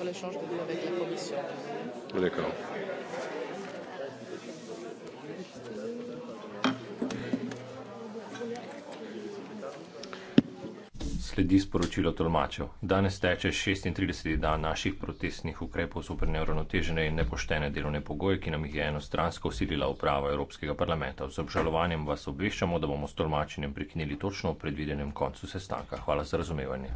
sur l'échange de vues avec la Commission. D'accord. Sledi sporočilo tolmačev. Danes teče 36. dan naših protestnih ukrepov super neuravnotežene in nepoštene delovne pogoje, ki nam jih je enostransko usilila uprava Evropskega parlamenta. Z obžalovanjem vas obveščamo, da bomo s tolmačenjem priknili točno v predvidenem koncu sestanka. Hvala za razumevanje.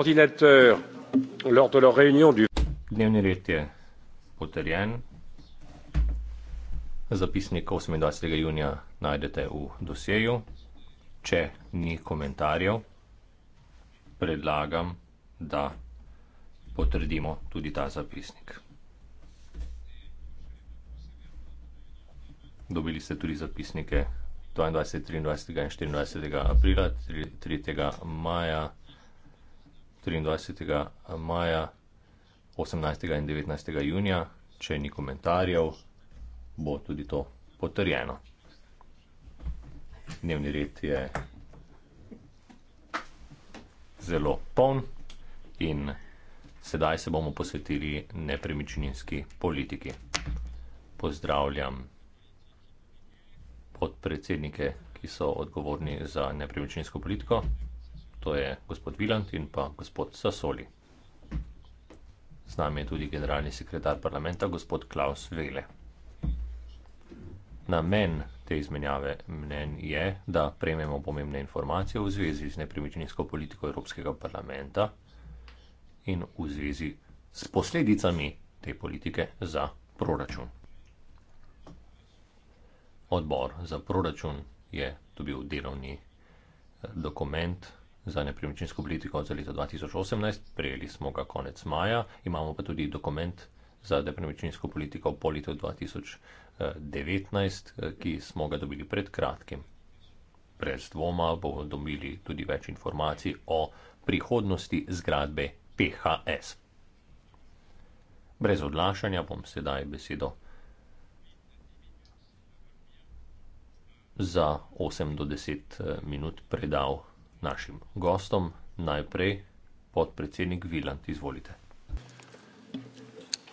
Dnevni red je potrjen. Zapisnik 28. junija najdete v dosjeju. Če ni komentarjev, predlagam, da potrdimo tudi ta zapisnik. Dobili ste tudi zapisnike 22, 23 in 24. aprila, 3. maja, 23. maja 18. in 19. junija, če ni komentarjev, bo tudi to potrjeno. Dnevni red je zelo poln in sedaj se bomo posvetili nepremičninski politiki. Pozdravljam podpredsednike, ki so odgovorni za nepremičninsko politiko, to je gospod Viland in pa gospod Sasoli. Z nami je tudi generalni sekretar parlamenta, gospod Klaus Vele. Namen te izmenjave mnen je, da prejmemo pomembne informacije v zvezi z nepremičninsko politiko Evropskega parlamenta in v zvezi s posledicami te politike za proračun. Odbor za proračun je dobil delovni dokument za nepremičninsko politiko za leto 2018, prejeli smo ga konec maja, imamo pa tudi dokument za nepremičninsko politiko po letu 2019, eh, ki smo ga dobili pred kratkim. Brez dvoma bomo dobili tudi več informacij o prihodnosti zgradbe PHS. Brez odlašanja bom sedaj besedo za 8 do 10 eh, minut predal našim gostom. Najprej podpredsednik Viland, izvolite.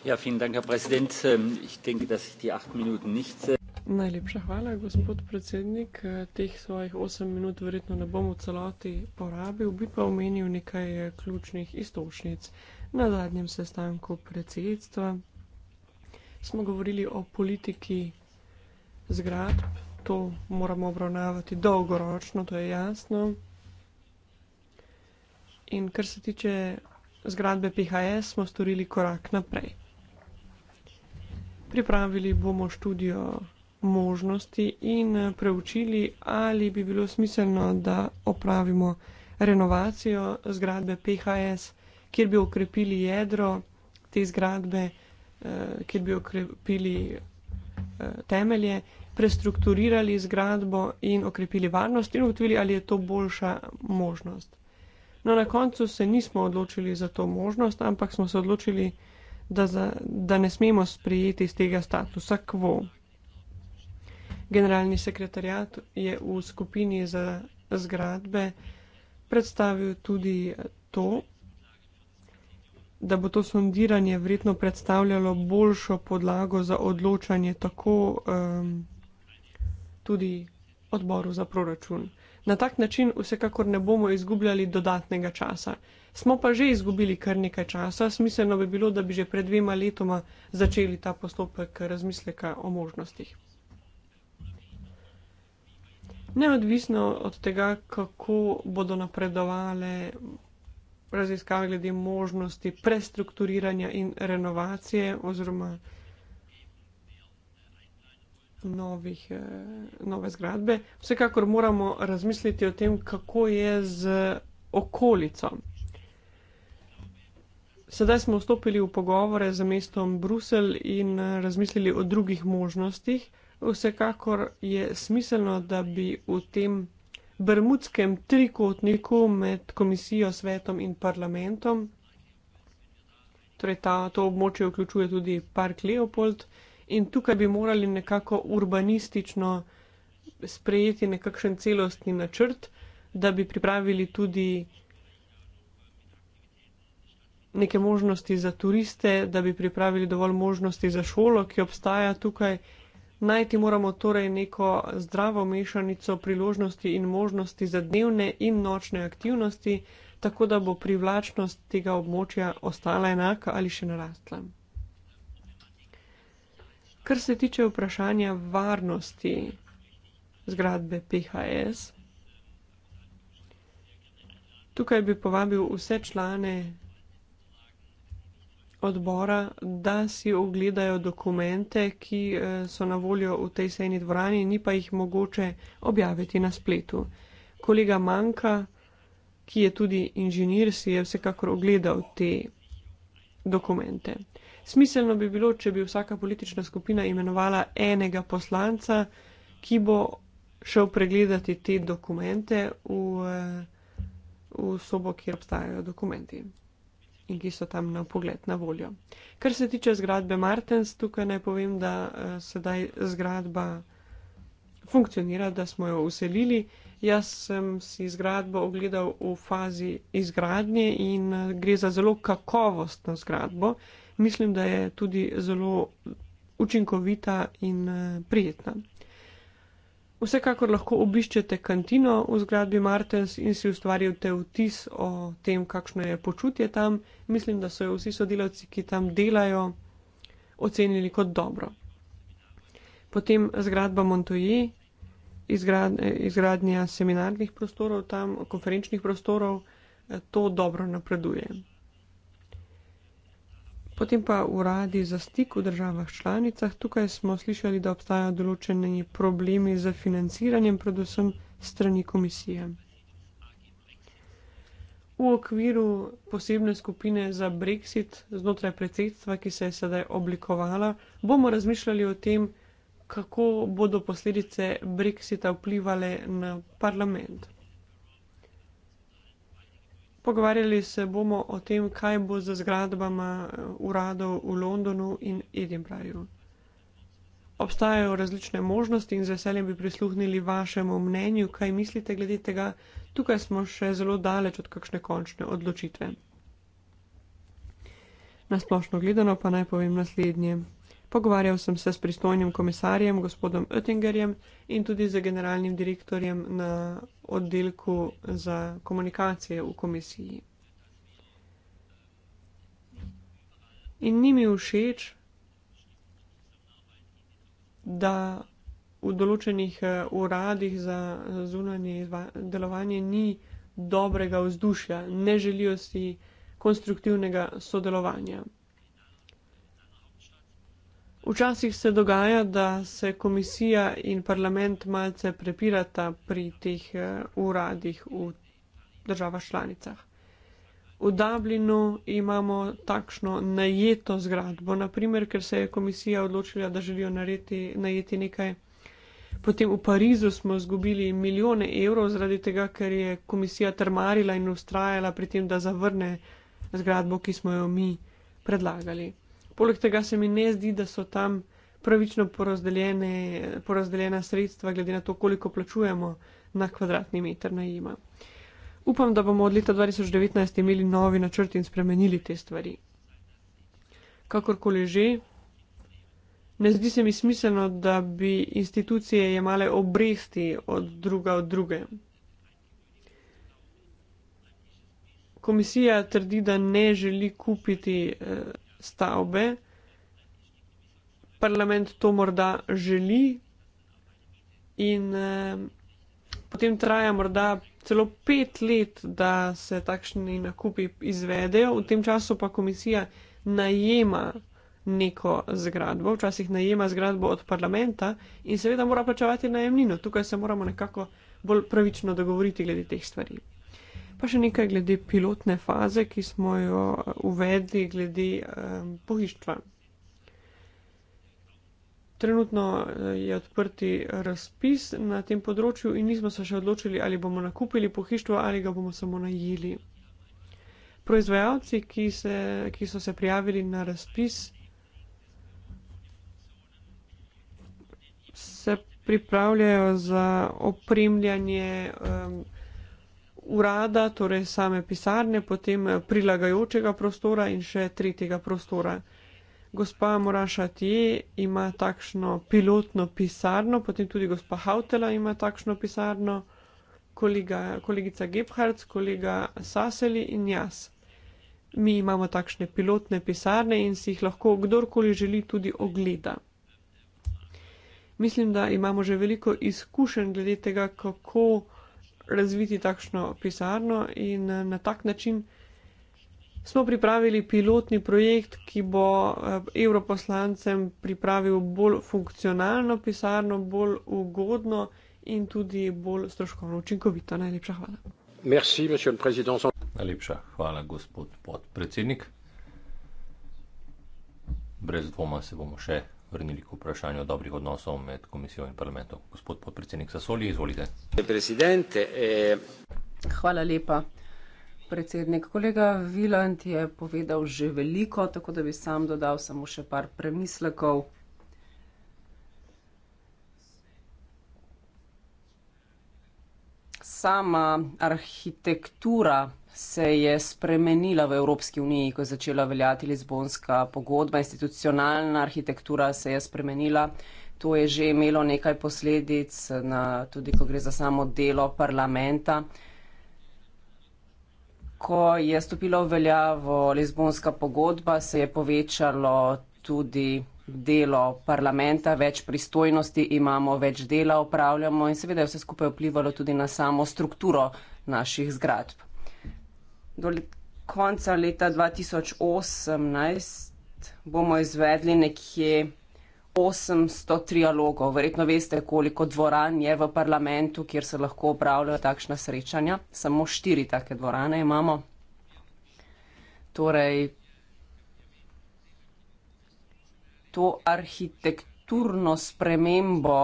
Ja, vielen Dank, Herr Präsident. Ähm, ich denke, dass ich die acht Minuten nicht. Najlepša hvala, gospod predsednik. Äh, teh svojih osem minut verjetno ne bom v celoti porabil, bi pa omenil nekaj äh, ključnih istočnic. Na zadnjem sestanku predsedstva smo govorili o politiki zgradb. To moramo obravnavati dolgoročno, to je jasno in kar se tiče zgradbe PHS, smo storili korak naprej. Pripravili bomo študijo možnosti in preučili, ali bi bilo smiselno, da opravimo renovacijo zgradbe PHS, kjer bi okrepili jedro te zgradbe, eh, kjer bi okrepili eh, temelje, prestrukturirali zgradbo in okrepili varnost in ugotovili, ali je to boljša možnost. No, na koncu se nismo odločili za to možnost, ampak smo se odločili, da, za, da ne smemo sprijeti iz tega statusa kvo. Generalni sekretarjat je v skupini za zgradbe predstavil tudi to, da bo to sondiranje vredno predstavljalo boljšo podlago za odločanje tako um, tudi odboru za proračun. Na tak način vsekakor ne bomo izgubljali dodatnega časa. Smo pa že izgubili kar nekaj časa, smiselno bi bilo, da bi že pred dvema letoma začeli ta postopek razmisleka o možnostih. Neodvisno od tega, kako bodo napredovale raziskave glede možnosti prestrukturiranja in renovacije oziroma novih, eh, nove zgradbe. Vsekakor moramo razmisliti o tem, kako je z okolico. Sedaj smo vstopili v pogovore z mestom Brusel in eh, razmislili o drugih možnostih. Vsekakor je smiselno, da bi v tem brmudskem trikotniku med komisijo, svetom in parlamentom, torej ta, to območje vključuje tudi park Leopold, eh, In tukaj bi morali nekako urbanistično sprejeti nekakšen celostni načrt, da bi pripravili tudi neke možnosti za turiste, da bi pripravili dovolj možnosti za šolo, ki obstaja tukaj. Najti moramo torej neko zdravo mešanico priložnosti in možnosti za dnevne in nočne aktivnosti, tako da bo privlačnost tega območja ostala enaka ali še narastla. Kar se tiče vprašanja varnosti zgradbe PHS, tukaj bi povabil vse člane odbora, da si ogledajo dokumente, ki eh, so na voljo v tej sejni dvorani, ni pa jih mogoče objaviti na spletu. Kolega Manka, ki je tudi inženir, si je vsekakor ogledal te dokumente. Smiselno bi bilo, če bi vsaka politična skupina imenovala enega poslanca, ki bo šel pregledati te dokumente v, v sobo, kjer obstajajo dokumenti in ki so tam na pogled na voljo. Kar se tiče zgradbe Martens, tukaj naj povem, da uh, sedaj zgradba funkcionira, da smo jo uselili. Jaz sem si zgradbo ogledal v fazi izgradnje in uh, gre za zelo kakovostno zgradbo. Uh, mislim, da je tudi zelo učinkovita in eh, prijetna. Vsekakor lahko obiščete kantino v zgradbi Martens in si ustvarite vtis o tem, kakšno je počutje tam. Mislim, da so jo vsi sodelavci, ki tam delajo, ocenili kot dobro. Potem zgradba Montoji, izgrad, izgradnja seminarnih prostorov tam, konferenčnih prostorov, eh, to dobro napreduje. Potem pa uradi za stik v državah članicah. Tukaj smo slišali, da obstajajo določeni problemi z financiranjem, predvsem strani komisije. V okviru posebne skupine za brexit znotraj predsedstva, ki se je sedaj oblikovala, bomo razmišljali o tem, kako bodo posledice brexita vplivali na parlament. Pogovarjali se bomo o tem, kaj bo z zgradbama eh, uradov v Londonu in Edinburghu. Obstajajo različne možnosti in z veseljem bi prisluhnili vašemu mnenju, kaj mislite glede tega. Tukaj smo še zelo daleč od kakšne končne odločitve. Nasplošno gledano pa naj povem naslednje. Pogovarjal sem se s pristojnim komisarjem, gospodom Oettingerjem in tudi z generalnim direktorjem na oddelku za komunikacije v komisiji. In ni mi všeč, da v določenih eh, uradih za zunanje delovanje ni dobrega vzdušja, ne želijo si konstruktivnega sodelovanja. Včasih se dogaja, da se komisija in parlament malce prepirata pri teh eh, uradih v državah članicah. V Dublinu imamo takšno najeto zgradbo, naprimer, ker se je komisija odločila, da želijo narediti, najeti nekaj. Potem v Parizu smo izgubili milijone evrov zaradi tega, ker je komisija trmarila in ustrajala pri tem, da zavrne zgradbo, ki smo jo mi predlagali. Poleg tega se mi ne zdi, da so tam pravično porazdeljena sredstva, glede na to, koliko plačujemo na kvadratni meter najema. Upam, da bomo od leta 2019 imeli novi načrt in spremenili te stvari. Kakorkoli že, ne zdi se mi smiselno, da bi institucije jemale obresti od druga od druge. Komisija trdi, da ne želi kupiti. Eh, stavbe. Parlament to morda želi, in eh, potem traja morda celo pet let, da se takšni nakupi izvedejo, v tem času pa komisija najema neko zgradbo, včasih najema zgradbo od parlamenta in seveda mora plačevati najemnino. Tukaj se moramo nekako bolj pravično dogovoriti glede teh stvari. Pa še nekaj glede pilotne faze, ki smo jo eh, uvedli glede um, pohištva. Trenutno eh, je odprti razpis na tem področju in nismo se še odločili, ali bomo nakupili pohištvo ali ga bomo samo najeli. Proizvajalci, ki, se, ki so se prijavili na razpis, se pripravljajo za opremljanje. Um, urada, torej same pisarne, potem eh, prilagajočega prostora in še tretjega prostora. Gospa Morašatije ima takšno pilotno pisarno, potem tudi gospa Hautela ima takšno pisarno, kolega, kolegica Gebhardt, kolega Saseli in jaz. Mi imamo takšne pilotne pisarne in si jih lahko kdorkoli želi tudi ogleda. Mislim, da imamo že veliko izkušenj glede tega, kako razviti takšno pisarno in eh, na tak način smo pripravili pilotni projekt, ki bo eh, europoslancem pripravil bolj funkcionalno pisarno, bolj ugodno in tudi bolj stroškovno učinkovito. Najlepša hvala. Merci, Najlepša hvala, gospod podpredsednik. Brez dvoma se bomo še vrnili k vprašanju dobrih odnosov med komisijo in parlamentom. Gospod podpredsednik Sasoli, izvolite. Eh, Hvala lepa, predsednik. Kolega Viland je povedal že veliko, tako da bi sam dodal samo še par premislekov. Sama arhitektura se je spremenila v Evropski uniji, ko je začela veljati Lizbonska pogodba, institucionalna arhitektura se je spremenila. To je že imelo nekaj posledic, na, tudi ko gre za samo delo parlamenta. Ko je stopila v veljavo Lizbonska pogodba, se je povečalo tudi delo parlamenta, več pristojnosti imamo, več dela opravljamo in seveda je vse skupaj vplivalo tudi na samo strukturo naših zgradb do let, konca leta 2018 bomo izvedli nekje 800 trialogov. Verjetno veste, koliko dvoran je v parlamentu, kjer se lahko upravljajo takšna srečanja. Samo štiri take dvorane imamo. Torej, to arhitekturno spremembo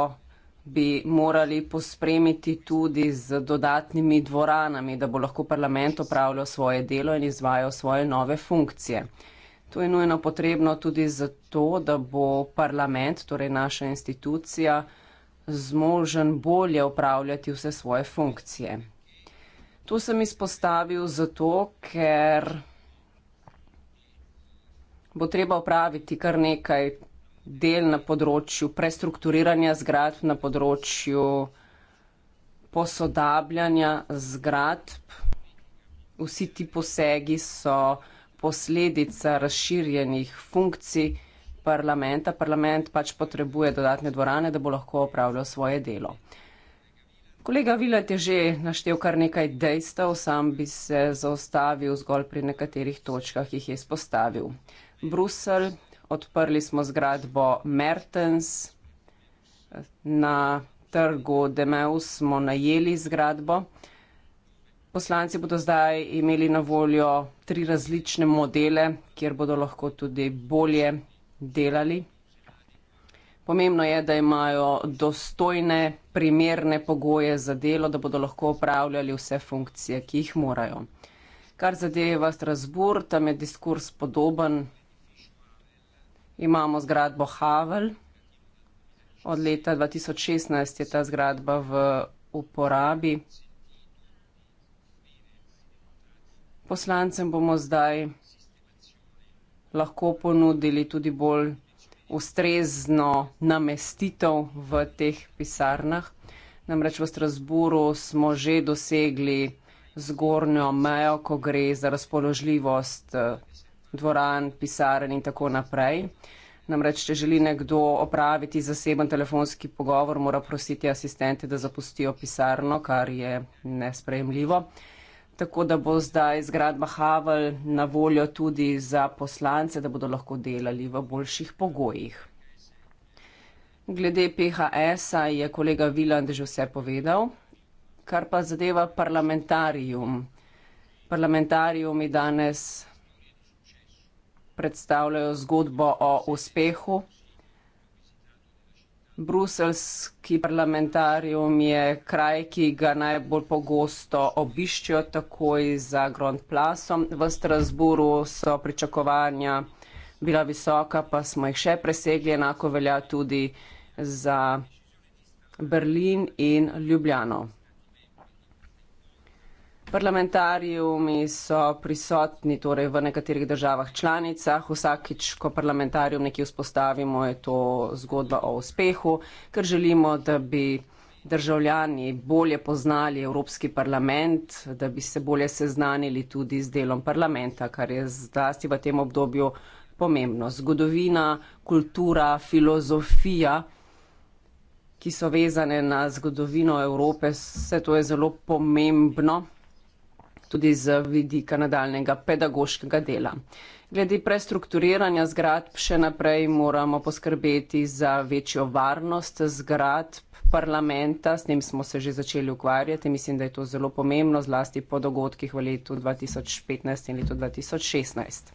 bi morali pospremiti tudi z dodatnimi dvoranami, da bo lahko parlament opravljal svoje delo in izvajal svoje nove funkcije. To je nujno potrebno tudi zato, da bo parlament, torej naša institucija, zmožen bolje upravljati vse svoje funkcije. To sem izpostavil zato, ker bo treba upraviti kar nekaj del na področju prestrukturiranja zgradb, na področju posodabljanja zgradb. Vsi ti posegi so posledica razširjenih funkcij parlamenta. Parlament pač potrebuje dodatne dvorane, da bo lahko opravljal svoje delo. Kolega Vilat je že naštel kar nekaj dejstev, sam bi se zaostavil zgolj pri nekaterih točkah, ki jih je izpostavil. Bruselj odprli smo zgradbo Mertens. Na trgu Demeus smo najeli zgradbo. Poslanci bodo zdaj imeli na voljo tri različne modele, kjer bodo lahko tudi bolje delali. Pomembno je, da imajo dostojne, primerne pogoje za delo, da bodo lahko upravljali vse funkcije, ki jih morajo. Kar zadeva Strasbourg, tam je diskurs podoben imamo zgradbo Havel. Od leta 2016 je ta zgradba v uporabi. Poslancem bomo zdaj lahko ponudili tudi bolj ustrezno namestitev v teh pisarnah. Namreč v Strasburu smo že dosegli zgornjo mejo, ko gre za razpoložljivost eh, dvoran, pisaren in tako naprej. Namreč, če želi nekdo opraviti zaseben telefonski pogovor, mora prositi asistente, da zapustijo pisarno, kar je nesprejemljivo. Tako da bo zdaj zgradba Havel na voljo tudi za poslance, da bodo lahko delali v boljših pogojih. Glede PHS-a je kolega Viland že vse povedal, kar pa zadeva parlamentarijum. Parlamentarijum je danes predstavljajo zgodbo o uspehu. Bruselski parlamentarium je kraj, ki ga najbolj pogosto obiščijo takoj za Grand Plasom. V Strasburu so pričakovanja bila visoka, pa smo jih še presegli. Enako velja tudi za Berlin in Ljubljano. Parlamentarji umi so prisotni torej v nekaterih državah članicah. Vsakič, ko parlamentarji umi nekje vzpostavimo, je to zgodba o uspehu, ker želimo, da bi državljani bolje poznali Evropski parlament, da bi se bolje seznanili tudi z delom parlamenta, kar je zlasti v tem obdobju pomembno. Zgodovina, kultura, filozofija, ki so vezane na zgodovino Evrope, vse to je zelo pomembno tudi z vidika nadaljnega pedagoškega dela. Glede prestrukturiranja zgradb še naprej moramo poskrbeti za večjo varnost zgradb parlamenta. S tem smo se že začeli ukvarjati. Mislim, da je to zelo pomembno, zlasti po dogodkih v letu 2015 in letu 2016.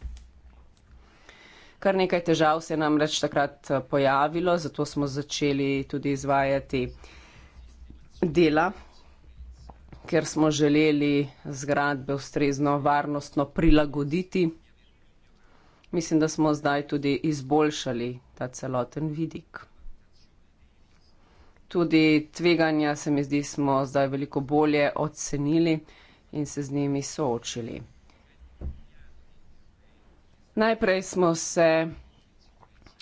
Kar nekaj težav se je namreč takrat eh, pojavilo, zato smo začeli tudi izvajati dela ker smo želeli zgradbe ustrezno varnostno prilagoditi. Mislim, da smo zdaj tudi izboljšali ta celoten vidik. Tudi tveganja se mi zdi, smo zdaj veliko bolje ocenili in se z njimi soočili. Najprej smo se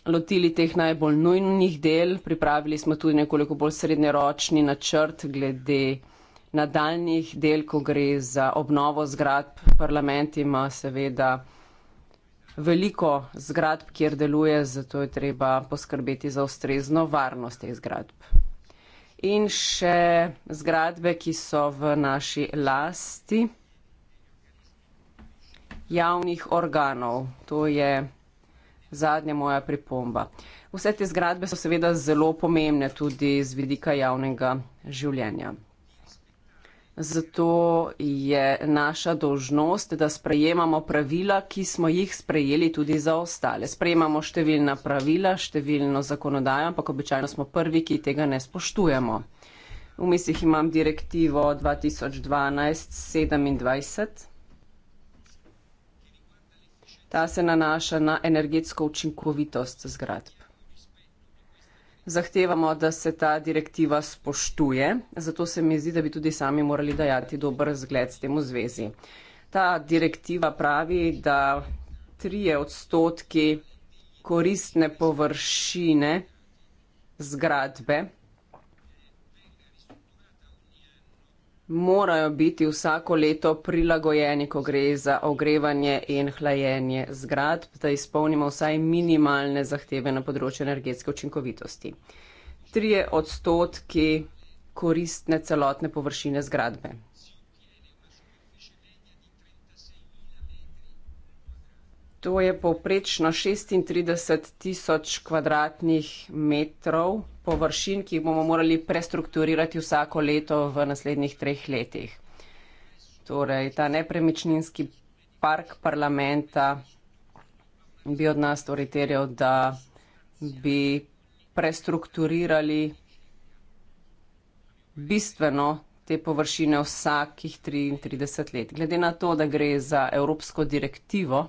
lotili teh najbolj nujnih del, pripravili smo tudi nekoliko bolj srednjeročni načrt glede nadaljnih del, ko gre za obnovo zgrad. Parlament ima seveda veliko zgradb, kjer deluje, zato je treba poskrbeti za ustrezno varnost teh zgradb. In še zgradbe, ki so v naši lasti javnih organov. To je zadnja moja pripomba. Vse te zgradbe so seveda zelo pomembne tudi z vidika javnega življenja. Zato je naša dožnost, da sprejemamo pravila, ki smo jih sprejeli tudi za ostale. Sprejemamo številna pravila, številno zakonodajo, ampak običajno smo prvi, ki tega ne spoštujemo. V mislih imam direktivo 2012-27. Ta se nanaša na energetsko učinkovitost zgradb zahtevamo, da se ta direktiva spoštuje, zato se mi zdi, da bi tudi sami morali dajati dober zgled s tem v zvezi. Ta direktiva pravi, da tri odstotki koristne površine zgradbe morajo biti vsako leto prilagojeni, ko gre za ogrevanje in hlajenje zgrad, da izpolnimo vsaj minimalne zahteve na področju energetske učinkovitosti. Trije odstotki koristne celotne površine zgradbe. To je povprečno 36 tisoč kvadratnih metrov površin, ki jih bomo morali prestrukturirati vsako leto v naslednjih treh letih. Torej, ta nepremičninski park parlamenta bi od nas torej terjal, da bi prestrukturirali bistveno te površine vsakih 33 let. Glede na to, da gre za evropsko direktivo,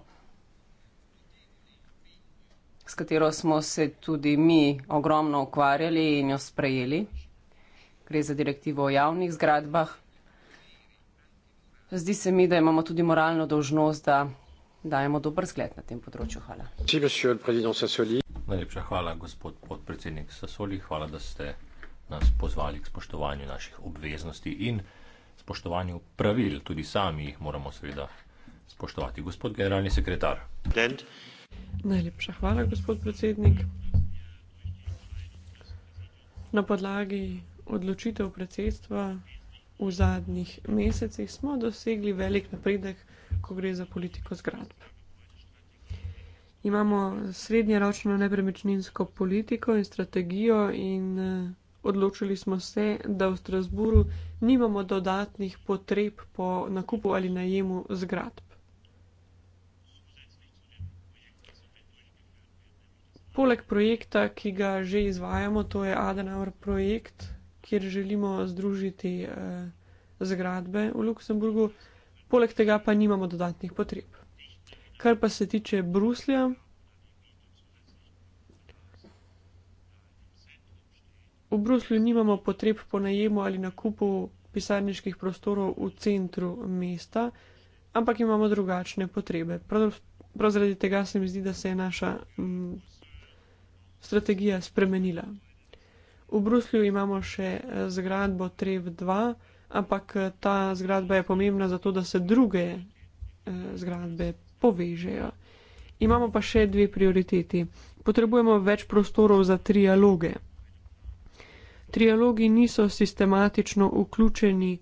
s katero smo se tudi mi ogromno ukvarjali in jo sprejeli. Gre za direktivo o javnih zgradbah. Zdi se mi, da imamo tudi moralno dožnost, da dajemo dober zgled na tem področju. Hvala. Najlepša hvala, gospod podpredsednik Sasoli. Hvala, da ste nas pozvali k spoštovanju naših obveznosti in spoštovanju pravil. Tudi sami jih moramo seveda spoštovati. Gospod generalni sekretar. Blend. Najlepša hvala, gospod predsednik. Na podlagi odločitev predsedstva v zadnjih mesecih smo dosegli velik napredek, ko gre za politiko zgradb. Imamo srednjeročno nepremičninsko politiko in strategijo in, eh, odločili smo se, da v Strasbourgu nimamo dodatnih potreb po nakupu ali najemu zgradb. Poleg projekta, ki ga že izvajamo, to je Adenauer projekt, kjer želimo združiti eh, zgradbe v Luksemburgu, poleg tega pa nimamo dodatnih potreb. Kar pa se tiče Bruslja, v Bruslju nimamo potreb po najemu ali nakupu pisarniških prostorov v centru mesta, ampak imamo drugačne potrebe. Prav, prav zaradi tega se mi zdi, da se je naša. Mm, strategija spremenila. V Bruslju imamo še eh, zgradbo Trev 2, ampak eh, ta zgradba je pomembna zato, da se druge eh, zgradbe povežejo. Imamo pa še dve prioriteti. Potrebujemo več prostorov za trialoge. Trialogi niso sistematično vključeni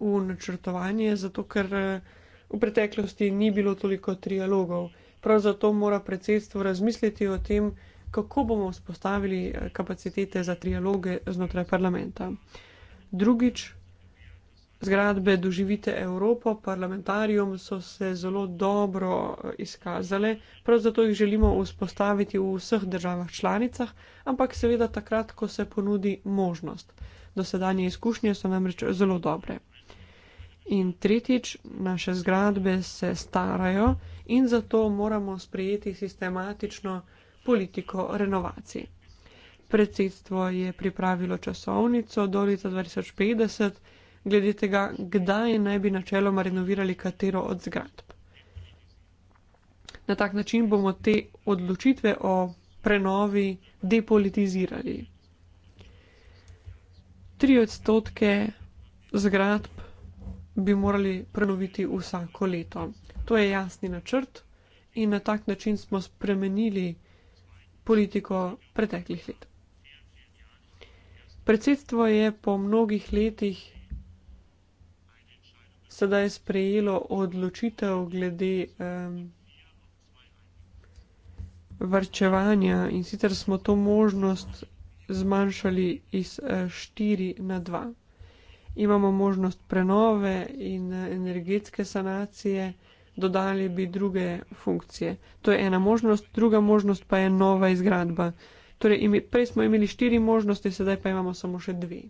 v načrtovanje, zato ker v preteklosti ni bilo toliko trialogov. Prav zato mora predsedstvo razmisliti o tem, kako bomo vzpostavili eh, kapacitete za trialoge znotraj parlamenta. Drugič, zgradbe Doživite Evropo, parlamentarijom so se zelo dobro eh, izkazale, prav zato jih želimo vzpostaviti v vseh državah članicah, ampak seveda takrat, ko se ponudi možnost. Dosedanje izkušnje so namreč zelo dobre. In tretjič, naše zgradbe se starajo in zato moramo sprejeti sistematično politiko renovacij. Predsedstvo je pripravilo časovnico do leta 2050, glede tega, kdaj naj bi načeloma renovirali katero od zgradb. Na tak način bomo te odločitve o prenovi depolitizirali. Tri odstotke zgradb bi morali prenoviti vsako leto. To je jasni načrt in na tak način smo spremenili politiko preteklih let. Predsedstvo je po mnogih letih sedaj sprejelo odločitev glede um, vrčevanja in sicer smo to možnost zmanjšali iz 4 uh, eh, na 2. Imamo možnost prenove in uh, energetske sanacije dodali bi druge funkcije. To je ena možnost, druga možnost pa je nova izgradba. Torej, prej smo imeli štiri možnosti, sedaj pa imamo samo še dve.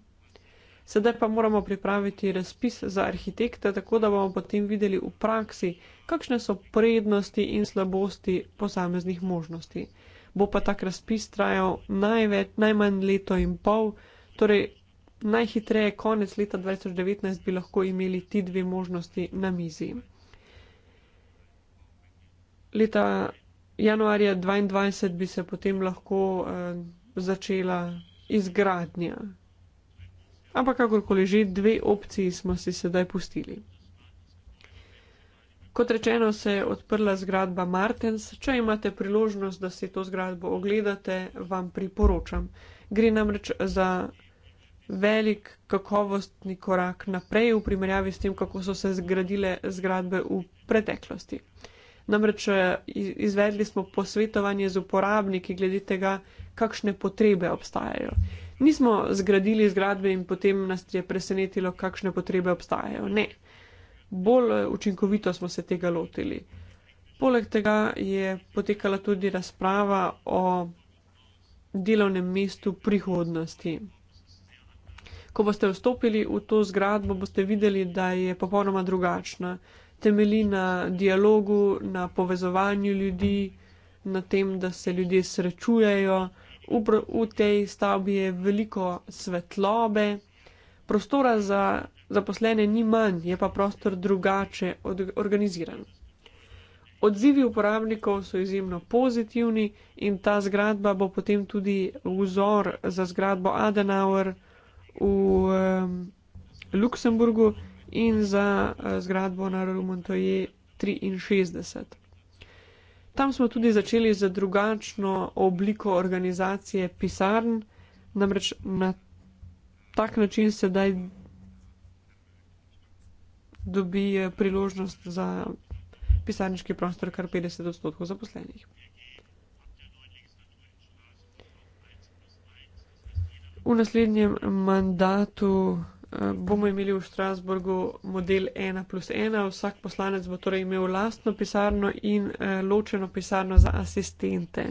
Sedaj pa moramo pripraviti razpis za arhitekta, tako da bomo potem videli v praksi, kakšne so prednosti in slabosti posameznih možnosti. Bo pa tak razpis trajal največ, najmanj leto in pol, torej najhitreje konec leta 2019 bi lahko imeli ti dve možnosti na mizi leta januarja 2022 bi se potem lahko uh, začela izgradnja. Ampak kakorkoli že, dve opciji smo si sedaj pustili. Kot rečeno, se je odprla zgradba Martens. Če imate priložnost, da si to zgradbo ogledate, vam priporočam. Gre namreč za velik kakovostni korak naprej v primerjavi s tem, kako so se zgradile zgradbe v preteklosti. Uh, Namreč eh, izvedli smo posvetovanje z uporabniki glede tega, kakšne potrebe obstajajo. Nismo zgradili zgradbe in potem nas je presenetilo, kakšne potrebe obstajajo. Ne. Bolj eh, učinkovito smo se tega lotili. Poleg tega je potekala tudi razprava o delovnem mestu prihodnosti. Ko boste vstopili v to zgradbo, boste videli, da je popolnoma drugačna temelji na dialogu, na povezovanju ljudi, na tem, da se ljudje srečujejo. V, v tej stavbi je veliko svetlobe, prostora za zaposlene ni manj, je pa prostor drugače od, organiziran. Odzivi uporabnikov so izjemno pozitivni in ta zgradba bo potem tudi vzor za zgradbo Adenauer v eh, Luksemburgu, in za eh, zgradbo na Rumontoje 63. Tam smo tudi začeli z drugačno obliko organizacije pisarn, namreč na tak način sedaj dobi eh, priložnost za pisarniški prostor kar 50 odstotkov zaposlenih. V naslednjem mandatu bomo imeli v Štrasburgu model 1 plus 1. Vsak poslanec bo torej imel lastno pisarno in eh, ločeno pisarno za asistente.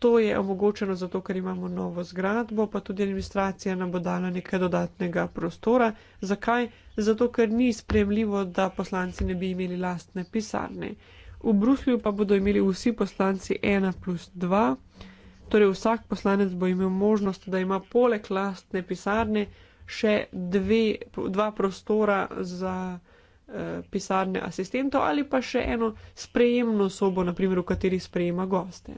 To je omogočeno zato, ker imamo novo zgradbo, pa tudi administracija nam bo dala nekaj dodatnega prostora. Zakaj? Zato, ker ni spremljivo, da poslanci ne bi imeli lastne pisarne. V Bruslju pa bodo imeli vsi poslanci 1 plus 2, torej vsak poslanec bo imel možnost, da ima poleg lastne pisarne še dve, dva prostora za eh, pisarne asistentov ali pa še eno sprejemno sobo, naprimer, v kateri sprejema goste.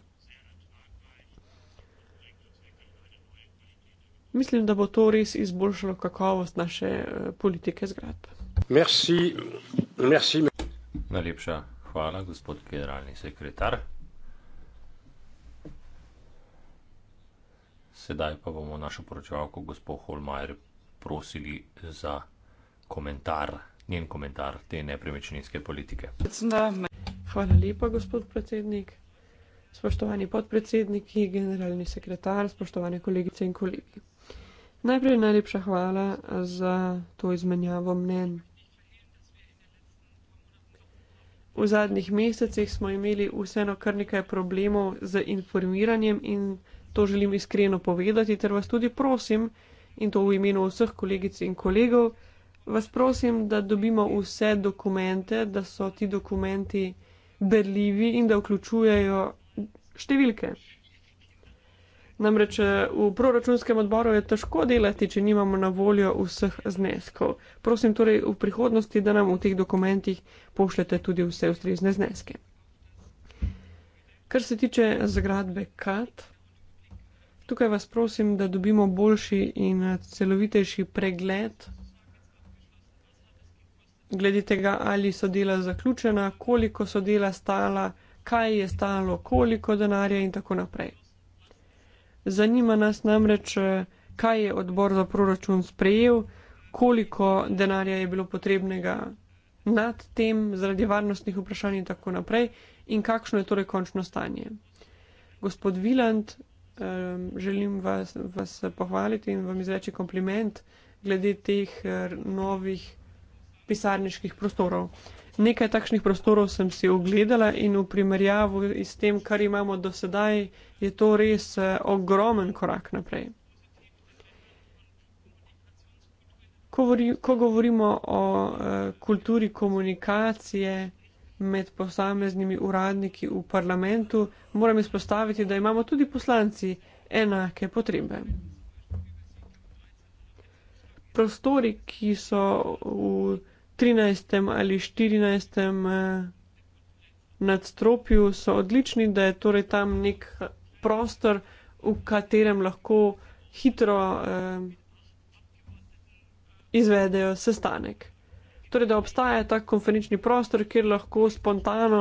Mislim, da bo to res izboljšalo kakovost naše eh, politike zgradb. Merci. Merci. Najlepša hvala, gospod generalni sekretar. Sedaj pa bomo našo poročevalko, gospod Holmajer, prosili za komentar, njen komentar te nepremičninske politike. Hvala lepa, gospod predsednik, spoštovani podpredsedniki, generalni sekretar, spoštovane kolegice in kolegi. Najprej najlepša hvala za to izmenjavo mnen. V zadnjih mesecih smo imeli vseeno kar nekaj problemov z informiranjem in to želim iskreno povedati ter vas tudi prosim, in to v imenu vseh kolegic in kolegov, vas prosim, da dobimo vse dokumente, da so ti dokumenti berljivi in da vključujejo številke. Namreč v proračunskem odboru je težko delati, če nimamo na voljo vseh zneskov. Prosim torej v prihodnosti, da nam v teh dokumentih pošljete tudi vse ustrezne zneske. Kar se tiče zgradbe KAT, Tukaj vas prosim, da dobimo boljši in celovitejši pregled glede tega, ali so dela zaključena, koliko so dela stala, kaj je stalo, koliko denarja in tako naprej. Zanima nas namreč, kaj je odbor za proračun sprejel, koliko denarja je bilo potrebnega nad tem zaradi varnostnih vprašanj in tako naprej in kakšno je torej končno stanje. Gospod Viland, um, želim vas, vas pohvaliti in vam izreči kompliment glede teh uh, novih pisarniških prostorov. Nekaj takšnih prostorov sem si ogledala in v primerjavu s tem, kar imamo do sedaj, je to res eh, ogromen korak naprej. Ko, vori, ko govorimo o uh, kulturi komunikacije, med posameznimi uradniki v parlamentu, moram izpostaviti, da imamo tudi poslanci enake potrebe. Prostori, ki so v 13. ali 14. Eh, nadstropju, so odlični, da je torej tam nek prostor, v katerem lahko hitro eh, izvedejo sestanek. Torej, da obstaja ta konferenčni prostor, kjer lahko spontano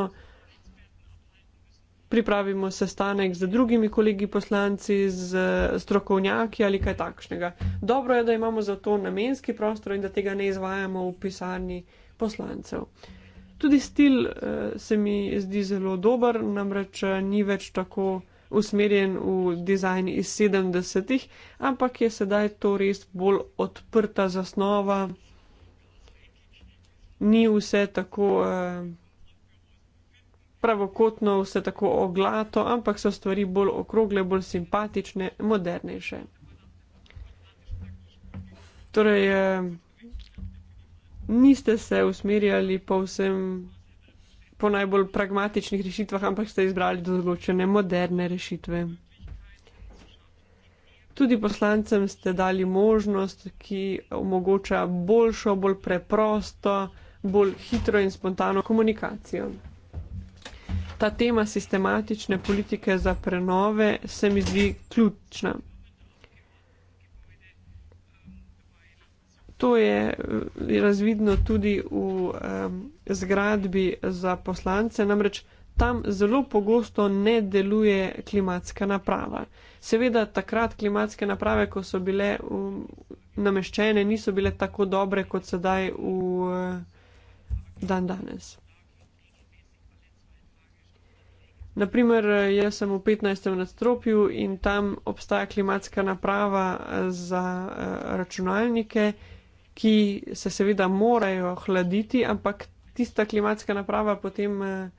pripravimo sestanek z drugimi kolegi poslanci, z strokovnjaki ali kaj takšnega. Dobro je, da imamo za to namenski prostor in da tega ne izvajamo v pisarni poslancev. Tudi stil eh, se mi zdi zelo dober, namreč eh, ni več tako usmerjen v dizajn iz 70-ih, ampak je sedaj to res bolj odprta zasnova ni vse tako eh, pravokotno, vse tako oglato, ampak so stvari bolj okrogle, bolj simpatične, modernejše. Torej, eh, niste se usmerjali po vsem. Po najbolj pragmatičnih rešitvah, ampak ste izbrali določene moderne rešitve. Tudi poslancem ste dali možnost, ki omogoča boljšo, bolj preprosto, bolj hitro in spontano komunikacijo. Ta tema sistematične politike za prenove se mi zdi ključna. To je razvidno tudi v um, zgradbi za poslance, namreč tam zelo pogosto ne deluje klimatska naprava. Seveda takrat klimatske naprave, ko so bile um, nameščene, niso bile tako dobre kot sedaj v. Uh, dan danes. Naprimer, jaz sem v 15. nadstropju in tam obstaja klimatska naprava eh, za eh, računalnike, ki se seveda morajo hladiti, ampak tista klimatska naprava potem eh,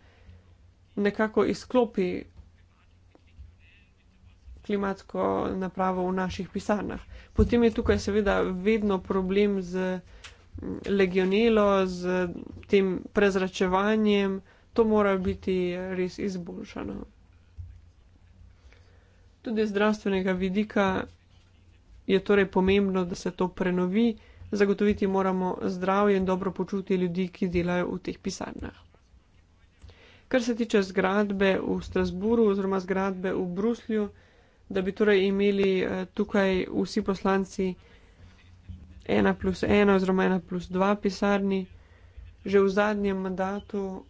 nekako izklopi klimatsko napravo v naših pisarnah. Potem je tukaj seveda vedno problem z legionelo, z tem prezračevanjem, to mora biti res izboljšano. Tudi z zdravstvenega vidika je torej pomembno, da se to prenovi, zagotoviti moramo zdravje in dobro počutje ljudi, ki delajo v teh pisarnah. Kar se tiče zgradbe v Strasburu oziroma zgradbe v Bruslju, da bi torej imeli eh, tukaj vsi poslanci ena plus ena oziroma ena plus dva pisarni. Že v zadnjem mandatu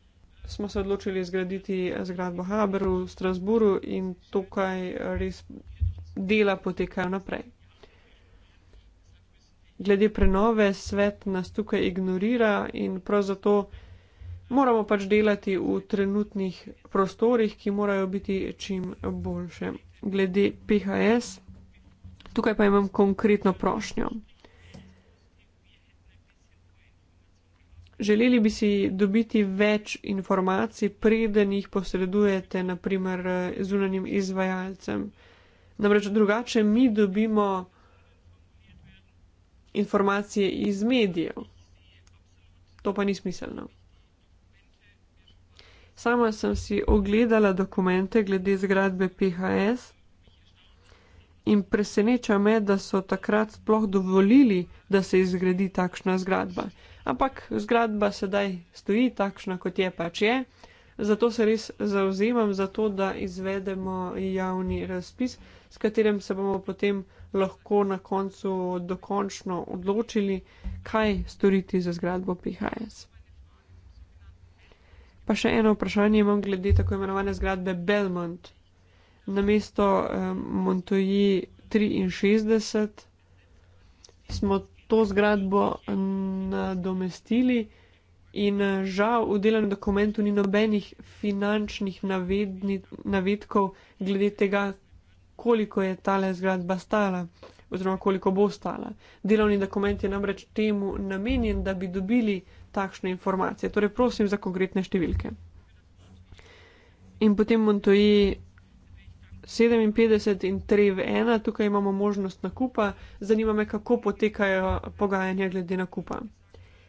smo se odločili zgraditi eh, zgradbo Haber v Strasburu in tukaj eh, res dela potekajo naprej. Glede prenove svet nas tukaj ignorira in prav zato moramo pač delati v trenutnih prostorih, ki morajo biti čim boljše. Glede PHS, tukaj pa imam konkretno prošnjo. Želeli bi si dobiti več informacij, preden jih posredujete, naprimer, eh, zunanim izvajalcem. Namreč drugače mi dobimo informacije iz medijev. To pa ni smiselno. Sama sem si ogledala dokumente glede zgradbe PHS in preseneča me, da so takrat sploh dovolili, da se izgradi takšna zgradba ampak zgradba sedaj stoji takšna, kot je pač je. Zato se res zauzemam za to, da izvedemo javni razpis, s katerim se bomo potem lahko na koncu dokončno odločili, kaj storiti za zgradbo PHS. Pa še eno vprašanje imam glede tako imenovane zgradbe Belmont. Na mesto eh, Montoji 63 smo to zgradbo nadomestili. In žal v delovnem dokumentu ni nobenih finančnih navedni, navedkov glede tega, koliko je tale zgradba stala oziroma koliko bo stala. Delovni dokument je namreč temu namenjen, da bi dobili takšne informacije. Torej prosim za konkretne številke. In potem Montoji 57 in 3 v 1, tukaj imamo možnost nakupa. Zanima me, kako potekajo pogajanja glede nakupa.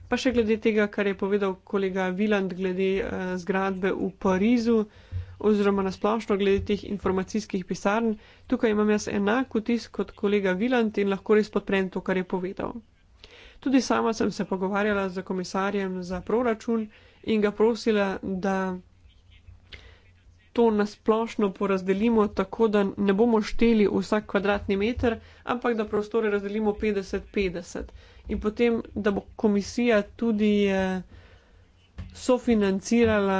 Pa še glede tega, kar je povedal kolega Viland glede uh, zgradbe v Parizu, oziroma nasplošno glede teh informacijskih pisarn, tukaj imam jaz enak vtis kot kolega Viland in lahko res podprem to, kar je povedal. Tudi sama sem se pogovarjala z komisarjem za proračun in ga prosila, da to nasplošno porazdelimo tako, da ne bomo šteli vsak kvadratni meter, ampak da prostore razdelimo 50-50. In potem, da bo komisija tudi eh, sofinancirala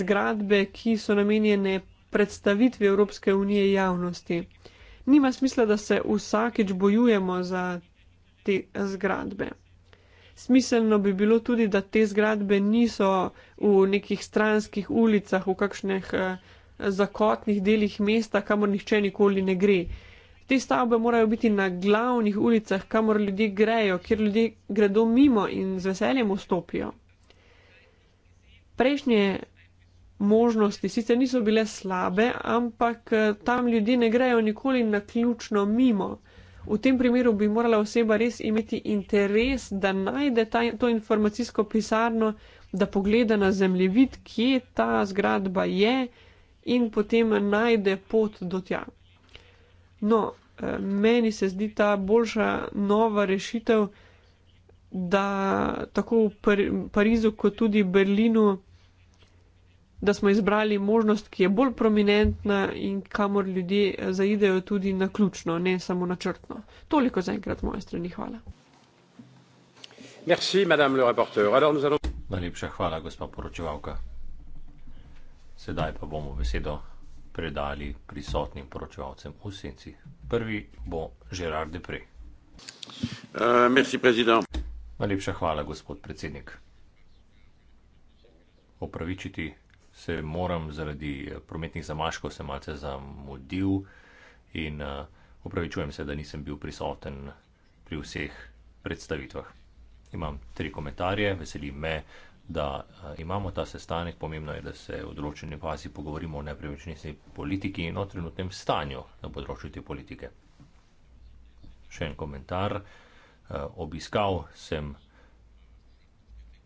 zgradbe, ki so namenjene predstavitvi Evropske unije javnosti. Nima smisla, da se vsakeč bojujemo za te eh, zgradbe. Smiselno bi bilo tudi, da te zgradbe niso v nekih stranskih ulicah, v kakšnih eh, zakotnih delih mesta, kamor nihče nikoli ne gre. Te stavbe morajo biti na glavnih ulicah, kamor ljudje grejo, kjer ljudje gredo mimo in z veseljem vstopijo. Prejšnje možnosti sicer niso bile slabe, ampak eh, tam ljudje ne grejo nikoli na ključno mimo. V tem primeru bi morala oseba res imeti interes, da najde ta, to informacijsko pisarno, da pogleda na zemljevid, kje ta zgradba je in potem najde pot do tja. No, eh, meni se zdi ta boljša nova rešitev, da tako v Parizu kot tudi Berlinu da smo izbrali možnost, ki je bolj prominentna in kamor ljudje zaidejo tudi na ključno, ne samo načrtno. Toliko za enkrat moje strani. Hvala. Merci, Alors, allons... Najlepša hvala, gospa poročevalka. Sedaj pa bomo besedo predali prisotnim poročevalcem v senci. Prvi bo Gerard Depre. Uh, Najlepša hvala, gospod predsednik. Opravičiti se moram zaradi eh, prometnih zamaškov, se malce zamudil in upravičujem eh, se, da nisem bil prisoten pri vseh predstavitvah. Imam tri komentarje, veseli me, da eh, imamo ta sestanek, pomembno je, da se v določeni fazi pogovorimo o nepremičninski politiki in o trenutnem stanju na področju te politike. Še en komentar. Obiskal sem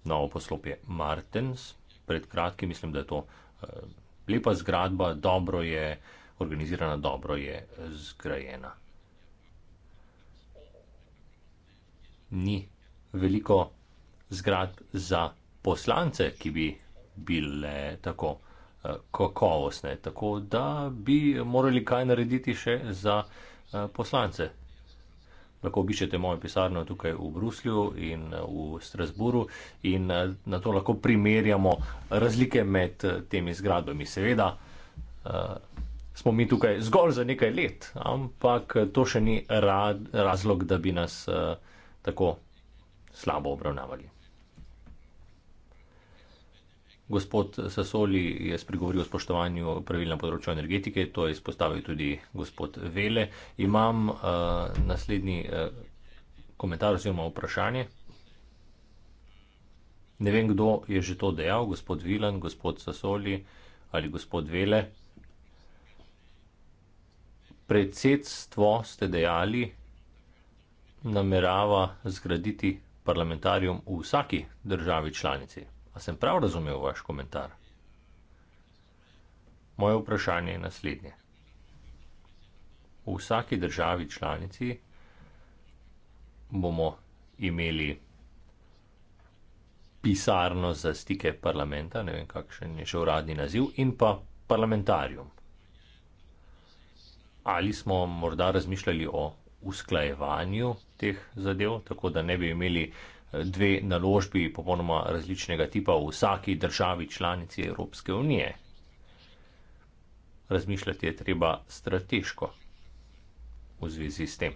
novo poslopje Martens, pred kratkim, mislim, da je to eh, lepa zgradba, dobro je organizirana, dobro je eh, zgrajena. Ni veliko zgradb za poslance, ki bi bile tako eh, kakovostne, tako da bi morali kaj narediti še za poslance lahko obiščete mojo pisarno tukaj v Bruslju in eh, v Strasburu in eh, na to lahko primerjamo razlike med eh, temi zgradbami. Seveda smo mi tukaj zgolj za nekaj let, ampak to še ni razlog, da bi nas tako slabo obravnavali. Gospod Sasoli je spregovoril o spoštovanju pravil na področju energetike, to je izpostavil tudi gospod Vele. Imam uh, naslednji uh, komentar oziroma vprašanje. Ne vem, kdo je že to dejal, gospod Vilan, gospod Sasoli ali gospod Vele. Predsedstvo ste dejali, namerava zgraditi parlamentarijum v vsaki državi članici. A sem prav razumel vaš komentar? Moje vprašanje je naslednje. V vsaki državi članici bomo imeli pisarno za stike parlamenta, ne vem kakšen je še uradni naziv, in pa parlamentarjum. Ali smo morda razmišljali o usklajevanju teh zadev, tako da ne bi imeli dve naložbi popolnoma različnega tipa v vsaki državi članici Evropske unije. Razmišljati je treba strateško v zvezi s tem.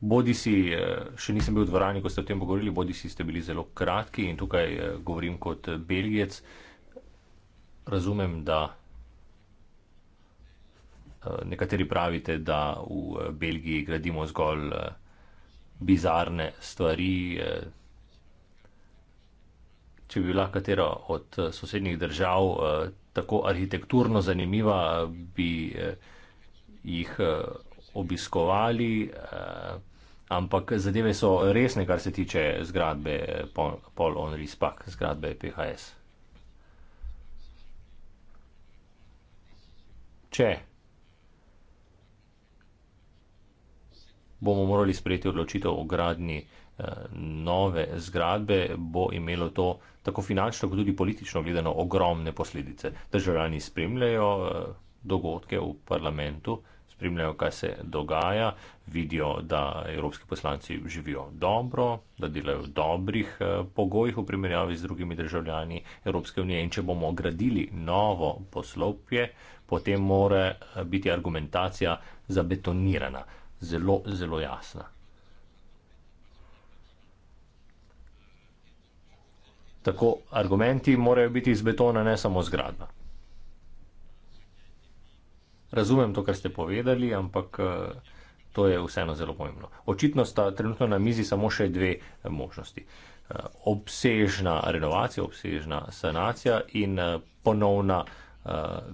Bodi si, eh, še nisem bil v dvorani, ko ste o tem govorili, bodi si ste bili zelo kratki in tukaj eh, govorim kot belgijec. Razumem, da Eh, nekateri pravite, da v eh, Belgiji gradimo zgolj eh, bizarne stvari. Če bi bila katera od sosednjih držav tako arhitekturno zanimiva, bi jih obiskovali, ampak zadeve so resne, kar se tiče zgradbe Paul Henry Spack, zgradbe PHS. Če bomo morali sprejeti odločitev o gradni eh, nove zgradbe, bo imelo to tako finančno, kot tudi politično gledano ogromne posledice. Državljani spremljajo eh, dogodke v parlamentu, spremljajo, kaj se dogaja, vidijo, da evropski poslanci živijo dobro, da delajo v dobrih eh, pogojih v primerjavi z drugimi državljani Evropske unije in če bomo gradili novo poslopje, potem mora biti argumentacija zabetonirana zelo, zelo jasna. Tako argumenti morajo biti iz betona, ne samo zgradba. Razumem to, kar ste povedali, ampak eh, to je vseeno zelo pomembno. Očitno sta trenutno na mizi samo še dve eh, možnosti. Eh, obsežna renovacija, obsežna sanacija in ponovna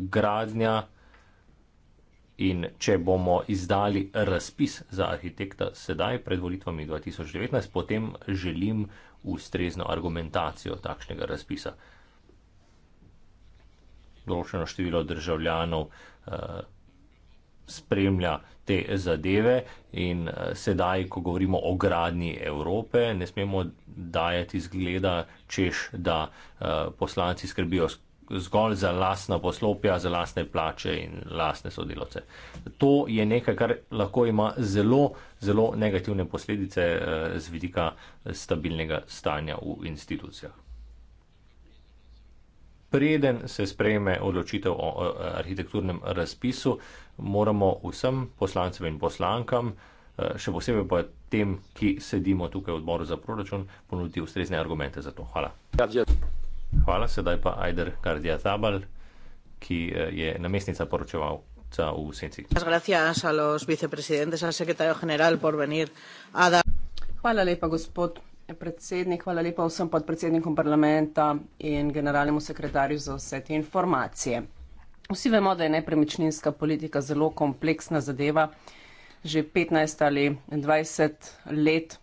gradnja. In če bomo izdali razpis za arhitekta sedaj pred volitvami 2019, potem želim ustrezno argumentacijo takšnega razpisa. Določeno število državljanov uh, spremlja te zadeve in uh, sedaj, ko govorimo o gradni Evrope, ne smemo dajati zgleda, češ da uh, poslanci skrbijo zgolj za lasna poslopja, za lasne plače in lasne sodelovce. To je nekaj, kar lahko ima zelo, zelo negativne posledice eh, z vidika stabilnega stanja v institucijah. Preden se sprejme odločitev o arhitekturnem razpisu, moramo vsem poslancem in poslankam, eh, še posebej pa tem, ki sedimo tukaj v odboru za proračun, ponuditi ustrezne argumente za to. Hvala. Gadget. Hvala, sedaj pa Ajder Kardia Zabal, ki eh, je namestnica poročeval. Hvala lepa, gospod predsednik, hvala lepa vsem podpredsednikom parlamenta in generalnemu sekretarju za vse te informacije. Vsi vemo, da je nepremičninska politika zelo kompleksna zadeva. Že 15 ali 20 let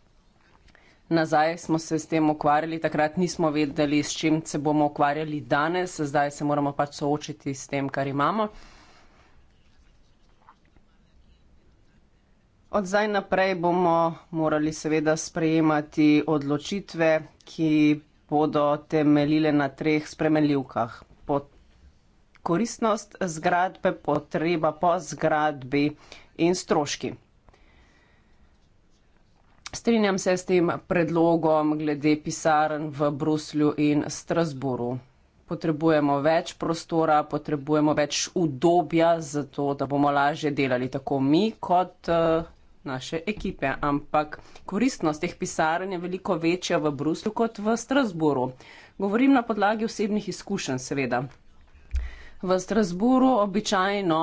nazaj smo se s tem ukvarjali, takrat nismo vedeli, s čim se bomo ukvarjali danes, zdaj se moramo pač soočiti s tem, kar imamo. Od zdaj naprej bomo morali seveda sprejemati odločitve, ki bodo temeljile na treh spremenljivkah. Pot koristnost zgradbe, potreba po zgradbi in stroški. Strinjam se s tem predlogom glede pisarn v Bruslju in Strasburu. Potrebujemo več prostora, potrebujemo več udobja, zato da bomo lažje delali tako mi kot eh, naše ekipe. Ampak koristnost teh pisarn je veliko večja v Bruslju kot v Strasburu. Govorim na podlagi osebnih izkušenj, seveda. V Strasburu običajno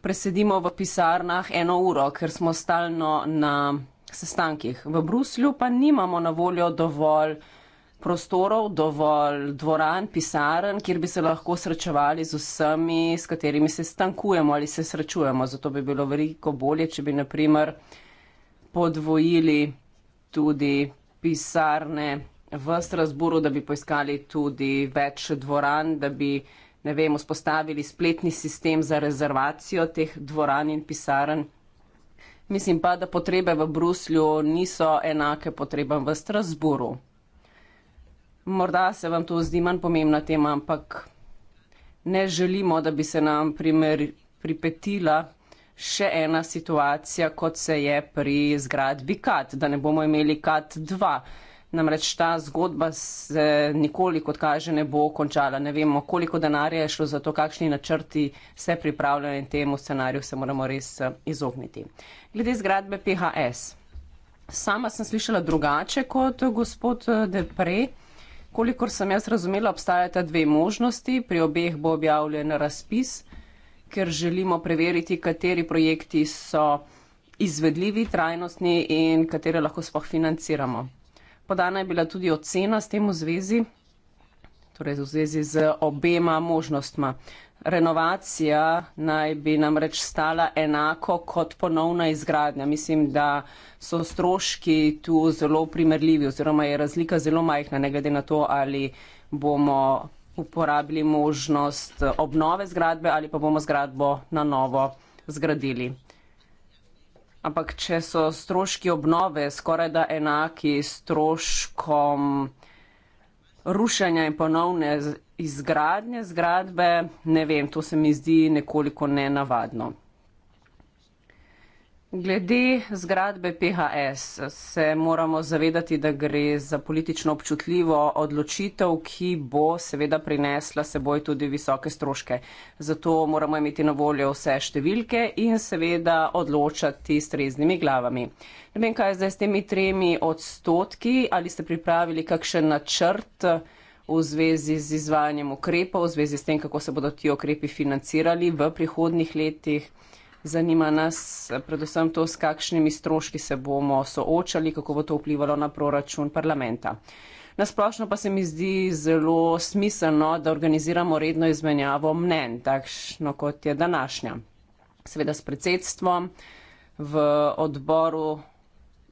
presedimo v pisarnah eno uro, ker smo stalno na sestankih. V Bruslju pa nimamo na voljo dovolj prostorov, dovolj dvoran, pisarn, kjer bi se lahko srečevali z vsemi, s katerimi se stankujemo ali se srečujemo. Zato bi bilo veliko bolje, če bi naprimer podvojili tudi pisarne v Strasburu, da bi poiskali tudi več dvoran, da bi ne vem, vzpostavili spletni sistem za rezervacijo teh dvoran in pisarn. Mislim pa, da potrebe v Bruslju niso enake potrebam v Strasburu. Morda se vam to zdi manj pomembna tema, ampak ne želimo, da bi se nam primer, pripetila še ena situacija, kot se je pri zgradbi KAT, da ne bomo imeli KAT 2. Namreč ta zgodba se nikoli, kot kaže, ne bo končala. Ne vemo, koliko denarja je šlo za to, kakšni načrti se pripravljajo in temu scenariju se moramo res eh, izogniti. Glede zgradbe PHS. Sama sem slišala drugače kot gospod eh, Depre. Kolikor sem jaz razumela, obstajata dve možnosti. Pri obeh bo objavljen razpis, ker želimo preveriti, kateri projekti so izvedljivi, trajnostni in katere lahko sploh financiramo podana je bila tudi ocena s tem v zvezi, torej v zvezi z obema možnostma. Renovacija naj bi namreč stala enako kot ponovna izgradnja. Mislim, da so stroški tu zelo primerljivi oziroma je razlika zelo majhna, ne glede na to, ali bomo uporabili možnost obnove zgradbe ali pa bomo zgradbo na novo zgradili. Ampak, če so stroški obnove skoraj da enaki stroškom rušenja in ponovne izgradnje zgradbe, ne vem, to se mi zdi nekoliko nenavadno. Glede zgradbe PHS se moramo zavedati, da gre za politično občutljivo odločitev, ki bo seveda prinesla seboj tudi visoke stroške. Zato moramo imeti na voljo vse številke in seveda odločati s treznimi glavami. Ne vem, kaj je zdaj s temi tremi odstotki, ali ste pripravili kakšen načrt v zvezi z izvajanjem ukrepov, v zvezi s tem, kako se bodo ti ukrepi financirali v prihodnih letih. Zanima nas eh, predvsem to, s kakšnimi stroški se bomo soočali, kako bo to vplivalo na proračun parlamenta. Nasplošno pa se mi zdi zelo smiselno, da organiziramo redno izmenjavo mnen, takšno kot je današnja. Seveda s predsedstvom v odboru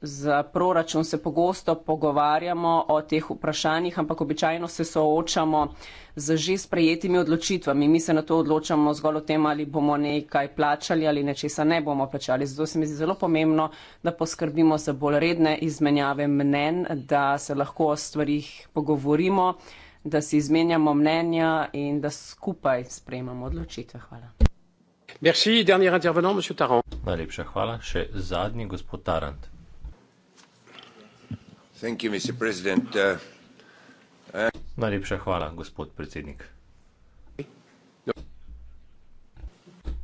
za proračun se pogosto pogovarjamo o teh vprašanjih, ampak običajno se soočamo z že sprejetimi odločitvami. Mi se na to odločamo zgolj o tem, ali bomo nekaj plačali ali nečesa ne bomo plačali. Zato se mi zdi zelo pomembno, da poskrbimo za bolj redne izmenjave mnen, da se lahko o stvarih pogovorimo, da si izmenjamo mnenja in da skupaj sprejemamo odločitve. Hvala. Merci, dernier intervenant, monsieur Tarant. Najlepša hvala. Še zadnji, gospod Tarant. Uh, uh, Najlepša hvala, gospod predsednik. No.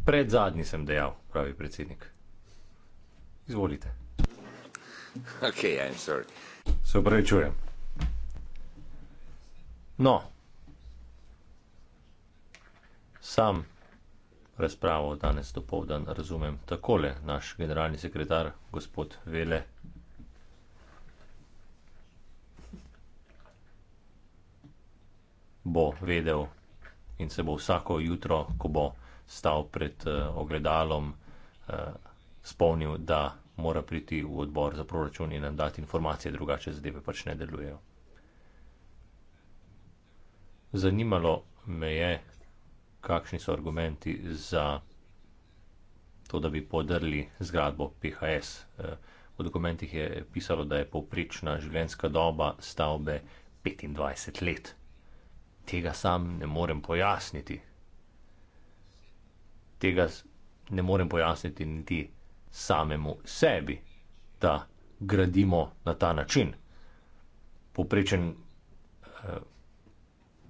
Pred zadnji sem dejal, pravi predsednik. Izvolite. Se upravičujem. No, sam razpravo danes dopoldan razumem takole. Naš generalni sekretar, gospod Vele, bo vedel in se bo vsako jutro, ko bo stal pred uh, ogledalom, uh, spomnil, da mora priti v odbor za proračun in nam dati informacije, drugače zadeve pač ne delujejo. Zanimalo me je, kakšni so argumenti za to, da bi podrli zgradbo PHS. Eh, v dokumentih je pisalo, da je povprečna življenjska doba stavbe 25 let tega sam ne morem pojasniti. Tega ne morem pojasniti niti samemu sebi, da gradimo na ta način. Poprečen eh,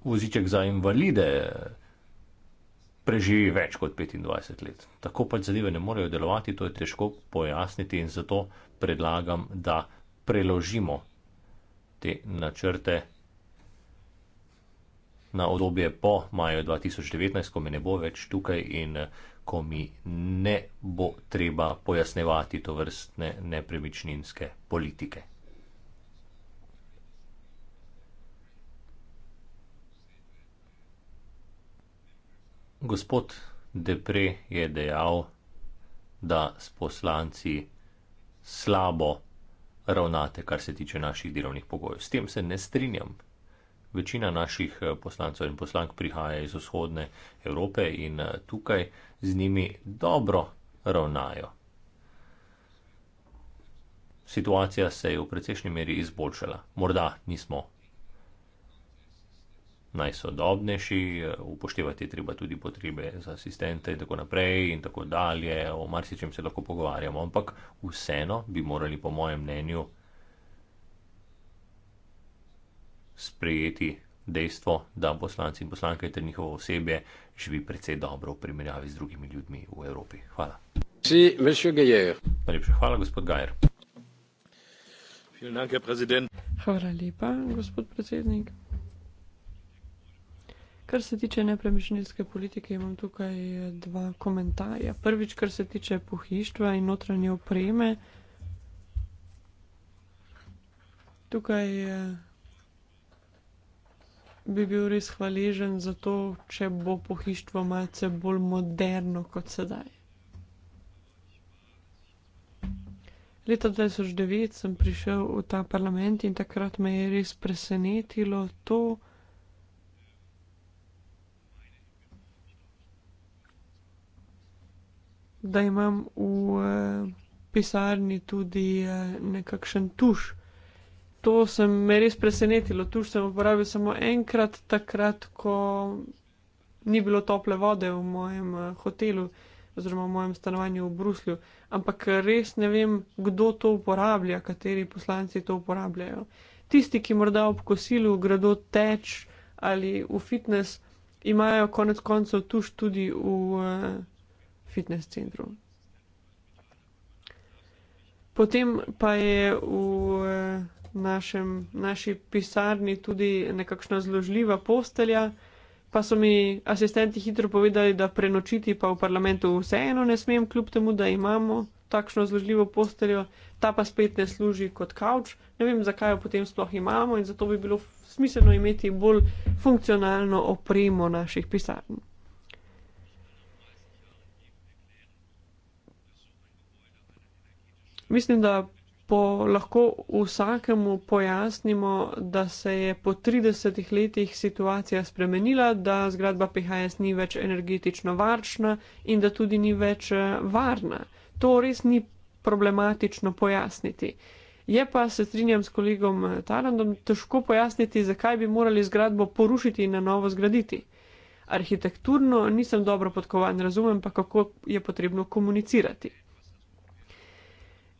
voziček za invalide eh, preživi več kot 25 let. Tako pač zadeve ne morejo delovati, to je težko pojasniti in zato predlagam, da preložimo te načrte na obdobje po maju 2019, ko mi ne bo več tukaj in eh, ko mi ne bo treba pojasnevati to vrstne nepremičninske politike. Gospod Depre je dejal, da s poslanci slabo ravnate, kar se tiče naših delovnih pogojev. S tem se ne strinjam. Večina naših eh, poslancev in poslank prihaja iz vzhodne Evrope in eh, tukaj z njimi dobro ravnajo. Situacija se je v precejšnji meri izboljšala. Morda nismo najsodobnejši, eh, upoštevati je treba tudi potrebe za asistente in tako naprej in tako dalje, o marsičem se lahko pogovarjamo, ampak vseeno bi morali po mojem mnenju sprejeti dejstvo, da poslanci in poslanke ter njihovo osebje živi precej dobro v primerjavi z drugimi ljudmi v Evropi. Hvala. Si, Najlepša hvala, gospod Gajer. Hvala lepa, gospod predsednik. Kar se tiče nepremičninske politike, imam tukaj eh, dva komentarja. Prvič, kar se tiče pohištva in notranje opreme. Tukaj eh, bi bil res hvaležen za to, če bo pohištvo malce bolj moderno kot sedaj. Leta 2009 sem prišel v ta parlament in takrat me je res presenetilo to, da imam v eh, pisarni tudi eh, nekakšen tuš to sem me res presenetilo. Tuš sem uporabil samo enkrat, takrat, ko ni bilo tople vode v mojem eh, hotelu oziroma v mojem stanovanju v Bruslju. Ampak res ne vem, kdo to uporablja, kateri poslanci to uporabljajo. Tisti, ki morda ob kosilu gredo teč ali v fitness, imajo konec koncev tuš tudi v uh, eh, fitness centru. Potem pa je v eh, našem, naši pisarni tudi nekakšna zložljiva postelja, pa so mi asistenti hitro povedali, da prenočiti pa v parlamentu vseeno ne smem, kljub temu, da imamo takšno zložljivo posteljo, ta pa spet ne služi kot kavč. Ne vem, zakaj jo potem sploh imamo in zato bi bilo smiselno imeti bolj funkcionalno opremo naših pisarn. Mislim, da po, lahko vsakemu pojasnimo, da se je po 30 letih situacija spremenila, da zgradba PHS ni več energetično varčna in da tudi ni več eh, varna. To res ni problematično pojasniti. Je pa, se strinjam s kolegom eh, Tarandom, težko pojasniti, zakaj bi morali zgradbo porušiti in na novo zgraditi. Arhitekturno nisem dobro podkovan, razumem pa, kako je potrebno komunicirati.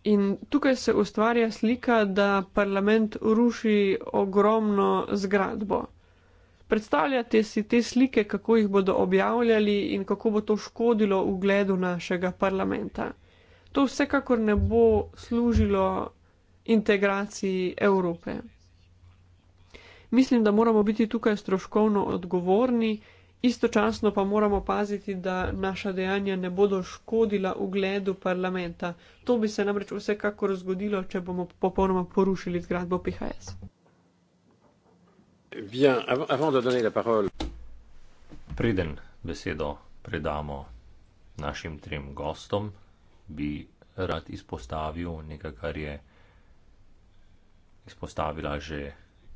In tukaj se ustvarja slika, da parlament ruši ogromno zgradbo. Predstavljate si te slike, kako jih bodo objavljali in kako bo to škodilo ugledu našega parlamenta. To vsekakor ne bo služilo integraciji Evrope. Mislim, da moramo biti tukaj stroškovno odgovorni Istočasno pa moramo paziti, da naša dejanja ne bodo škodila ugledu parlamenta. To bi se namreč vsekakor zgodilo, če bomo popolnoma porušili zgradbo PHS. Preden besedo predamo našim trem gostom, bi rad izpostavil nekaj, kar je izpostavila že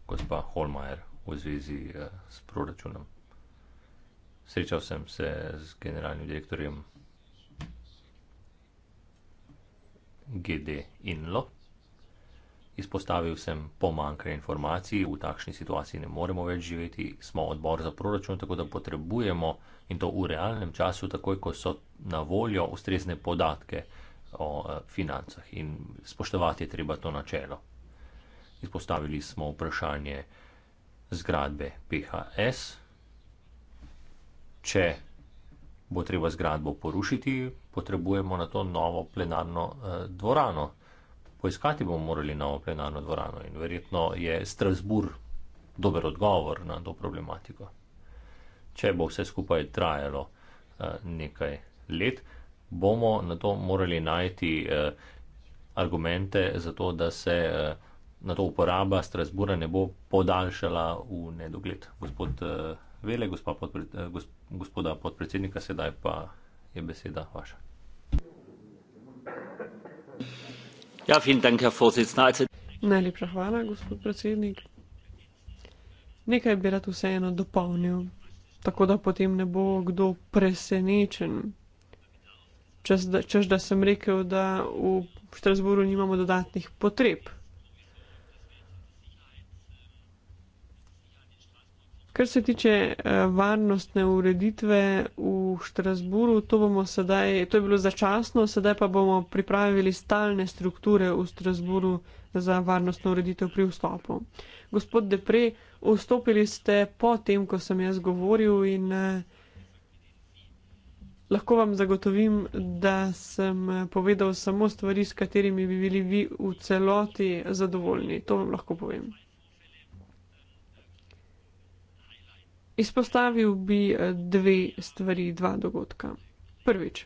gospa Holmajer v zvezi eh, s proračunom. Srečal sem se z generalnim direktorjem GD Inlo. Izpostavil sem pomankanje informacij, v takšni situaciji ne moremo več živeti, smo odbor za proračun, tako da potrebujemo in to v realnem času, takoj ko so na voljo ustrezne podatke o eh, financah in spoštovati je treba to načelo. Izpostavili smo vprašanje zgradbe PHS če bo treba zgradbo porušiti, potrebujemo na to novo plenarno uh, dvorano. Poiskati bomo morali novo plenarno dvorano in verjetno je Strasbourg dober odgovor na to problematiko. Če bo vse skupaj trajalo uh, nekaj let, bomo na to morali najti uh, argumente za to, da se uh, na to uporaba Strasbura ne bo podaljšala v nedogled. Gospod, uh, Vele, podpre, eh, gospoda podpredsednika, sedaj pa je beseda vaša. Ja, dank, Najlepša hvala, gospod predsednik. Nekaj bi rad vseeno dopolnil, tako da potem ne bo kdo presenečen. Češ, da, da sem rekel, da v Štrasburu nimamo dodatnih potreb Kar se tiče eh, varnostne ureditve v Štrasburu, to, sedaj, to je bilo začasno, sedaj pa bomo pripravili stalne strukture v Štrasburu za varnostno ureditev pri vstopu. Gospod Depre, vstopili ste po tem, ko sem jaz govoril in eh, lahko vam zagotovim, da sem eh, povedal samo stvari, s katerimi bi bili vi v celoti zadovoljni. To vam lahko povem. Izpostavil bi eh, dve stvari, dva dogodka. Prvič,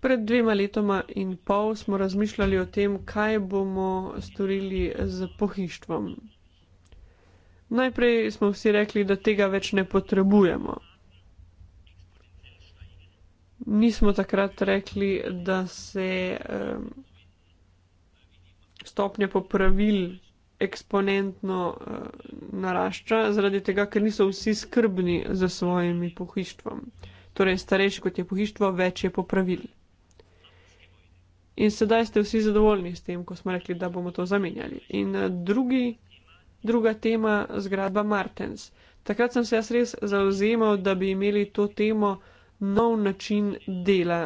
pred dvema letoma in pol smo razmišljali o tem, kaj bomo storili z pohištvom. Najprej smo vsi rekli, da tega več ne potrebujemo. Nismo takrat rekli, da se um, stopnja popravil eksponentno uh, narašča, zaradi tega, ker niso vsi skrbni za svojimi pohištvom. Torej, starejši kot je pohištvo, več je popravil. In sedaj ste vsi zadovoljni s tem, ko smo rekli, da bomo to zamenjali. In eh, drugi, druga tema, zgradba Martens. Takrat sem se jaz res zauzemal, da bi imeli to temo nov način dela.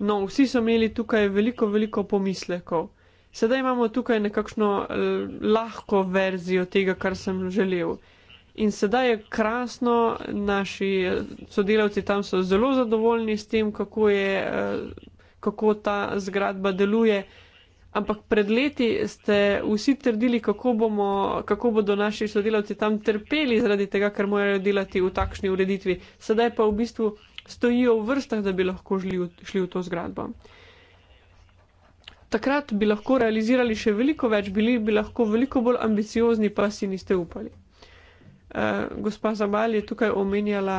No, vsi so imeli tukaj veliko, veliko pomislekov. Sedaj imamo tukaj nekakšno eh, lahko verzijo tega, kar sem želel. In sedaj je krasno, naši eh, sodelavci tam so zelo zadovoljni s tem, kako, je, eh, kako ta zgradba deluje. Ampak pred leti ste vsi trdili, kako, bomo, kako bodo naši sodelavci tam trpeli zaradi tega, ker morajo delati v takšni ureditvi. Sedaj pa v bistvu stojijo v vrstah, da bi lahko šli v, šli v to zgradbo takrat bi lahko realizirali še veliko več, bili bi lahko veliko bolj ambiciozni, pa si niste upali. Uh, gospa Zabal je tukaj omenjala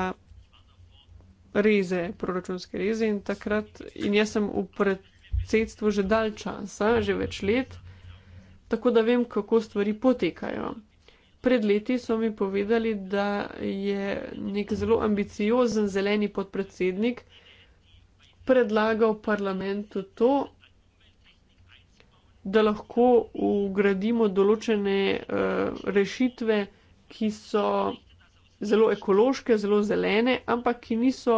reze, proračunske reze in takrat, in jaz sem v predsedstvu že dalj časa, že več let, tako da vem, kako stvari potekajo. Pred leti so mi povedali, da je nek zelo ambiciozen zeleni podpredsednik predlagal parlamentu to, da lahko ugradimo določene eh, rešitve, ki so zelo ekološke, zelo zelene, ampak ki niso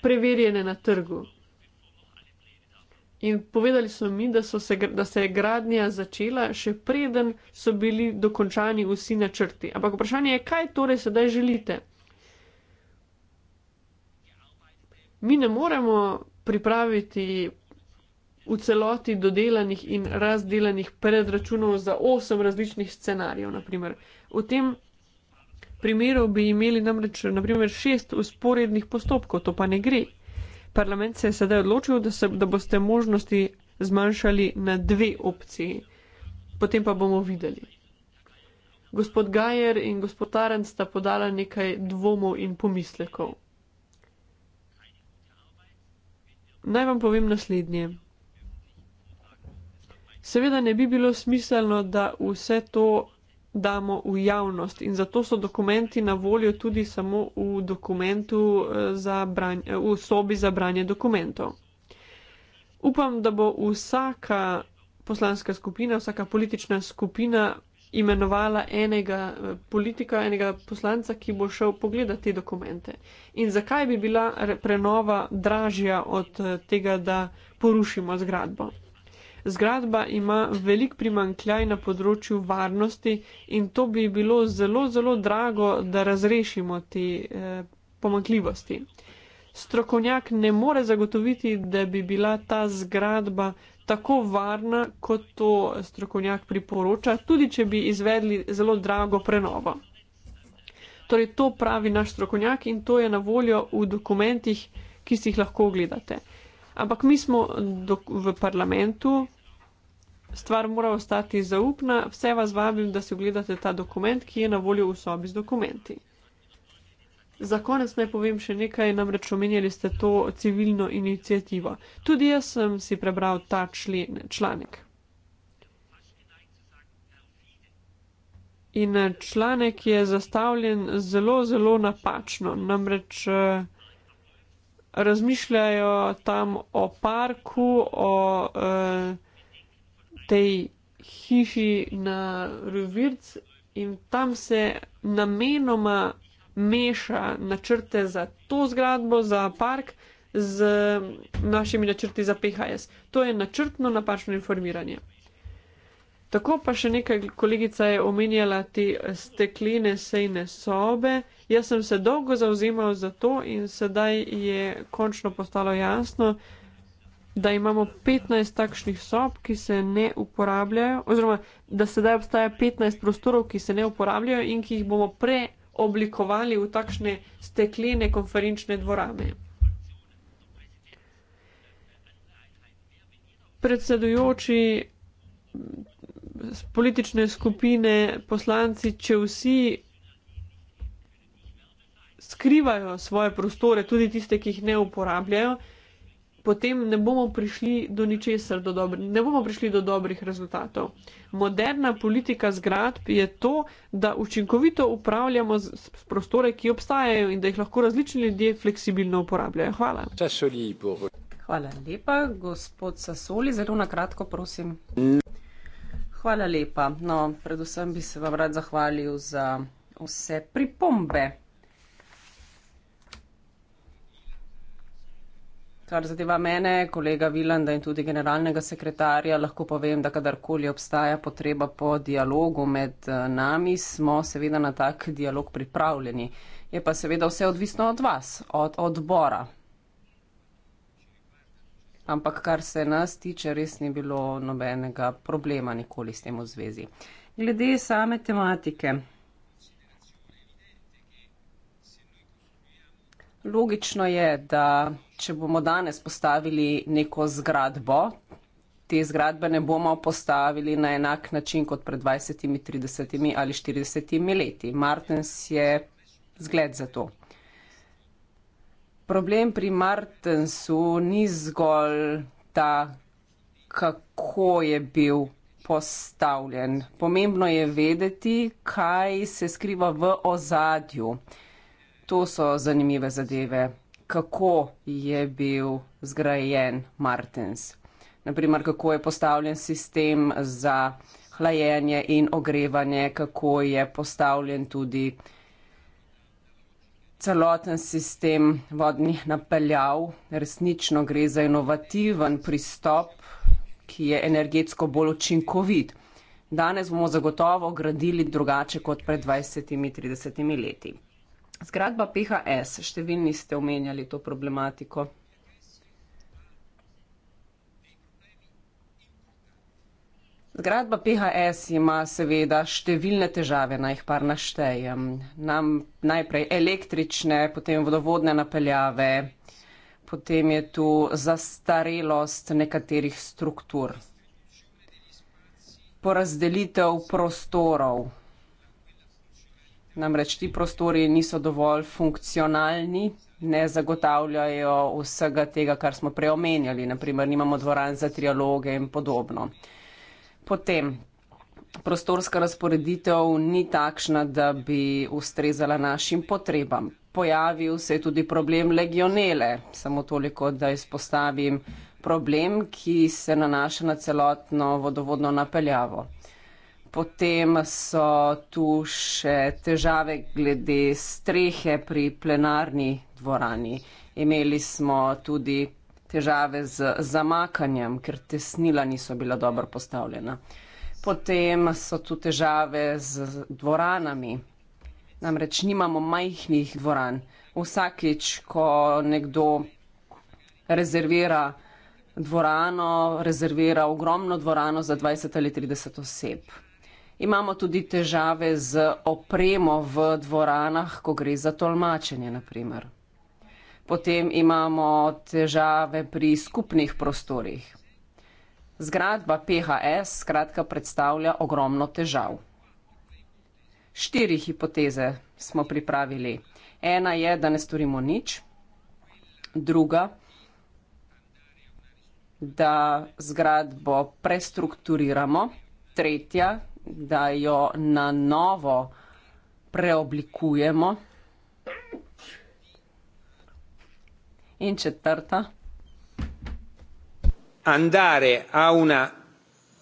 preverjene na trgu. In povedali so mi, da, so se, da se je gradnja začela, še preden so bili dokončani vsi načrti. Ampak vprašanje je, kaj torej sedaj želite? Mi ne moremo pripraviti v celoti dodelanih in razdelanih predračunov za osem različnih scenarijev. Naprimer. V tem primeru bi imeli namreč naprimer, šest usporednih postopkov, to pa ne gre. Parlament se je sedaj odločil, da, se, da boste možnosti zmanjšali na dve opcije, potem pa bomo videli. Gospod Gajer in gospod Taren sta podala nekaj dvomov in pomislekov. Naj vam povem naslednje. Seveda ne bi bilo smiselno, da vse to damo v javnost in zato so dokumenti na voljo tudi samo v, eh, branje, eh, v sobi za branje dokumentov. Upam, da bo vsaka poslanska skupina, vsaka politična skupina imenovala enega eh, politika, enega poslanca, ki bo šel pogledati te dokumente. In zakaj bi bila prenova dražja od tega, da porušimo zgradbo? Zgradba ima velik primankljaj na področju varnosti in to bi bilo zelo, zelo drago, da razrešimo te eh, pomankljivosti. Strokovnjak ne more zagotoviti, da bi bila ta zgradba tako varna, kot to strokovnjak priporoča, tudi če bi izvedli zelo drago prenovo. Torej, to pravi naš strokovnjak in to je na voljo v dokumentih, ki si jih lahko ogledate. Ampak mi smo v parlamentu, Stvar mora ostati zaupna, vse vas vabim, da si ogledate ta dokument, ki je na voljo v sobi z dokumenti. Za konec naj povem še nekaj, namreč omenjali ste to civilno inicijativo. Tudi jaz sem si prebral ta člen, članek. In eh, članek je zastavljen zelo, zelo napačno. Namreč eh, razmišljajo tam o parku, o. Eh, tej hiši na Rovirc in tam se namenoma meša načrte za to zgradbo, za park, z našimi načrti za PHS. To je načrtno napačno informiranje. Tako pa še nekaj, kolegica je omenjala te steklene sejne sobe. Jaz sem se dolgo zauzemal za to in sedaj je končno postalo jasno, da imamo 15 takšnih sob, ki se ne uporabljajo, oziroma da sedaj obstaja 15 prostorov, ki se ne uporabljajo in ki jih bomo preoblikovali v takšne steklene konferenčne dvorane. Predsedujoči politične skupine, poslanci, če vsi skrivajo svoje prostore, tudi tiste, ki jih ne uporabljajo, potem ne bomo prišli do ničesar, do dobri, ne bomo prišli do dobrih rezultatov. Moderna politika zgradb je to, da učinkovito upravljamo z, z prostore, ki obstajajo in da jih lahko različni ljudje fleksibilno uporabljajo. Hvala. Hvala lepa, gospod Sasoli. Zelo na kratko, prosim. Hvala lepa. No, predvsem bi se vam rad zahvalil za vse pripombe. Kar zadeva mene, kolega Vilanda in tudi generalnega sekretarja, lahko povem, da kadarkoli obstaja potreba po dialogu med eh, nami, smo seveda na tak dialog pripravljeni. Je pa seveda vse odvisno od vas, od odbora. Ampak kar se nas tiče, res ni bilo nobenega problema nikoli s tem v zvezi. Glede same tematike. Logično je, da če bomo danes postavili neko zgradbo, te zgradbe ne bomo postavili na enak način kot pred 20, 30 ali 40 leti. Martens je zgled za to. Problem pri Martensu ni zgolj ta, kako je bil postavljen. Pomembno je vedeti, kaj se skriva v ozadju. To so zanimive zadeve kako je bil zgrajen Martens. Naprimer, kako je postavljen sistem za hlajenje in ogrevanje, kako je postavljen tudi celoten sistem vodnih napeljav. Resnično gre za inovativen pristop, ki je energetsko bolj učinkovit. Danes bomo zagotovo gradili drugače kot pred 20-30 leti. Zgradba PHS, številni ste omenjali to problematiko. Zgradba PHS ima seveda številne težave, naj jih par naštejem. Nam najprej električne, potem vodovodne napeljave, potem je tu zastarelost nekaterih struktur. Porazdelitev prostorov. Namreč ti prostori niso dovolj funkcionalni, ne zagotavljajo vsega tega, kar smo preomenjali, naprimer nimamo dvoran za trialoge in podobno. Potem, prostorska razporeditev ni takšna, da bi ustrezala našim potrebam. Pojavil se je tudi problem legionele, samo toliko, da izpostavim problem, ki se nanaša na celotno vodovodno napeljavo. Potem so tu še težave glede strehe pri plenarni dvorani. Imeli smo tudi težave z zamakanjem, ker tesnila niso bila dobro postavljena. Potem so tu težave z dvoranami. Namreč nimamo majhnih dvoran. Vsakič, ko nekdo rezervira dvorano, rezervira ogromno dvorano za 20 ali 30 oseb. Imamo tudi težave z opremo v dvoranah, ko gre za tolmačenje, naprimer. Potem imamo težave pri skupnih prostorih. Zgradba PHS skratka predstavlja ogromno težav. Štiri hipoteze smo pripravili. Ena je, da ne storimo nič, druga, da zgradbo prestrukturiramo, tretja, da jo na novo preoblikujemo. In četrta. Andare a una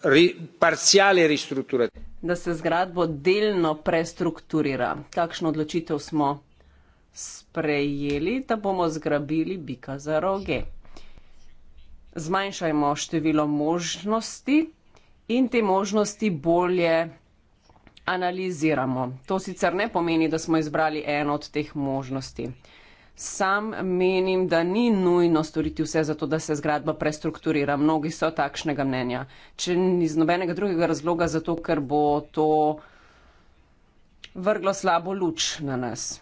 ri, parciale ristrutturazione. Da se zgradbo delno prestrukturira. Takšno odločitev smo sprejeli, da bomo zgrabili bika za roge. Zmanjšajmo število možnosti, in te možnosti bolje analiziramo. To sicer ne pomeni, da smo izbrali eno od teh možnosti. Sam menim, da ni nujno storiti vse za to, da se zgradba prestrukturira. Mnogi so takšnega mnenja. Če ni z nobenega drugega razloga, zato ker bo to vrglo slabo luč na nas.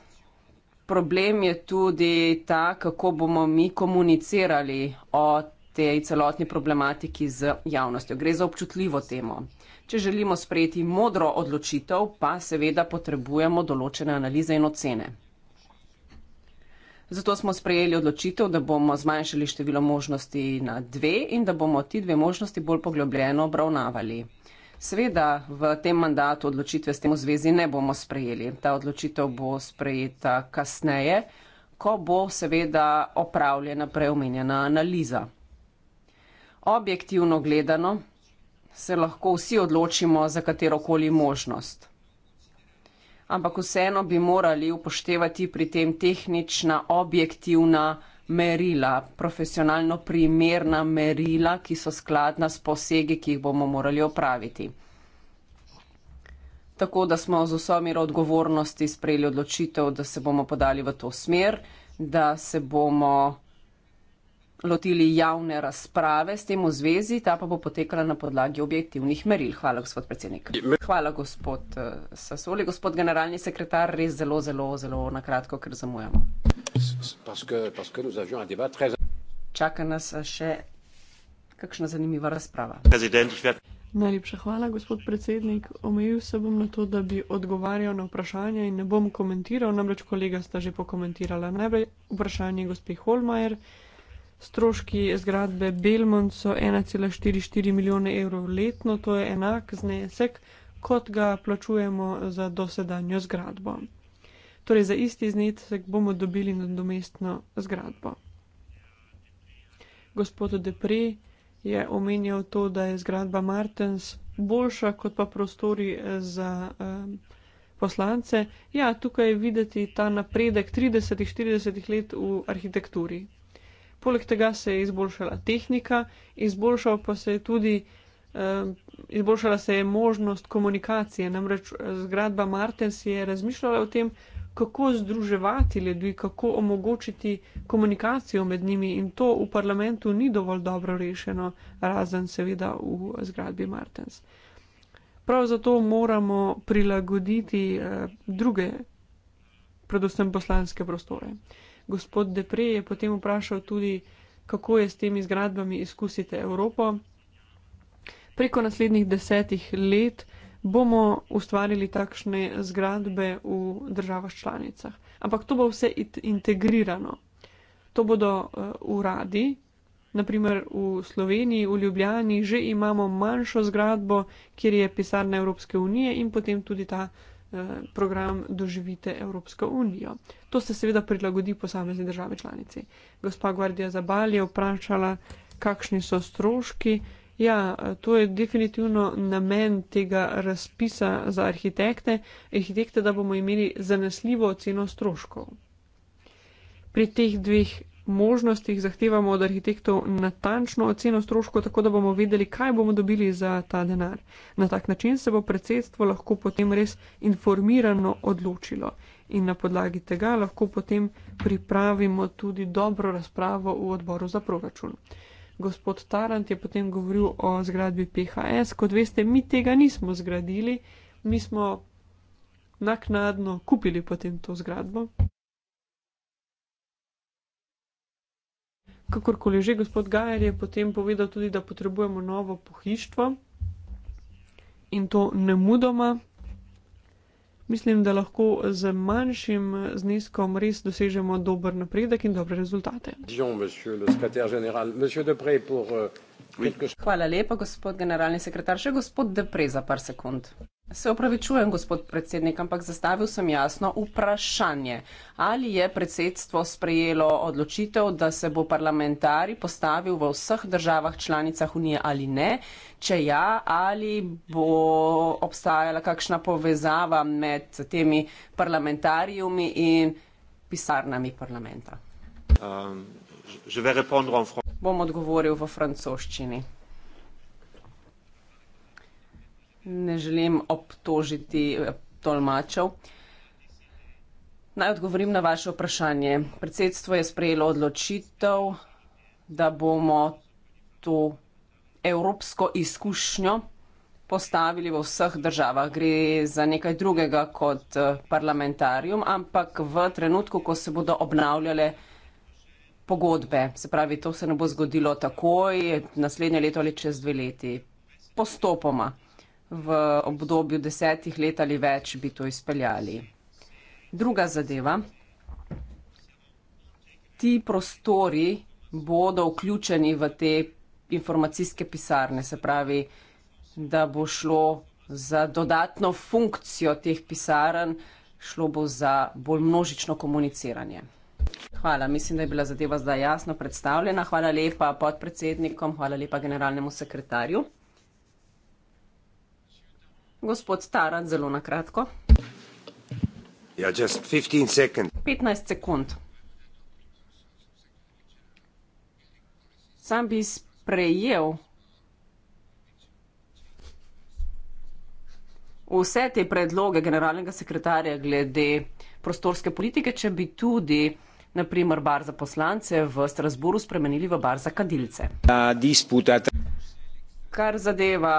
Problem je tudi ta, kako bomo mi komunicirali o tej celotni problematiki z javnostjo. Gre za občutljivo temo. Če želimo sprejeti modro odločitev, pa seveda potrebujemo določene analize in ocene. Zato smo sprejeli odločitev, da bomo zmanjšali število možnosti na dve in da bomo ti dve možnosti bolj poglobljeno obravnavali. Sveda v tem mandatu odločitve s tem v zvezi ne bomo sprejeli. Ta odločitev bo sprejeta kasneje, ko bo seveda opravljena preomenjena analiza. Objektivno gledano se lahko vsi odločimo za katerokoli možnost. Ampak vseeno bi morali upoštevati pri tem tehnična, objektivna merila, profesionalno primerna merila, ki so skladna s posegi, ki jih bomo morali opraviti. Tako da smo z vso mero odgovornosti sprejeli odločitev, da se bomo podali v to smer, da se bomo lotili javne razprave s tem v zvezi, ta pa bo potekala na podlagi objektivnih meril. Hvala, gospod predsednik. Hvala, gospod eh, Sasoli. Gospod generalni sekretar, res zelo, zelo, zelo na kratko, ker zamujamo. Čaka nas eh, še kakšna zanimiva razprava. Najlepša hvala, gospod predsednik. Omejil se bom na to, da bi odgovarjal na vprašanja in ne bom komentiral, namreč kolega sta že pokomentirala. Najprej vprašanje gospe Holmajer. Stroški zgradbe Belmont so 1,44 milijona evrov letno, to je enak znesek, kot ga plačujemo za dosedanjo zgradbo. Torej, za isti znesek bomo dobili nadomestno zgradbo. Gospod Depre je omenjal to, da je zgradba Martens boljša kot pa prostori eh, za um, poslance. Ja, tukaj je videti ta napredek 30-40 let v arhitekturi. Poleg tega se je izboljšala tehnika, izboljšal pa se je tudi. Eh, izboljšala se je možnost komunikacije. Namreč eh, zgradba Martens je razmišljala o tem, kako združevati ljudi, kako omogočiti komunikacijo med njimi, in to v parlamentu ni dovolj dobro rešeno, razen seveda v zgradbi Martens. Prav zato moramo prilagoditi eh, druge, predvsem poslanske prostore. Gospod Depre je potem vprašal tudi, kako je s temi zgradbami izkusite Evropo. Preko naslednjih desetih let bomo ustvarili takšne zgradbe v državah članicah. Ampak to bo vse integrirano. To bodo eh, uradi, naprimer v Sloveniji, v Ljubljani, že imamo manjšo zgradbo, kjer je pisarna Evropske unije in potem tudi ta Eh, program Doživite Evropsko unijo. To se seveda prilagodi posamezni državi članici. Gospa Guardia Zabal je vprašala, kakšni so stroški. Ja, eh, to je definitivno namen tega razpisa za arhitekte, arhitekte, da bomo imeli zanesljivo oceno stroškov. Pri teh dveh možnostih zahtevamo od arhitektov natančno oceno stroškov, tako da bomo vedeli, kaj bomo dobili za ta denar. Na tak način se bo predsedstvo lahko potem res informirano odločilo in na podlagi tega lahko potem pripravimo tudi dobro razpravo v odboru za proračun. Gospod Tarant je potem govoril o zgradbi PHS. Kot veste, mi tega nismo zgradili, mi smo naknadno kupili potem to zgradbo. kakorkoli že, gospod Gajer je potem povedal tudi, da potrebujemo novo pohištvo in to ne mudoma. Mislim, da lahko z manjšim zneskom res dosežemo dober napredek in dobre rezultate. Euh, Hvala lepa, gospod generalni sekretar. Še gospod Deprej za par sekund. Se upravičujem, gospod predsednik, ampak zastavil sem jasno vprašanje. Ali je predsedstvo sprejelo odločitev, da se bo parlamentari postavil v vseh državah članicah Unije ali ne? Če ja, ali bo obstajala kakšna povezava med temi parlamentarijumi in pisarnami parlamenta? Um, bom odgovoril v francoščini. ne želim obtožiti eh, tolmačev. Naj odgovorim na vaše vprašanje. Predsedstvo je sprejelo odločitev, da bomo to evropsko izkušnjo postavili v vseh državah. Gre za nekaj drugega kot eh, parlamentarium, ampak v trenutku, ko se bodo obnavljale pogodbe, se pravi, to se ne bo zgodilo takoj, naslednje leto ali čez dve leti, postopoma v obdobju desetih let ali več bi to izpeljali. Druga zadeva. Ti prostori bodo vključeni v te informacijske pisarne, se pravi, da bo šlo za dodatno funkcijo teh pisarn, šlo bo za bolj množično komuniciranje. Hvala, mislim, da je bila zadeva zdaj jasno predstavljena. Hvala lepa podpredsednikom, hvala lepa generalnemu sekretarju. Gospod Tarant, zelo na kratko. Ja, 15 sekund. Sam bi sprejel vse te predloge generalnega sekretarja glede prostorske politike, če bi tudi, naprimer, bar za poslance v Strasburu spremenili v bar za kadilce. Kar zadeva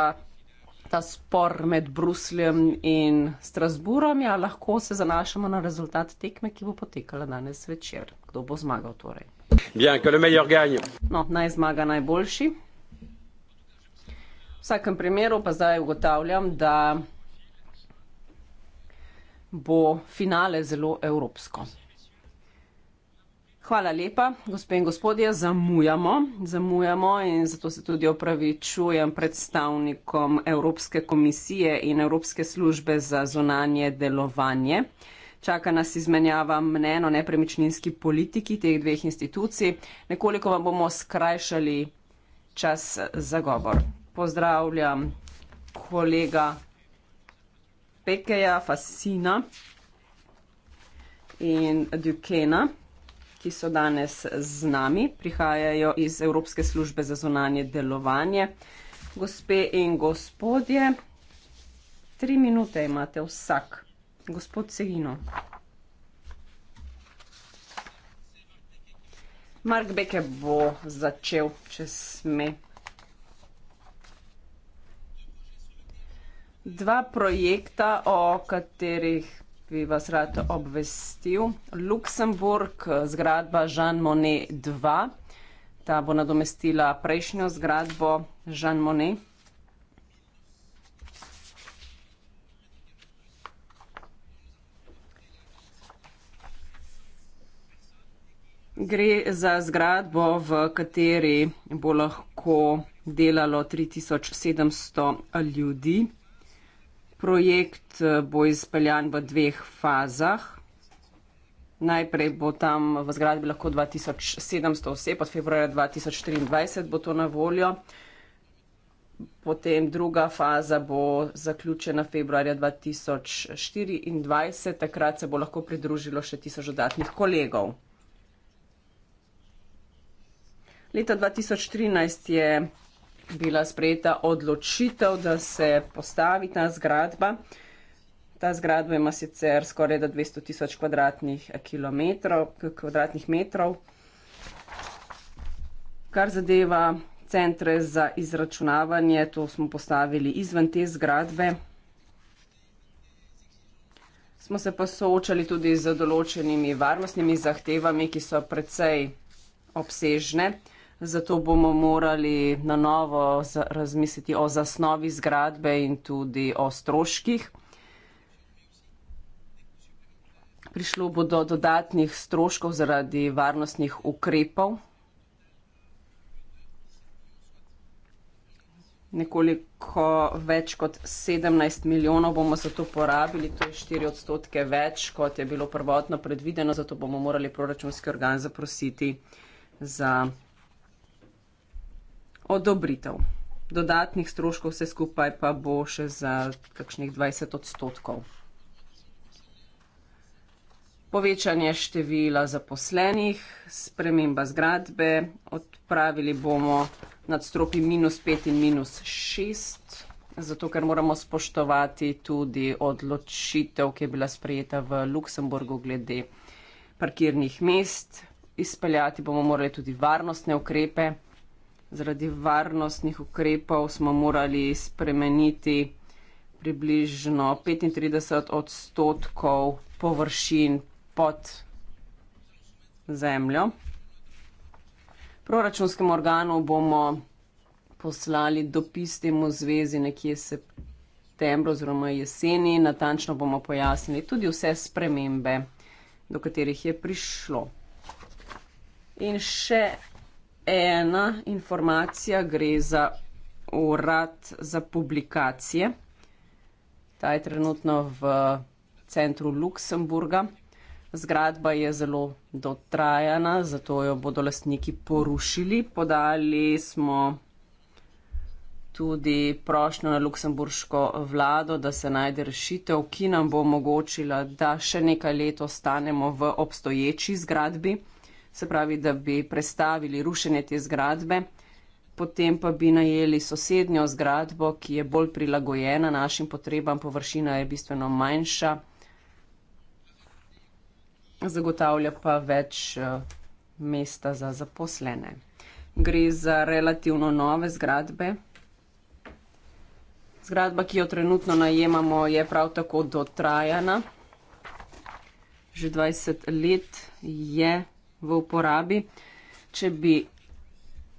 ta spor med Brusljem in Strasburom, ja, lahko se zanašamo na rezultat tekme, ki bo potekala danes večer. Kdo bo zmagal torej? Bien, no, naj zmaga najboljši. V vsakem primeru pa zdaj ugotavljam, da bo finale zelo evropsko. Hvala lepa, gospe in gospodje, zamujamo, zamujamo in zato se tudi opravičujem predstavnikom Evropske komisije in Evropske službe za zonanje delovanje. Čaka nas izmenjava mnen o nepremičninski politiki teh dveh institucij. Nekoliko vam bomo skrajšali čas za govor. Pozdravljam kolega Pekeja, Fasina in Dukena ki so danes z nami, prihajajo iz Evropske službe za zunanje delovanje. Gospe in gospodje, tri minute imate vsak. Gospod Cegino. Mark Beke bo začel, če sme. Dva projekta, o katerih bi vas rad obvestil. Luksemburg, zgradba Jean Monnet 2, ta bo nadomestila prejšnjo zgradbo Jean Monnet. Gre za zgradbo, v kateri bo lahko delalo 3700 ljudi. Projekt eh, bo izpeljan v dveh fazah. Najprej bo tam v zgradbi lahko 2700 oseb, od februarja 2023 bo to na voljo. Potem druga faza bo zaključena februarja 2024, takrat se bo lahko pridružilo še tisoč dodatnih kolegov. Leta 2013 je bila sprejeta odločitev, da se postavi ta zgradba. Ta zgradba ima sicer skoraj 200 tisoč kvadratnih, eh, kvadratnih metrov, kar zadeva centre za izračunavanje. To smo postavili izven te zgradbe. Smo se pa soočali tudi z določenimi varnostnimi zahtevami, ki so precej obsežne zato bomo morali na novo razmisliti o zasnovi zgradbe in tudi o stroških. Prišlo bo do dodatnih stroškov zaradi varnostnih ukrepov. Nekoliko več kot 17 milijonov bomo za to porabili, to je 4 odstotke več, kot je bilo prvotno predvideno, zato bomo morali proračunski organ zaprositi za odobritev. Dodatnih stroškov vse skupaj pa bo še za kakšnih 20 odstotkov. Povečanje števila zaposlenih, sprememba zgradbe, odpravili bomo nadstropi minus 5 in minus 6, zato ker moramo spoštovati tudi odločitev, ki je bila sprejeta v Luksemburgu glede parkirnih mest. Izpeljati bomo morali tudi varnostne ukrepe zaradi varnostnih ukrepov smo morali spremeniti približno 35 odstotkov površin pod zemljo. Proračunskem organu bomo poslali dopis temu zvezi nekje septembro oziroma jeseni. Natančno bomo pojasnili tudi vse spremembe, do katerih je prišlo. In še ena informacija gre za urad za publikacije. Ta je trenutno v centru Luksemburga. Zgradba je zelo dotrajana, zato jo bodo lastniki porušili. Podali smo tudi prošljo na luksemburško vlado, da se najde rešitev, ki nam bo omogočila, da še nekaj let ostanemo v obstoječi zgradbi se pravi, da bi prestavili rušenje te zgradbe, potem pa bi najeli sosednjo zgradbo, ki je bolj prilagojena našim potrebam, površina je bistveno manjša, zagotavlja pa več eh, mesta za zaposlene. Gre za relativno nove zgradbe. Zgradba, ki jo trenutno najemamo, je prav tako dotrajana. Že 20 let je v uporabi. Če bi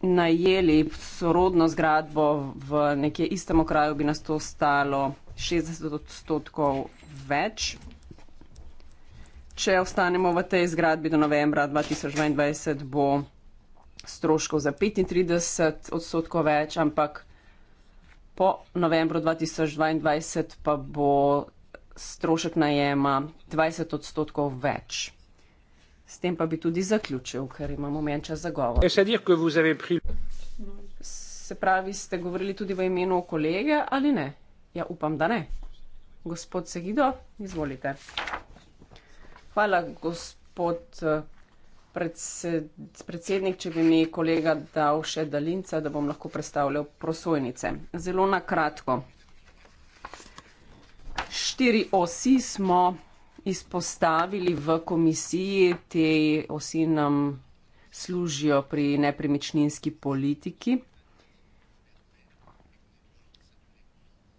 najeli sorodno zgradbo v nekje istem okraju, bi nas to stalo 60 odstotkov več. Če ostanemo v tej zgradbi do novembra 2022, bo stroškov za 35 odstotkov več, ampak po novembru 2022 pa bo strošek najema 20 odstotkov več. S tem pa bi tudi zaključil, ker imamo menj čas za govor. Se pravi, ste govorili tudi v imenu kolege ali ne? Ja, upam, da ne. Gospod Segido, izvolite. Hvala, gospod eh, predsed, predsednik, če bi mi kolega dal še daljnca, da bom lahko predstavljal prosojnice. Zelo na kratko. Štiri osi smo izpostavili v komisiji, te osi nam služijo pri nepremičninski politiki.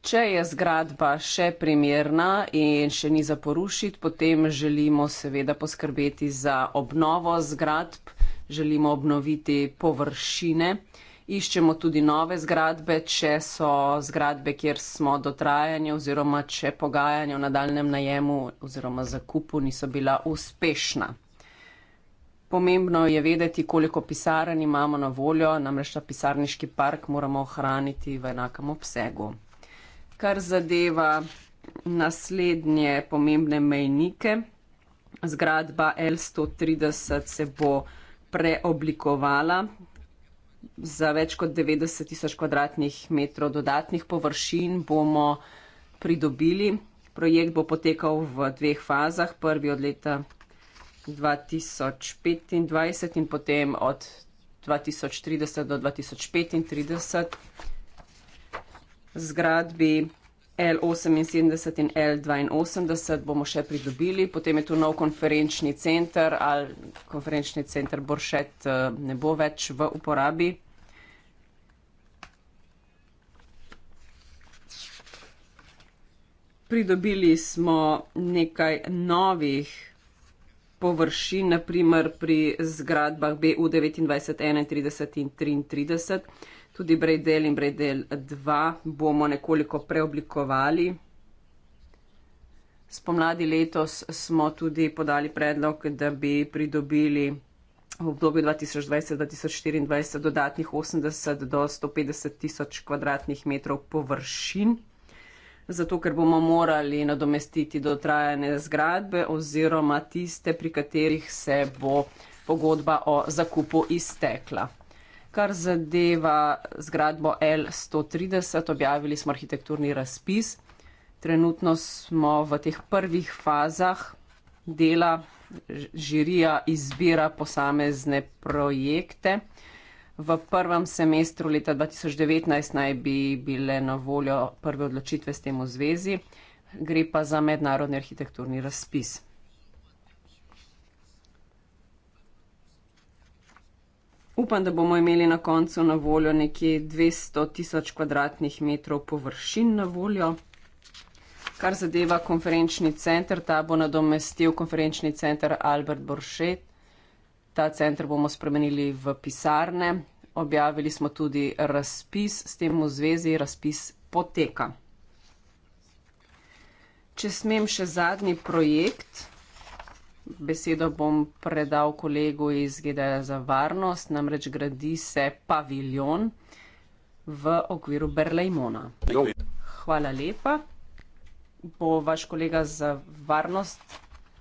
Če je zgradba še primerna in še ni za porušiti, potem želimo seveda poskrbeti za obnovo zgradb, želimo obnoviti površine iščemo tudi nove zgradbe, če so zgradbe, kjer smo do trajanja oziroma če pogajanja o nadaljem najemu oziroma zakupu niso bila uspešna. Pomembno je vedeti, koliko pisarn imamo na voljo, namreč ta pisarniški park moramo ohraniti v enakem obsegu. Kar zadeva naslednje pomembne mejnike, zgradba L130 se bo preoblikovala, za več kot 90 tisoč kvadratnih metrov dodatnih površin bomo pridobili. Projekt bo potekal v dveh fazah, prvi od leta 2025 in potem od 2030 do 2035. Zgradbi L78 in L82 bomo še pridobili, potem je tu nov konferenčni center ali konferenčni center Boršet eh, ne bo več v uporabi. Pridobili smo nekaj novih površin, naprimer pri zgradbah BU 29, 31 in 33 tudi Braidel in Braidel 2 bomo nekoliko preoblikovali. Spomladi letos smo tudi podali predlog, da bi pridobili v obdobju 2020-2024 dodatnih 80 do 150 tisoč kvadratnih metrov površin, zato ker bomo morali nadomestiti dotrajane zgradbe oziroma tiste, pri katerih se bo pogodba o zakupu iztekla kar zadeva zgradbo L130, objavili smo arhitekturni razpis. Trenutno smo v teh prvih fazah dela, žirija izbira posamezne projekte. V prvem semestru leta 2019 naj bi bile na voljo prve odločitve s tem v zvezi, gre pa za mednarodni arhitekturni razpis. Upam, da bomo imeli na koncu na voljo nekje 200 tisoč kvadratnih metrov površin na voljo. Kar zadeva konferenčni center, ta bo nadomestil konferenčni center Albert Boršet. Ta center bomo spremenili v pisarne. Objavili smo tudi razpis, s tem v zvezi razpis poteka. Če smem še zadnji projekt besedo bom predal kolegu iz GDL za varnost, namreč gradi se paviljon v okviru Berlejmona. No. Hvala lepa. Bo vaš kolega za varnost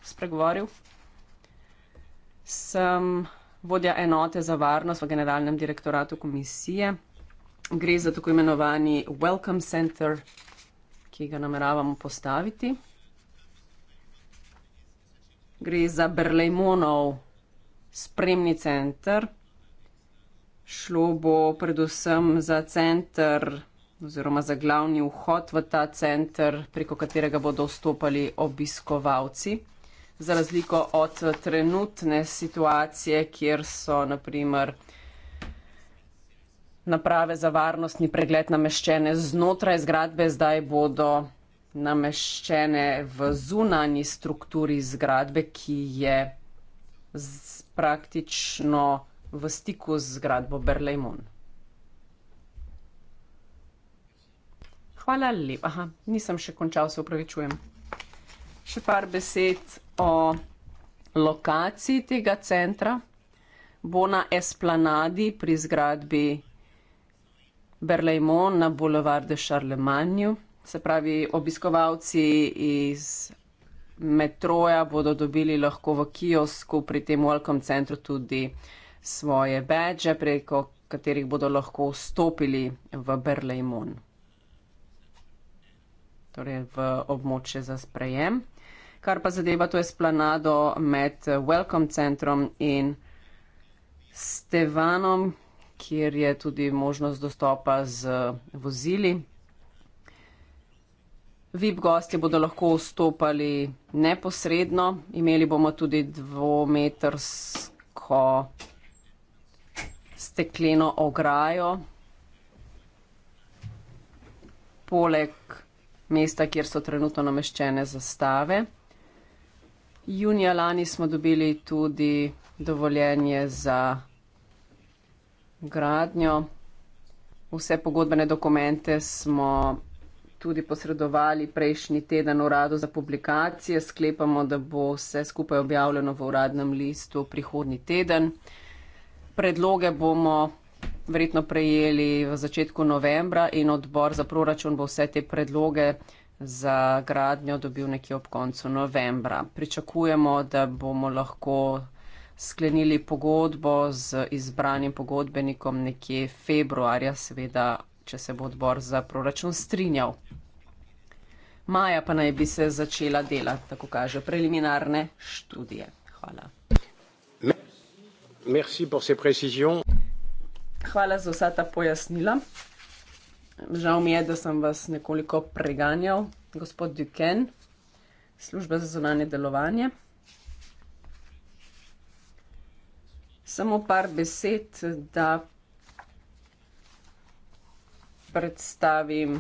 spregovoril? Sem vodja enote za varnost v generalnem direktoratu komisije. Gre za tako imenovani Welcome Center, ki ga nameravamo postaviti gre za Berlejmonov spremni center. Šlo bo predvsem za center oziroma za glavni vhod v ta center, preko katerega bodo vstopali obiskovalci. Za razliko od trenutne situacije, kjer so naprimer naprave za varnostni pregled nameščene znotraj zgradbe, zdaj bodo nameščene v zunanji strukturi zgradbe, ki je praktično v stiku z zgradbo Berlajmon. Hvala lepa. Aha, nisem še končal, se upravičujem. Še par besed o lokaciji tega centra. Bo na esplanadi pri zgradbi Berlajmon na Boulevard de Charlemagne se pravi obiskovalci iz metroja bodo dobili lahko v kiosku pri tem Welcome Centru tudi svoje badge, preko katerih bodo lahko vstopili v Berlejmon, torej v območje za sprejem. Kar pa zadeva to esplanado med Welcome Centrom in Stevanom, kjer je tudi možnost dostopa z vozili. VIP gosti bodo lahko vstopali neposredno, imeli bomo tudi dvometrsko stekleno ograjo. Poleg mesta, kjer so trenutno nameščene zastave. Junija lani smo dobili tudi dovoljenje za gradnjo. Vse pogodbene dokumente smo tudi posredovali prejšnji teden uradu za publikacije. Sklepamo, da bo vse skupaj objavljeno v uradnem listu prihodnji teden. Predloge bomo verjetno prejeli v začetku novembra in odbor za proračun bo vse te predloge za gradnjo dobil nekje ob koncu novembra. Pričakujemo, da bomo lahko sklenili pogodbo z izbranim pogodbenikom nekje februarja, seveda če se bo odbor za proračun strinjal. Maja pa naj bi se začela dela, tako kaže preliminarne študije. Hvala. Merci pour ces précisions. Hvala za vsa ta pojasnila. Žal mi je, da sem vas nekoliko preganjal, gospod Duken, služba za zunanje delovanje. Samo par besed, da predstavim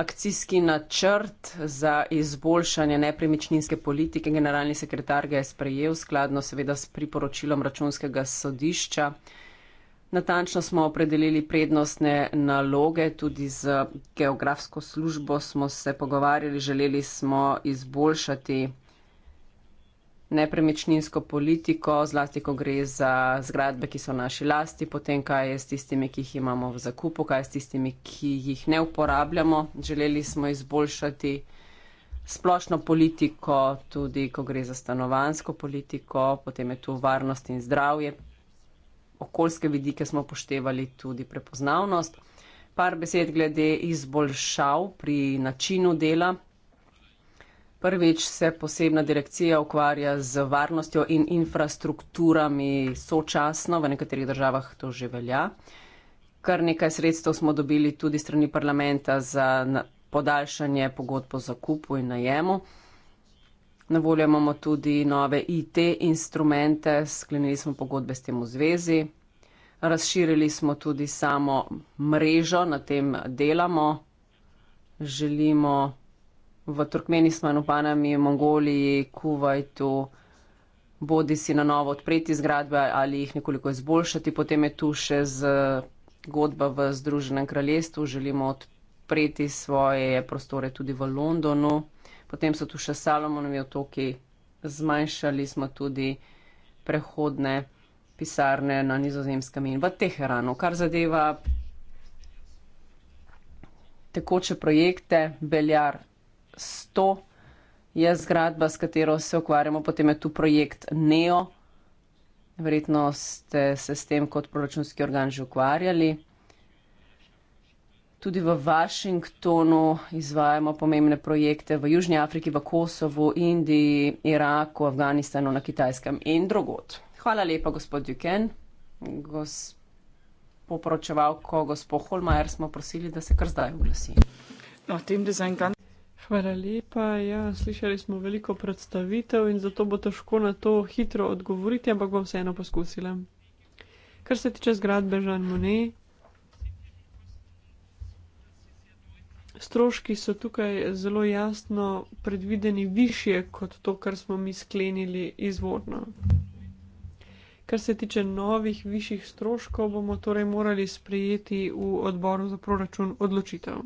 akcijski načrt za izboljšanje nepremičninske politike. Generalni sekretar ga je sprejel skladno seveda s priporočilom računskega sodišča. Natančno smo opredelili prednostne naloge, tudi z geografsko službo smo se pogovarjali, želeli smo izboljšati nepremičninsko politiko, zlasti ko gre za zgradbe, ki so naši lasti, potem kaj je s tistimi, ki jih imamo v zakupu, kaj je s tistimi, ki jih ne uporabljamo. Želeli smo izboljšati splošno politiko, tudi ko gre za stanovansko politiko, potem je tu varnost in zdravje. Okoljske vidike smo poštevali tudi prepoznavnost. Par besed glede izboljšav pri načinu dela, Prvič se posebna direkcija ukvarja z varnostjo in infrastrukturami sočasno, v nekaterih državah to že velja. Kar nekaj sredstev smo dobili tudi strani parlamenta za podaljšanje pogodbo za kupu in najemu. Na voljo imamo tudi nove IT instrumente, sklenili smo pogodbe s tem v zvezi. Razširili smo tudi samo mrežo, na tem delamo. Želimo v Turkmenistanu, Panami, Mongoliji, Kuwaitu, bodi si na novo odpreti zgradbe ali jih nekoliko izboljšati. Potem je tu še zgodba v Združenem kraljestvu, želimo odpreti svoje prostore tudi v Londonu. Potem so tu še Salomonovi otoki, zmanjšali smo tudi prehodne pisarne na nizozemskem in v Teheranu. Kar zadeva tekoče projekte, Beljar 100 je zgradba, s katero se ukvarjamo, potem je tu projekt NEO. Verjetno ste se s tem kot proračunski organ že ukvarjali. Tudi v Washingtonu izvajamo pomembne projekte v Južnji Afriki, v Kosovu, Indiji, Iraku, Afganistanu, na Kitajskem in drugot. Hvala lepa, gospod Duken. Gospod poročevalko, gospod Holmajer, smo prosili, da se kar zdaj oglasi. No, Hvala lepa. Ja, slišali smo veliko predstavitev in zato bo težko na to hitro odgovoriti, ampak bom vseeno poskusila. Kar se tiče zgradbe Žan Mone, stroški so tukaj zelo jasno predvideni više kot to, kar smo mi sklenili izvorno. Kar se tiče novih višjih stroškov, bomo torej morali sprejeti v odboru za proračun odločitev.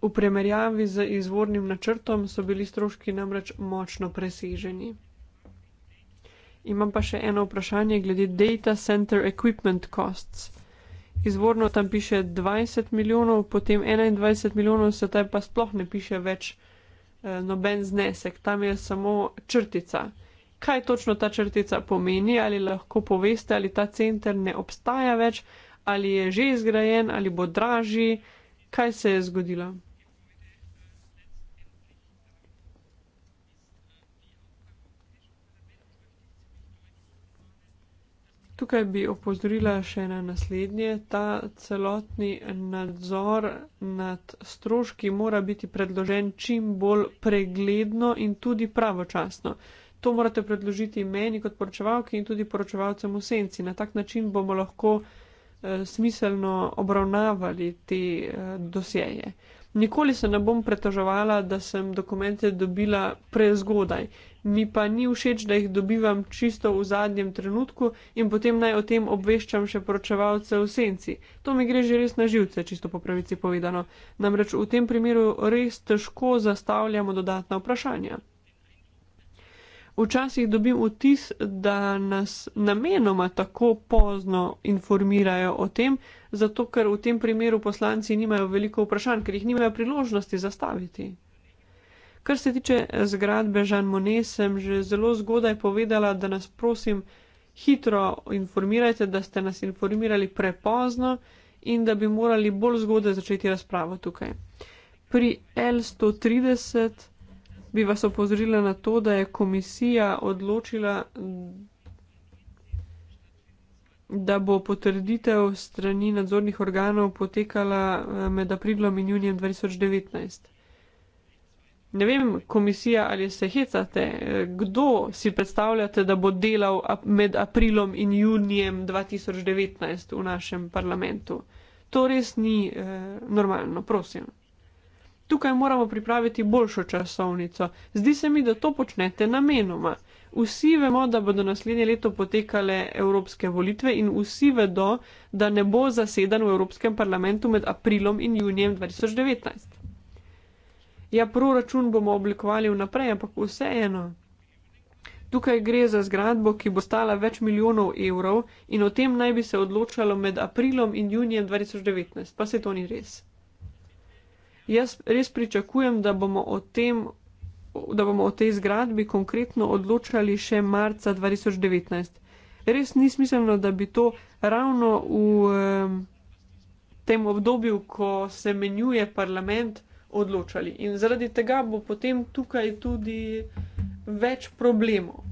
V primerjavi z izvornim načrtom so bili stroški namreč močno preseženi. Imam pa še eno vprašanje glede Data Center Equipment Costs. Izvorno tam piše 20 milijonov, potem 21 milijonov, se tam pa sploh ne piše več eh, noben znesek, tam je samo črtica. Kaj točno ta črtica pomeni, ali lahko poveste, ali ta center ne obstaja več, ali je že izgrajen, ali bo dražji, kaj se je zgodilo? Tukaj bi opozorila še na naslednje. Ta celotni nadzor nad stroški mora biti predložen čim bolj pregledno in tudi pravočasno. To morate predložiti meni kot poročevalki in tudi poročevalcem v senci. Na tak način bomo lahko eh, smiselno obravnavali te eh, dosjeje. Nikoli se ne bom pretoževala, da sem dokumente dobila prezgodaj mi pa ni všeč, da jih dobivam čisto v zadnjem trenutku in potem naj o tem obveščam še poročevalce v senci. To mi gre že res na živce, čisto po pravici povedano. Namreč v tem primeru res težko zastavljamo dodatna vprašanja. Včasih dobim vtis, da nas namenoma tako pozno informirajo o tem, zato ker v tem primeru poslanci nimajo veliko vprašanj, ker jih nimajo priložnosti zastaviti. Kar se tiče eh, zgradbe Žan Mone, sem že zelo zgodaj povedala, da nas prosim hitro informirajte, da ste nas informirali prepozno in da bi morali bolj zgodaj začeti razpravo tukaj. Pri L130 bi vas opozorila na to, da je komisija odločila, da bo potrditev strani nadzornih organov potekala eh, med aprilom in junijem 2019 ne vem, komisija ali se hecate, kdo si predstavljate, da bo delal med aprilom in junijem 2019 v našem parlamentu. To res ni eh, normalno, prosim. Tukaj moramo pripraviti boljšo časovnico. Zdi se mi, da to počnete namenoma. Vsi vemo, da bodo naslednje leto potekale evropske volitve in vsi vedo, da ne bo zasedan v Evropskem parlamentu med aprilom in junijem 2019. Ja, proračun bomo oblikovali vnaprej, ampak vseeno. Tukaj gre za zgradbo, ki bo stala več milijonov evrov in o tem naj bi se odločalo med aprilom in junijem 2019, pa se to ni res. Jaz res pričakujem, da bomo o tem, da bomo o tej zgradbi konkretno odločali še marca 2019. Res ni smiselno, da bi to ravno v eh, tem obdobju, ko se menjuje parlament, odločali. In zaradi tega bo potem tukaj tudi več problemov.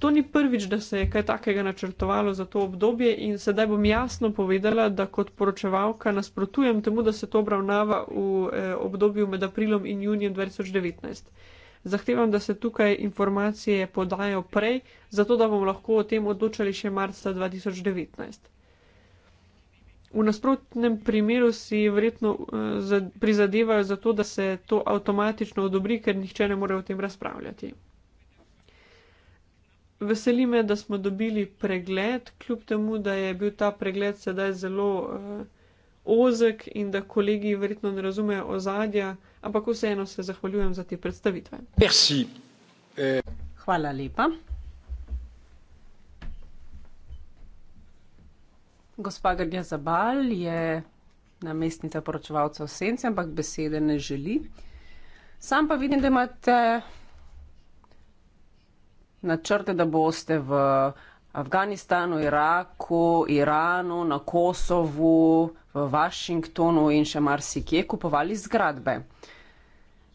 To ni prvič, da se je kaj takega načrtovalo za to obdobje, in sedaj bom jasno povedala, da kot poročevalka nasprotujem temu, da se to obravnava v eh, obdobju med aprilom in junijem 2019. Zahtevam, da se tukaj informacije podajo prej, zato da bomo lahko o tem odločali še marca 2019. V nasprotnem primeru si verjetno uh, prizadevajo za to, da se to avtomatično odobri, ker nihče ne more o tem razpravljati. Veseli me, da smo dobili pregled, kljub temu, da je bil ta pregled sedaj zelo uh, ozek in da kolegi verjetno ne razumejo ozadja, ampak vseeno se zahvaljujem za te predstavitve. Merci. Eh. Hvala lepa. Gospa Grnja Zabal je namestnica poročevalca v Senci, ampak besede ne želi. Sam pa vidim, da imate načrte, da boste v Afganistanu, Iraku, Iranu, na Kosovu, v Vašingtonu in še marsikje kupovali zgradbe.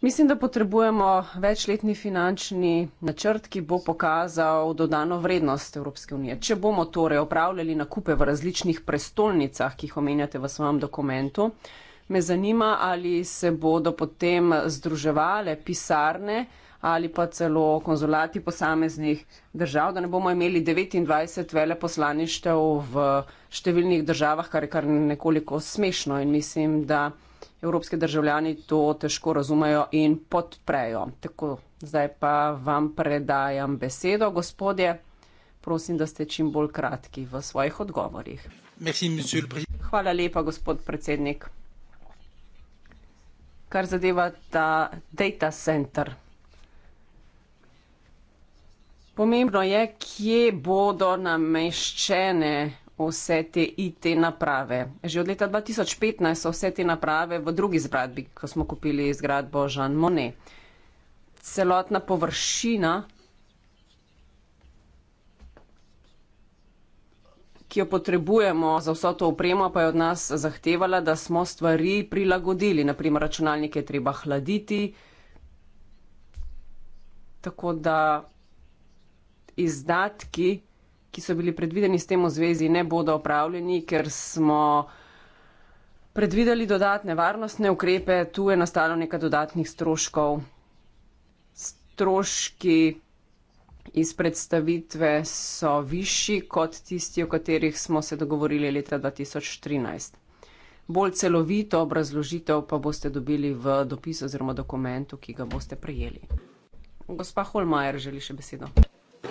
Mislim, da potrebujemo večletni finančni načrt, ki bo pokazal dodano vrednost Evropske unije. Če bomo torej opravljali nakupe v različnih prestolnicah, ki jih omenjate v svojem dokumentu, me zanima, ali se bodo potem združevale pisarne ali pa celo konzulati posameznih držav, da ne bomo imeli 29 veleposlaništev v številnih državah, kar je kar nekoliko smešno in mislim, da evropske državljani to težko razumejo in podprejo. Tako, zdaj pa vam predajam besedo, gospodje. Prosim, da ste čim bolj kratki v svojih odgovorih. Hvala lepa, gospod predsednik. Kar zadeva ta data center. Pomembno je, kje bodo nameščene vse te IT naprave. Že od leta 2015 so vse te naprave v drugi zgradbi, ko smo kupili zgradbo Jean Monnet. Celotna površina, ki jo potrebujemo za vso to upremo, pa je od nas zahtevala, da smo stvari prilagodili. Naprimer, računalnike treba hladiti. Tako da izdatki ki so bili predvideni s tem v zvezi, ne bodo opravljeni, ker smo predvideli dodatne varnostne ukrepe, tu je nastalo nekaj dodatnih stroškov. Stroški iz predstavitve so višji kot tisti, o katerih smo se dogovorili leta 2013. Bolj celovito obrazložitev pa boste dobili v dopisu oziroma dokumentu, ki ga boste prejeli. Gospa Holmajer želi še besedo.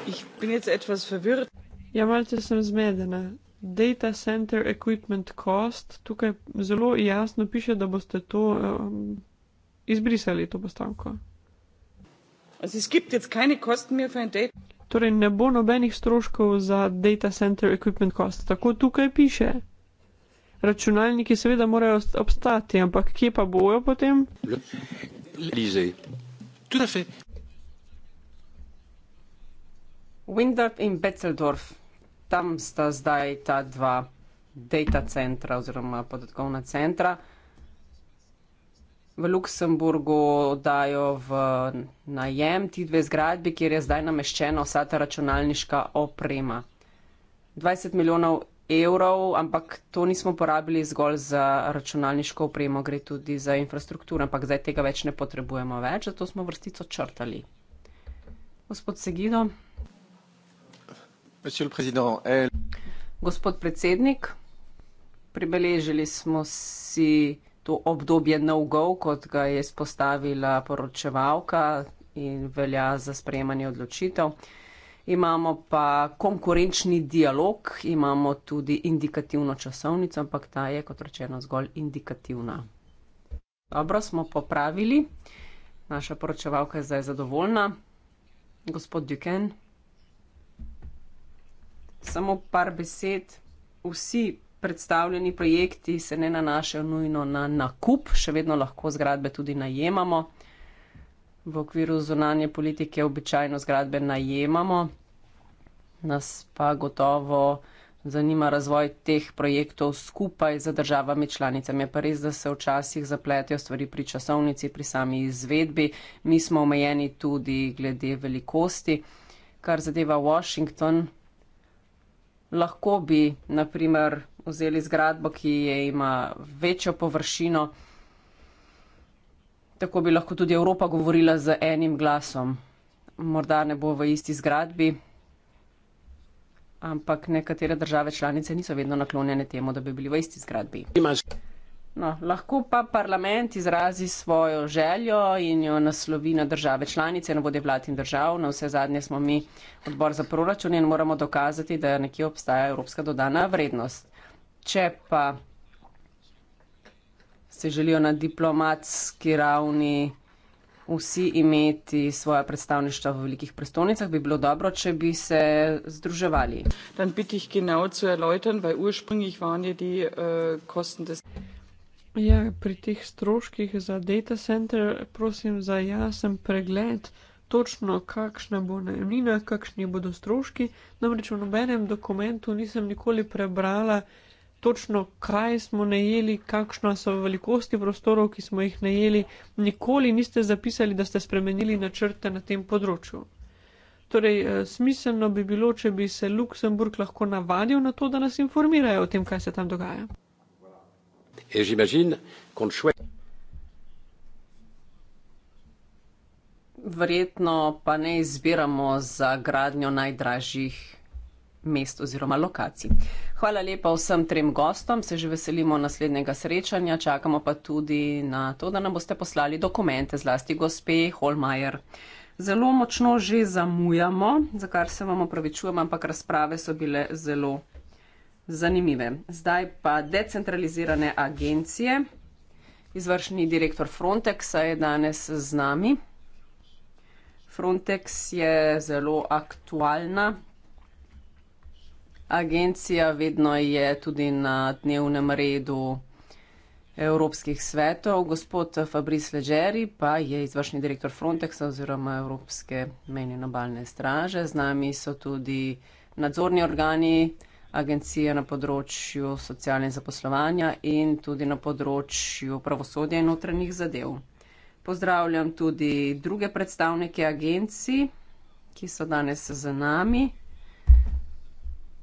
Ich bin jetzt etwas verwirrt. Ja, malce sem zmedena. Data Center Equipment Cost, tukaj zelo jasno piše, da boste to um, izbrisali, to postavko. Torej, ne bo nobenih stroškov za Data Center Equipment Cost, tako tukaj piše. Računalniki seveda morajo obstati, ampak kje pa bojo potem? Lizej. Tudi fe. Windup in Betzeldorf tam sta zdaj ta dva data centra oziroma podatkovna centra. V Luksemburgu dajo v najem ti dve zgradbi, kjer je zdaj nameščena vsa ta računalniška oprema. 20 milijonov evrov, ampak to nismo porabili zgolj za računalniško opremo, gre tudi za infrastrukturo, ampak zdaj tega več ne potrebujemo več, zato smo vrstico črtali. Gospod Segido. Gospod predsednik, pribeležili smo si to obdobje novgov, kot ga je spostavila poročevalka in velja za sprejemanje odločitev. Imamo pa konkurenčni dialog, imamo tudi indikativno časovnico, ampak ta je, kot rečeno, zgolj indikativna. Dobro smo popravili, naša poročevalka je zdaj zadovoljna. Gospod Duken, samo par besed. Vsi predstavljeni projekti se ne nanašajo nujno na nakup, še vedno lahko zgradbe tudi najemamo. V okviru zunanje politike običajno zgradbe najemamo, nas pa gotovo zanima razvoj teh projektov skupaj z državami članicami. Je pa res, da se včasih zapletijo stvari pri časovnici, pri sami izvedbi. Mi smo omejeni tudi glede velikosti. Kar zadeva Washington, lahko bi, naprimer, vzeli zgradbo, ki je ima večjo površino, tako bi lahko tudi Evropa govorila z enim glasom. Morda ne bo v isti zgradbi, ampak nekatere države članice niso vedno naklonjene temu, da bi bili v isti zgradbi. Imaš. No, lahko pa parlament izrazi svojo željo in jo naslovi na države članice, na vode vlad in držav. Na vse zadnje smo mi odbor za proračun in moramo dokazati, da nekje obstaja evropska dodana vrednost. Če pa se želijo na diplomatski ravni vsi imeti svoje predstavništvo v velikih prestolnicah, bi bilo dobro, če bi se združevali. Ja, pri teh stroških za data center, prosim za jasen pregled, točno kakšna bo najemnina, kakšni bodo stroški. Namreč v nobenem dokumentu nisem nikoli prebrala točno, kaj smo najeli, kakšna so velikosti prostorov, ki smo jih najeli. Nikoli niste zapisali, da ste spremenili načrte na tem področju. Torej, eh, smiselno bi bilo, če bi se Luksemburg lahko navadil na to, da nas informirajo o tem, kaj se tam dogaja et j'imagine qu'on le souhaite. Verjetno pa ne izbiramo za gradnjo najdražjih mest oziroma lokacij. Hvala lepa vsem trem gostom, se že veselimo naslednjega srečanja, čakamo pa tudi na to, da nam boste poslali dokumente, zlasti gospe Holmajer. Zelo močno že zamujamo, za kar se vam opravičujem, ampak razprave so bile zelo zanimive. Zdaj pa decentralizirane agencije. Izvršni direktor Frontexa je danes z nami. Frontex je zelo aktualna. Agencija vedno je tudi na dnevnem redu evropskih svetov. Gospod Fabrice Leđeri pa je izvršni direktor Frontexa oziroma Evropske menjenobalne straže. Z nami so tudi nadzorni organi, agencije na področju socialne zaposlovanja in tudi na področju pravosodja in notranjih zadev. Pozdravljam tudi druge predstavnike agencij, ki so danes z nami.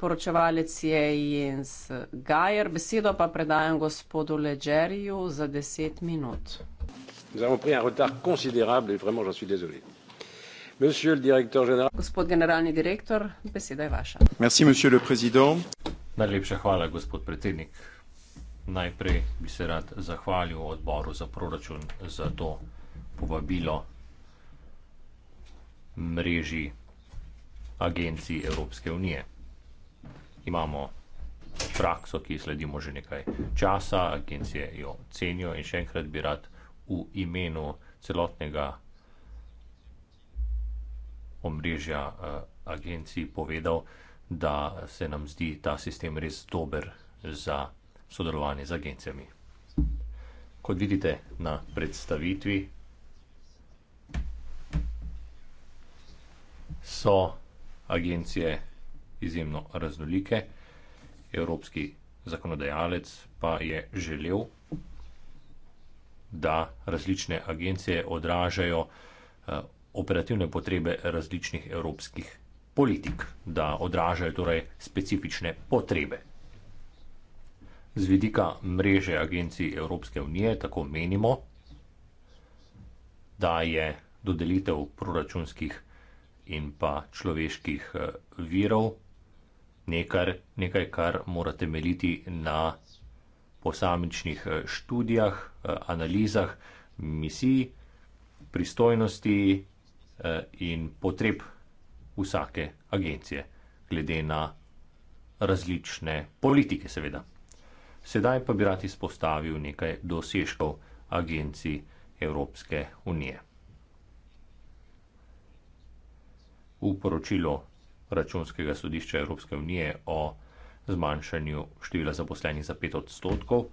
Poročevalec je Jens Gajer, besedo pa predajam gospodu Ledžerju za deset minut. Zdaj bomo prijavili ta konsiderabli, vremo, da si dezolit gospod generalni direktor beseda je vaša najlepša hvala gospod predsednik najprej bi se rad zahvalil odboru za proračun za to povabilo mreži agencij Evropske unije imamo prakso, ki sledimo že nekaj časa, agencije jo cenijo in še enkrat bi rad v imenu celotnega omrežja eh, agencij povedal, da se nam zdi ta sistem res dober za sodelovanje z agencijami. Kot vidite na predstavitvi, so agencije izjemno raznolike, evropski zakonodajalec pa je želel, da različne agencije odražajo eh, operativne potrebe različnih evropskih politik, da odražajo torej specifične potrebe. Z vidika mreže agencij Evropske unije tako menimo, da je dodelitev proračunskih in pa človeških eh, virov nekaj, nekaj kar mora temeljiti na posamičnih eh, študijah, eh, analizah, misiji, pristojnosti Eh, in potreb vsake agencije, glede na različne politike, seveda. Sedaj pa bi rad izpostavil nekaj dosežkov agencij Evropske unije. V poročilu Računskega sodišča Evropske unije o zmanjšanju števila zaposlenih za 5 odstotkov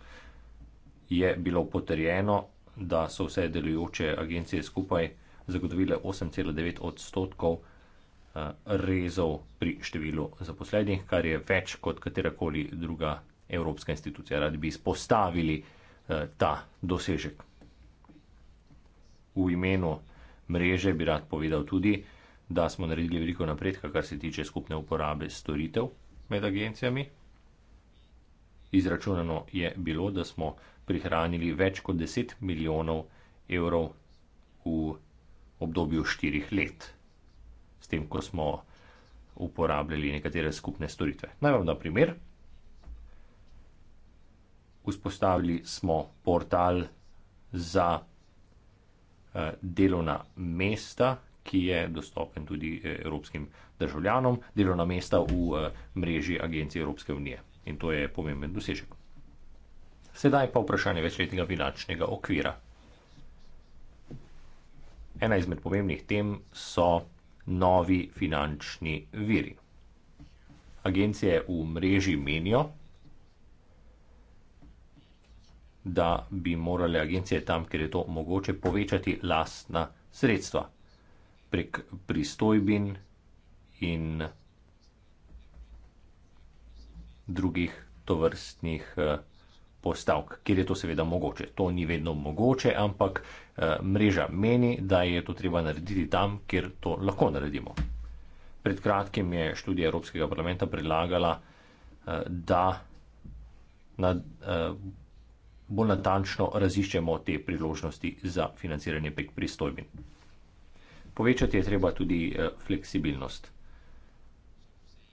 je bilo potrjeno, da so vse delujoče agencije skupaj zagotovile 8,9 odstotkov eh, rezov pri številu zaposlenih, kar je več kot katerakoli druga evropska institucija. Radi bi izpostavili eh, ta dosežek. V imenu mreže bi rad povedal tudi, da smo naredili veliko napredka, kar se tiče skupne uporabe storitev med agencijami. Izračunano je bilo, da smo prihranili več kot 10 milijonov evrov v obdobju štirih let, s tem, ko smo uporabljali nekatere skupne storitve. Naj vam da primer. Vzpostavili smo portal za eh, delovna mesta, ki je dostopen tudi eh, evropskim državljanom, delovna mesta v eh, mreži Agencije Evropske unije. In to je pomemben dosežek. Sedaj pa vprašanje večletnega finančnega okvira. Ena izmed pomembnih tem so novi finančni viri. Agencije v mreži menijo, da bi morale agencije tam, kjer je to mogoče, povečati lastna sredstva prek pristojbin in drugih tovrstnih uh, postavk, kjer je to seveda mogoče. To ni vedno mogoče, ampak eh, mreža meni, da je to treba narediti tam, kjer to lahko naredimo. Pred kratkim je študija Evropskega parlamenta predlagala, eh, da eh, bolj natančno raziščemo te priložnosti za financiranje prek pristojbin. Povečati je treba tudi fleksibilnost.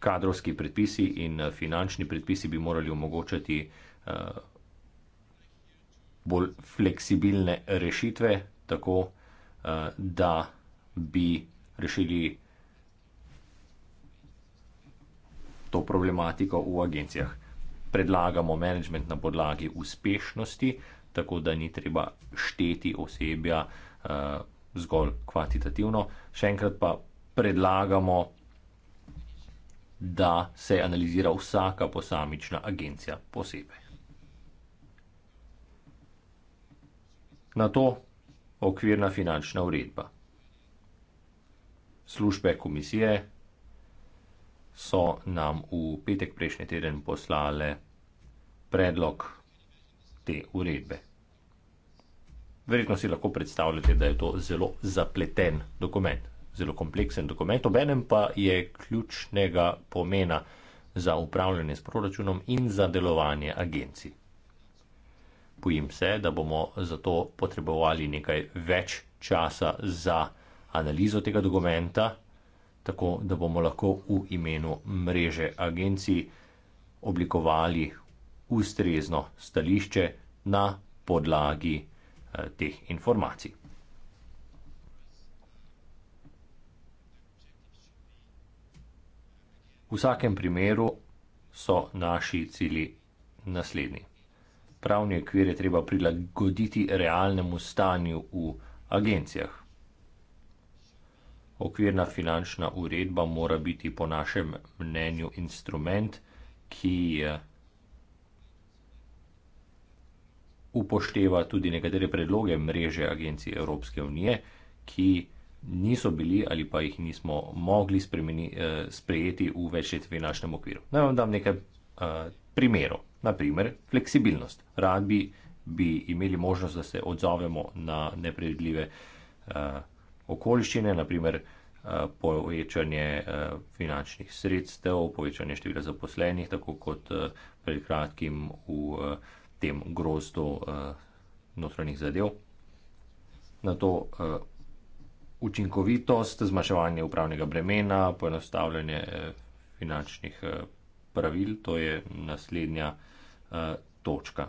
Kadrovski predpisi in finančni predpisi bi morali omogočati bolj fleksibilne rešitve, tako eh, da bi rešili to problematiko v agencijah. Predlagamo management na podlagi uspešnosti, tako da ni treba šteti osebja eh, zgolj kvantitativno. Še enkrat pa predlagamo, da se analizira vsaka posamična agencija posebej. na to okvirna finančna uredba. Službe komisije so nam v petek prejšnji teden poslale predlog te uredbe. Verjetno si lahko predstavljate, da je to zelo zapleten dokument, zelo kompleksen dokument, obenem pa je ključnega pomena za upravljanje s proračunom in za delovanje agencij bojim se, da bomo zato potrebovali nekaj več časa za analizo tega dokumenta, tako da bomo lahko v imenu mreže agencij oblikovali ustrezno stališče na podlagi eh, teh informacij. V vsakem primeru so naši cili naslednji pravni okvir je treba prilagoditi realnemu stanju v agencijah. Okvirna finančna uredba mora biti po našem mnenju instrument, ki eh, upošteva tudi nekatere predloge mreže agencij Evropske unije, ki niso bili ali pa jih nismo mogli spremeni, eh, sprejeti v večletni finančnem okviru. Naj vam dam nekaj uh, primerov naprimer fleksibilnost. Rad bi, bi imeli možnost, da se odzovemo na nepredvidljive eh, okoliščine, naprimer eh, povečanje eh, finančnih sredstev, povečanje števila zaposlenih, tako kot eh, pred kratkim v eh, tem grozdu eh, notranjih zadev. Na to eh, učinkovitost, zmaševanje upravnega bremena, poenostavljanje eh, finančnih eh, pravil, to je naslednja. Eh, točka.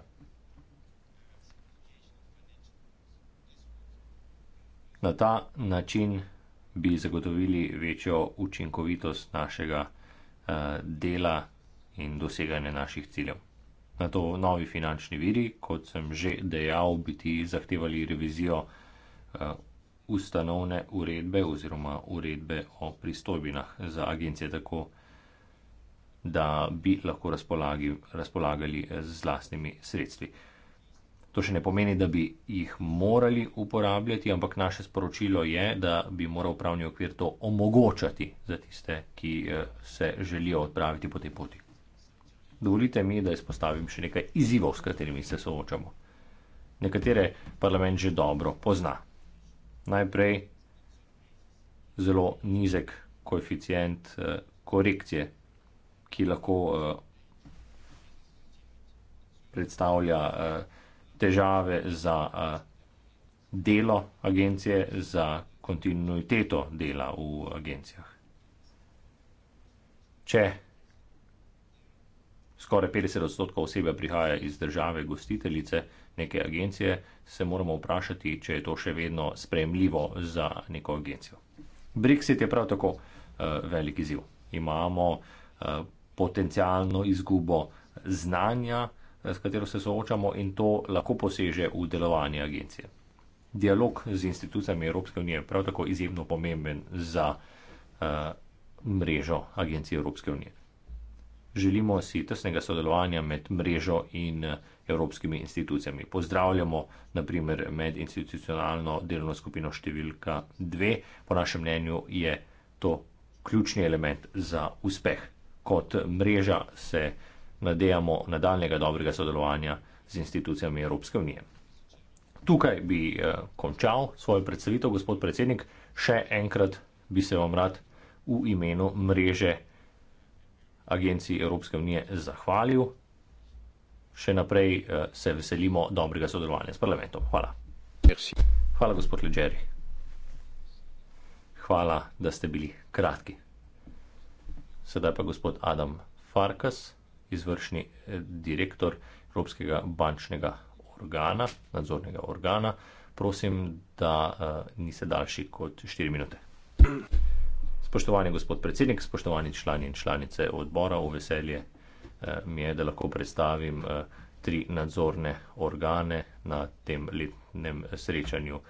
Na ta način bi zagotovili večjo učinkovitost našega eh, dela in doseganje naših ciljev. Na to novi finančni viri, kot sem že dejal, bi ti zahtevali revizijo eh, ustanovne uredbe oziroma uredbe o pristojbinah za agencije tako da bi lahko razpolagi, razpolagali eh, z vlastnimi sredstvi. To še ne pomeni, da bi jih morali uporabljati, ampak naše sporočilo je, da bi moral pravni okvir to omogočati za tiste, ki eh, se želijo odpraviti po tej poti. Dovolite mi, da izpostavim še nekaj izzivov, s katerimi se soočamo. Nekatere parlament že dobro pozna. Najprej zelo nizek koeficient eh, korekcije ki lahko eh, predstavlja eh, težave za eh, delo agencije, za kontinuiteto dela v agencijah. Če skoraj 50 odstotkov osebe prihaja iz države gostiteljice neke agencije, se moramo vprašati, če je to še vedno spremljivo za neko agencijo. Brexit je prav tako uh, velik izziv. Imamo uh, potencialno izgubo znanja, s katero se soočamo in to lahko poseže v delovanje agencije. Dialog z institucijami Evropske unije je prav tako izjemno pomemben za uh, mrežo agencij Evropske unije. Želimo si tesnega sodelovanja med mrežo in eh, evropskimi institucijami. Pozdravljamo naprimer medinstitucionalno delovno skupino številka 2. Po našem mnenju je to ključni element za uspeh kot mreža se nadejamo nadaljnega dobrega sodelovanja z institucijami Evropske unije. Tukaj bi eh, končal svojo predstavitev, gospod predsednik. Še enkrat bi se vam rad v imenu mreže agencij Evropske unije zahvalil. Še naprej eh, se veselimo dobrega sodelovanja s parlamentom. Hvala. Merci. Hvala, gospod Leđeri. Hvala, da ste bili kratki. Sedaj pa gospod Adam Farkas, izvršni eh, direktor Evropskega bančnega organa, nadzornega organa. Prosim, da uh, eh, ni se daljši kot 4 minute. Spoštovani gospod predsednik, spoštovani člani in članice odbora, v veselje uh, mi je, da lahko predstavim uh, tri nadzorne organe na tem letnem srečanju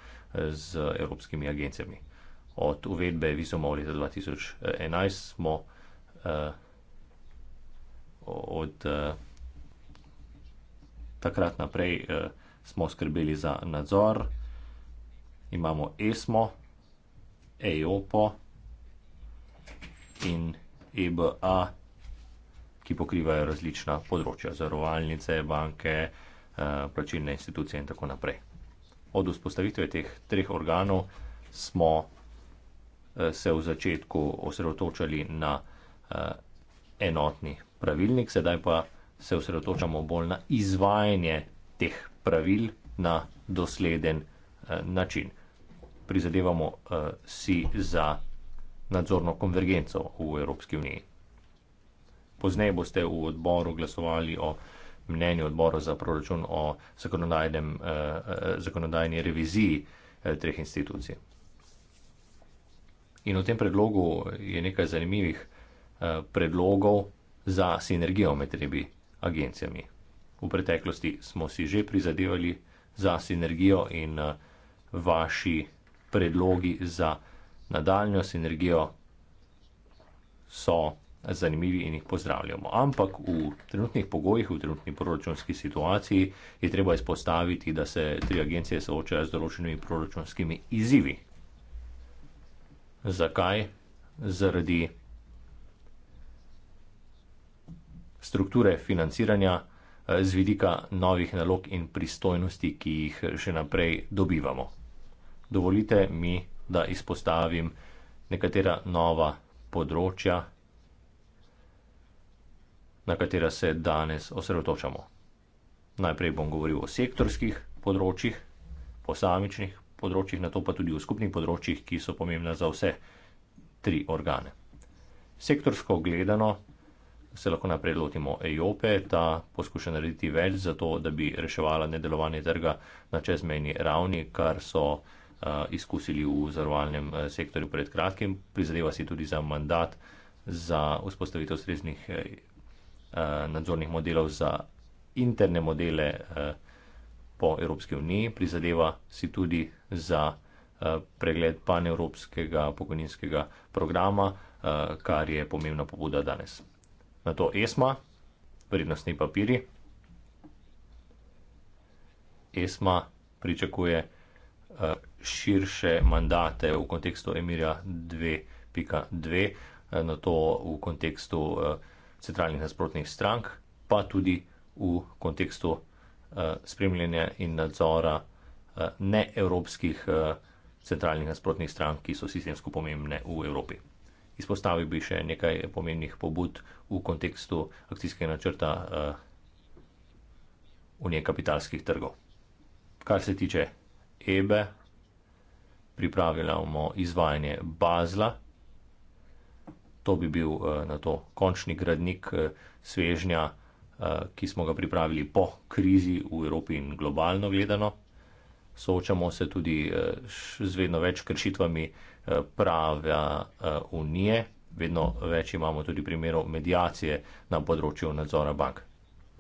z evropskimi agencijami. Od uvedbe vizumov leta 2011 smo uh, od uh, takrat naprej uh, smo skrbeli za nadzor, imamo ESMO, EOPO in EBA, ki pokrivajo različna področja, zarovalnice, banke, uh, plačilne institucije in tako naprej. Od vzpostavitve teh treh organov smo se v začetku osredotočali na uh, Eh, enotni pravilnik, sedaj pa se osredotočamo bolj na izvajanje teh pravil na dosleden eh, način. Prizadevamo eh, si za nadzorno konvergenco v Evropski uniji. Poznaj boste v odboru glasovali o mnenju odbora za proračun o zakonodajnem, zakonodajni reviziji treh institucij. In v tem predlogu je nekaj zanimivih Eh, predlogov za sinergijo med temi agencijami. V preteklosti smo si že prizadevali za sinergijo in eh, vaši predlogi za nadaljno sinergijo so zanimivi in jih pozdravljamo. Ampak v trenutnih pogojih, v trenutni proračunski situaciji je treba izpostaviti, da se tri agencije soočajo z določenimi proračunskimi izzivi. Zakaj? Zaradi strukture financiranja eh, z vidika novih nalog in pristojnosti, ki jih še naprej dobivamo. Dovolite mi, da izpostavim nekatera nova področja, na katera se danes osredotočamo. Najprej bom govoril o sektorskih področjih, posamičnih področjih, na to pa tudi o skupnih področjih, ki so pomembna za vse tri organe. Sektorsko gledano se lahko naprej lotimo EOP-e, ta poskuša narediti več za to, da bi reševala nedelovanje trga na čezmejni ravni, kar so uh, izkusili v zarovalnem eh, sektorju pred kratkim. Prizadeva si tudi za mandat za vzpostavitev sreznih uh, eh, nadzornih modelov za interne modele uh, po Evropski uniji. Prizadeva si tudi za uh, pregled paneuropskega pokojninskega programa, uh, kar je pomembna pobuda danes na to ESMA, vrednostni papiri. ESMA pričakuje eh, širše mandate v kontekstu Emirja 2.2, na to v kontekstu eh, centralnih nasprotnih strank, pa tudi v kontekstu eh, spremljanja in nadzora neevropskih centralnih nasprotnih strank, ki so sistemsko pomembne v Evropi. Izpostavil bi še nekaj pomembnih pobud v kontekstu akcijskega načrta eh, unije kapitalskih trgov. Kar se tiče EBE, pripravljamo izvajanje Bazla. To bi bil eh, na to končni gradnik eh, svežnja, ki smo ga pripravili po krizi v Evropi in globalno gledano. Soočamo se tudi z vedno več kršitvami prava eh, unije. Vedno več imamo tudi primerov medijacije na področju nadzora bank.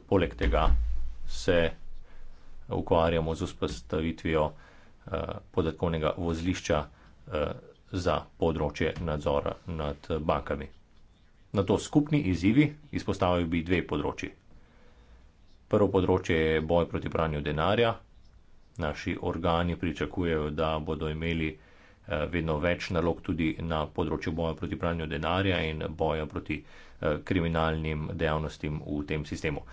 Poleg tega se ukvarjamo z vzpostavitvijo eh, podatkovnega vozlišča eh, za področje nadzora nad bankami. Na to skupni izzivi izpostavil bi dve področji. Prvo področje je boj proti pranju denarja. Naši organi pričakujejo, da bodo imeli Eh, vedno več nalog tudi na področju boja proti pranju denarja in boja proti eh, kriminalnim dejavnostim v tem sistemu.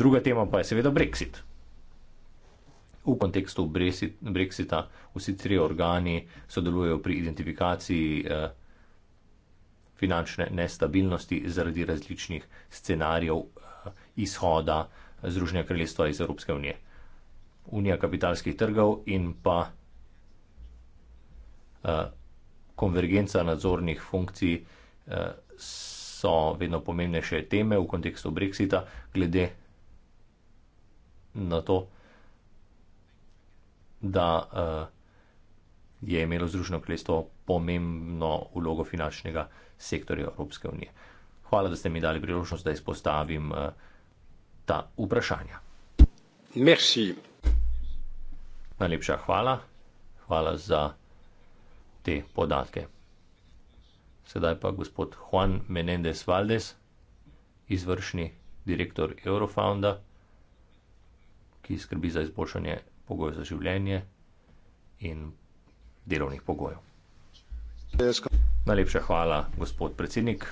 Druga tema pa je seveda Brexit. V kontekstu Brexita vsi tri organi sodelujejo pri identifikaciji eh, finančne nestabilnosti zaradi različnih scenarijev izhoda Združenja kraljestva iz Evropske unije. Unija kapitalskih trgov in pa Eh, konvergenca nadzornih funkcij eh, so vedno pomembnejše teme v kontekstu Brexita, glede na to, da eh, je imelo Združeno kraljestvo pomembno vlogo finančnega sektorja Evropske unije. Hvala, da ste mi dali priložnost, da izpostavim ta vprašanja. Merci. Najlepša hvala. Hvala za te podatke. Sedaj pa gospod Juan Menendez Valdes, izvršni direktor Eurofounda, ki skrbi za izboljšanje pogojev za življenje in delovnih pogojev. Najlepša hvala, gospod predsednik,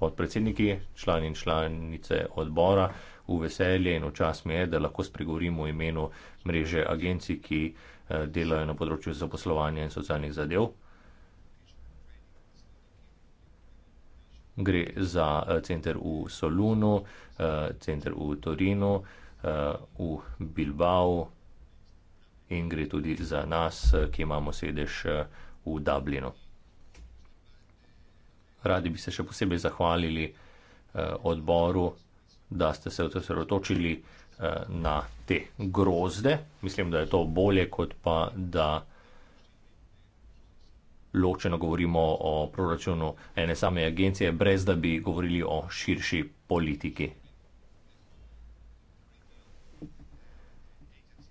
podpredsedniki, člani in članice odbora. V veselje in v čas mi je, da lahko spregovorim v imenu mreže agencij, ki eh, delajo na področju zaposlovanja in socialnih zadev. gre za eh, center v Solunu, eh, center v Torinu, eh, v Bilbao in gre tudi za nas, ki imamo sedež v Dublinu. Radi bi se še posebej zahvalili odboru, da ste se osredotočili na te grozde. Mislim, da je to bolje, kot pa da ločeno govorimo o proračunu ene same agencije, brez da bi govorili o širši politiki.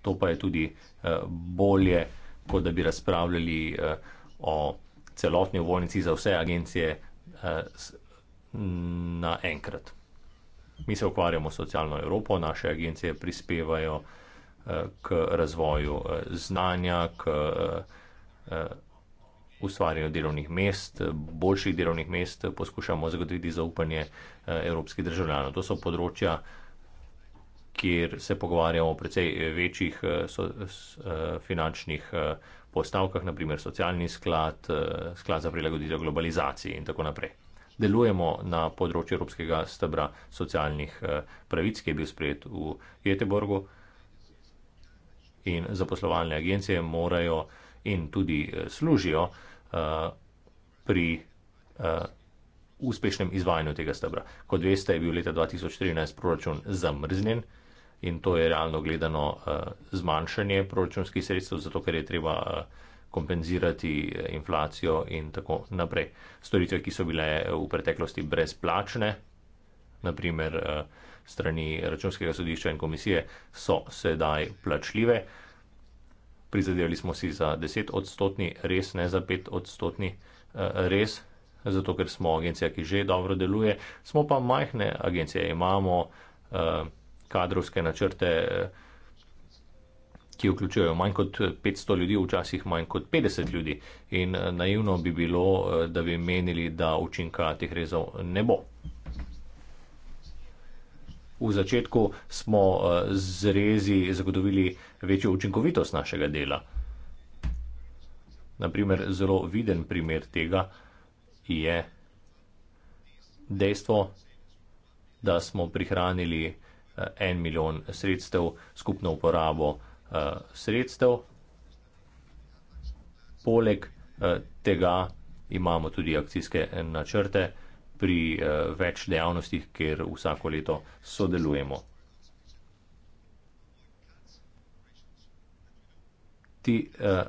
To pa je tudi eh, bolje, kot da bi razpravljali eh, o celotni uvojnici za vse agencije eh, naenkrat. Mi se ukvarjamo s socialno Evropo, naše agencije prispevajo k razvoju znanja, k razvoju ustvarjanju delovnih mest, boljših delovnih mest, poskušamo zagotoviti zaupanje eh, evropskih državljanov. To so področja, kjer se pogovarjamo o precej eh, večjih eh, so, s, finančnih postavkah, naprimer socialni sklad, sklad za prilagoditev globalizaciji in tako naprej. Delujemo na področju evropskega stebra socialnih pravic, ki je bil sprejet v Jeteborgu in zaposlovalne agencije morajo in tudi služijo Eh, pri uh, uspešnem izvajanju tega stebra. Kot veste, je bil leta 2013 proračun zamrznjen in to je realno gledano uh, zmanjšanje proračunskih sredstev, zato ker je treba uh, kompenzirati inflacijo in tako naprej. Storitve, ki so bile v preteklosti brezplačne, naprimer uh, strani računskega sodišča in komisije, so sedaj plačljive. Uh, prizadevali smo si za 10 odstotni res, ne za 5 odstotni eh, res. Zato, ker smo agencija, ki že dobro deluje, smo pa majhne agencije, imamo eh, kadrovske načrte, eh, ki vključujejo manj kot 500 ljudi, včasih manj kot 50 ljudi. In eh, naivno bi bilo, eh, da bi menili, da učinka teh rezov ne bo v začetku smo eh, z rezi zagotovili večjo učinkovitost našega dela. Naprimer, zelo viden primer tega je dejstvo, da smo prihranili eh, en milijon sredstev, skupno uporabo eh, sredstev. Poleg tega imamo tudi akcijske načrte pri eh, več dejavnostih, kjer vsako leto sodelujemo. Ti eh,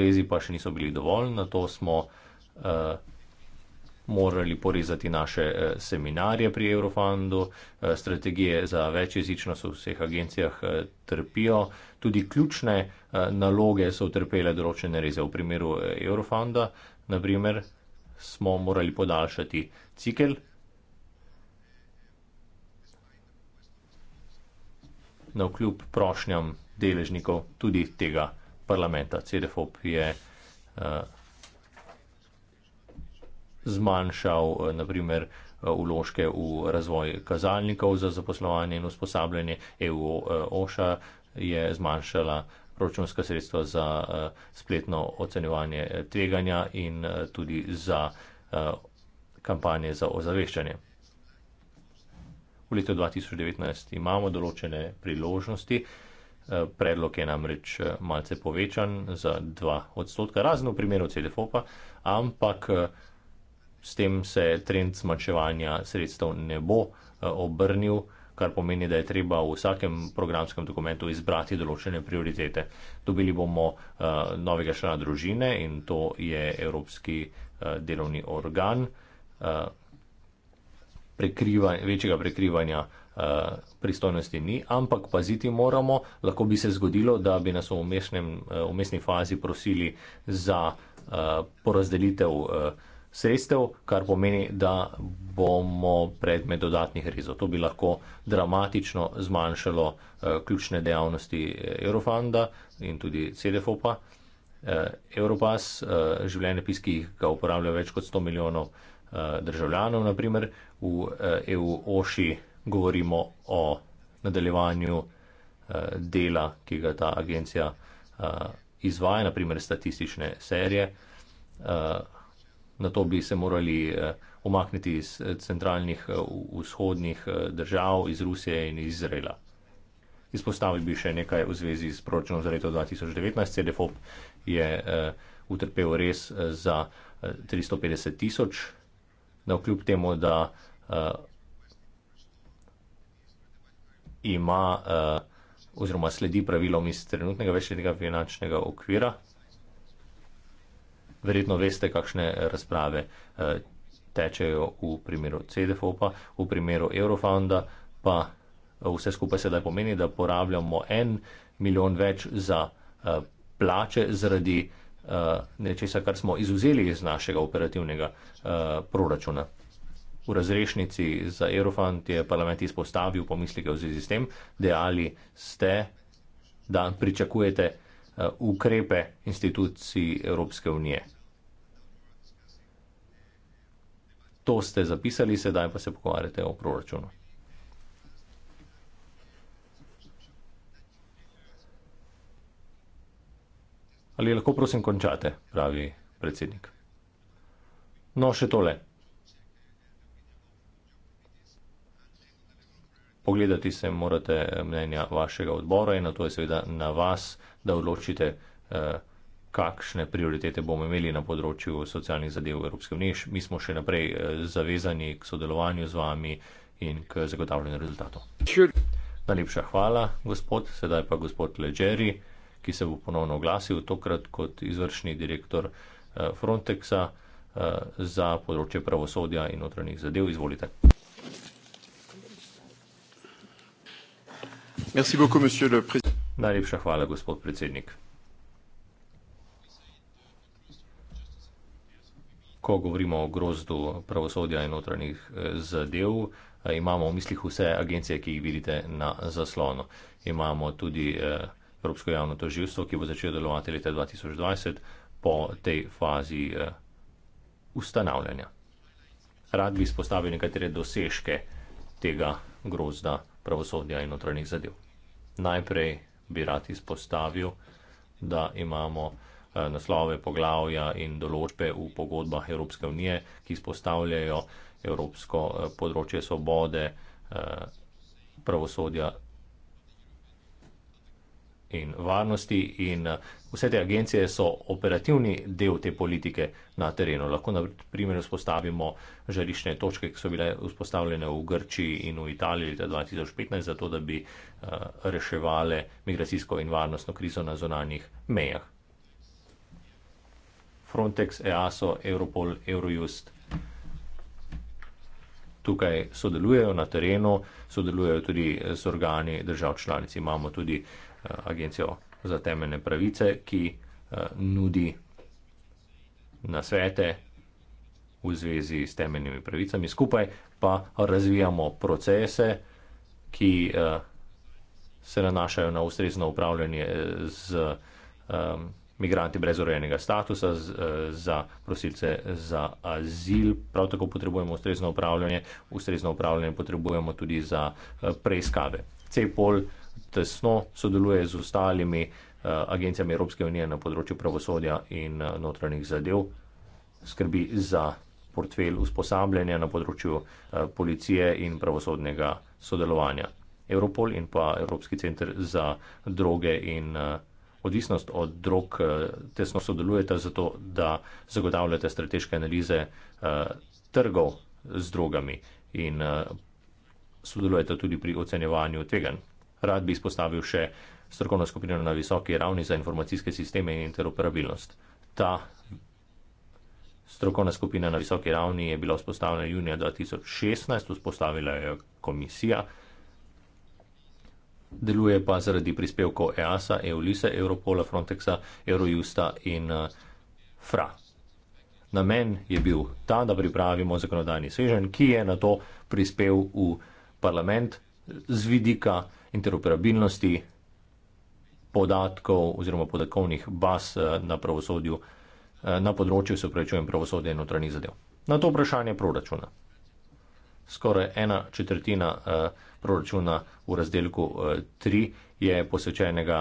rezi pa še niso bili dovolj, na to smo eh, morali porezati naše eh, seminarje pri Eurofundu, eh, strategije za večjezičnost v vseh agencijah eh, trpijo, tudi ključne eh, naloge so utrpele določene reze v primeru eh, Eurofunda, naprimer smo morali podaljšati cikel. Na vkljub prošnjam deležnikov tudi tega parlamenta. CDFOP je uh, zmanjšal uh, eh, naprimer uložke eh, v razvoj kazalnikov za zaposlovanje in usposabljanje. EU uh, OŠA je zmanjšala uh, proračunska sredstva za eh, spletno ocenjevanje eh, tveganja in eh, tudi za kampanje za ozaveščanje. V letu 2019 imamo določene priložnosti. Predlog je namreč malce povečan za 2 odstotka, razen v primeru CDFOP-a, ampak s tem se trend zmanjševanja sredstev ne bo obrnil kar pomeni, da je treba v vsakem programskem dokumentu izbrati določene prioritete. Dobili bomo uh, novega člana družine in to je Evropski uh, delovni organ uh, prekriva, večjega prekrivanja. Uh, pristojnosti ni, ampak paziti moramo, lahko bi se zgodilo, da bi nas v umestni uh, fazi prosili za uh, porazdelitev uh, sredstev, kar pomeni, da bomo predmet dodatnih rezov. To bi lahko dramatično zmanjšalo uh, ključne dejavnosti eh, Eurofanda in tudi CDFOPA. Uh, eh, Europass, uh, življenjepis, ki ga uporablja več kot 100 milijonov uh, državljanov, naprimer v uh, EU OŠI govorimo o nadaljevanju uh, dela, ki ga ta agencija uh, izvaja, naprimer statistične serije. Uh, na to bi se morali eh, umakniti iz eh, centralnih eh, vzhodnih držav, iz Rusije in iz Izraela. Izpostavil bi še nekaj v zvezi s proračunom za leto 2019. CDFOP je uh, utrpel res za 350 tisoč, da vkljub temu, da uh, ima uh, oziroma sledi pravilom iz trenutnega večletnega finančnega okvira, verjetno veste, kakšne eh, razprave eh, tečejo v primeru CDFOP-a, v primeru Eurofonda pa eh, vse skupaj sedaj pomeni, da porabljamo en milijon več za plače zaradi nečesa, kar smo izuzeli iz našega operativnega proračuna. V razrešnici za Eurofond je parlament izpostavil pomislike v zvezi s tem, dejali ste, da pričakujete ukrepe institucij Evropske unije. to ste zapisali, sedaj pa se pogovarjate o proračunu. Ali lahko prosim končate, pravi predsednik. No, še tole. Pogledati se morate mnenja vašega odbora in na to je seveda na vas, da odločite. Eh, kakšne prioritete bomo imeli na področju socialnih zadev Evropske unije. Mi smo še naprej eh, zavezani k sodelovanju z vami in k zagotavljanju rezultatov. Najlepša hvala, gospod. Sedaj pa gospod Leđeri, ki se bo ponovno oglasil, tokrat kot izvršni direktor eh, Frontexa eh, za področje pravosodja in notranjih zadev. Izvolite. Najlepša hvala, gospod predsednik. ko govorimo o grozdu pravosodja in notranjih eh, zadev, imamo v mislih vse agencije, ki jih vidite na zaslonu. Imamo tudi eh, Evropsko javno toživstvo, ki bo začelo delovati leta 2020 po tej fazi eh, ustanavljanja. Rad bi spostavil nekatere dosežke tega grozda pravosodja in notranjih zadev. Najprej bi rad izpostavil, da imamo Eh, naslove, poglavja in določbe v pogodbah Evropske unije, ki spostavljajo evropsko eh, področje svobode, eh, pravosodja in varnosti. In vse te agencije so operativni del te politike na terenu. Lahko na primer vzpostavimo žarišne točke, ki so bile vzpostavljene v Grčiji in v Italiji leta 2015, zato da bi reševali migracijsko in varnostno krizo na zonanjih mejah. Frontex, EASO, Europol, Eurojust. Tukaj sodelujejo na terenu, sodelujejo tudi eh, z organi držav članic. Imamo tudi eh, agencijo za temeljne pravice, ki eh, nudi nasvete v zvezi s temeljnimi pravicami. Skupaj pa razvijamo procese, ki se nanašajo na ustrezno upravljanje z migranti brez urejenega statusa, z, eh, za prosilce za azil. Prav tako potrebujemo ustrezno upravljanje, ustrezno upravljanje potrebujemo tudi za eh, preiskave. CEPOL tesno sodeluje z ostalimi eh, agencijami Evropske unije na področju pravosodja in notranjih zadev, skrbi za portfelj usposabljanja na področju policije in pravosodnega sodelovanja. Europol in pa Evropski center za droge in uh, odvisnost od drog eh, tesno sodelujete, zato da zagotavljate strateške analize eh, trgov z drogami in eh, sodelujete tudi pri ocenjevanju tveganj. Rad bi izpostavil še strokovno skupino na visoki ravni za informacijske sisteme in interoperabilnost. Ta strokovna skupina na visoki ravni je bila vzpostavljena junija 2016, vzpostavila jo je komisija deluje pa zaradi prispevkov EASA, EULISA, Europola, Frontexa, Eurojusta in uh, FRA. Namen je bil ta, da pripravimo zakonodajni svežen, ki je na to prispel v parlament z vidika interoperabilnosti podatkov oziroma podatkovnih baz eh, na pravosodju, eh, na področju, se upravičujem, pravosodja in notranjih zadev. Na to vprašanje proračuna skoraj ena četrtina eh, proračuna v razdelku 3 eh, je posvečenega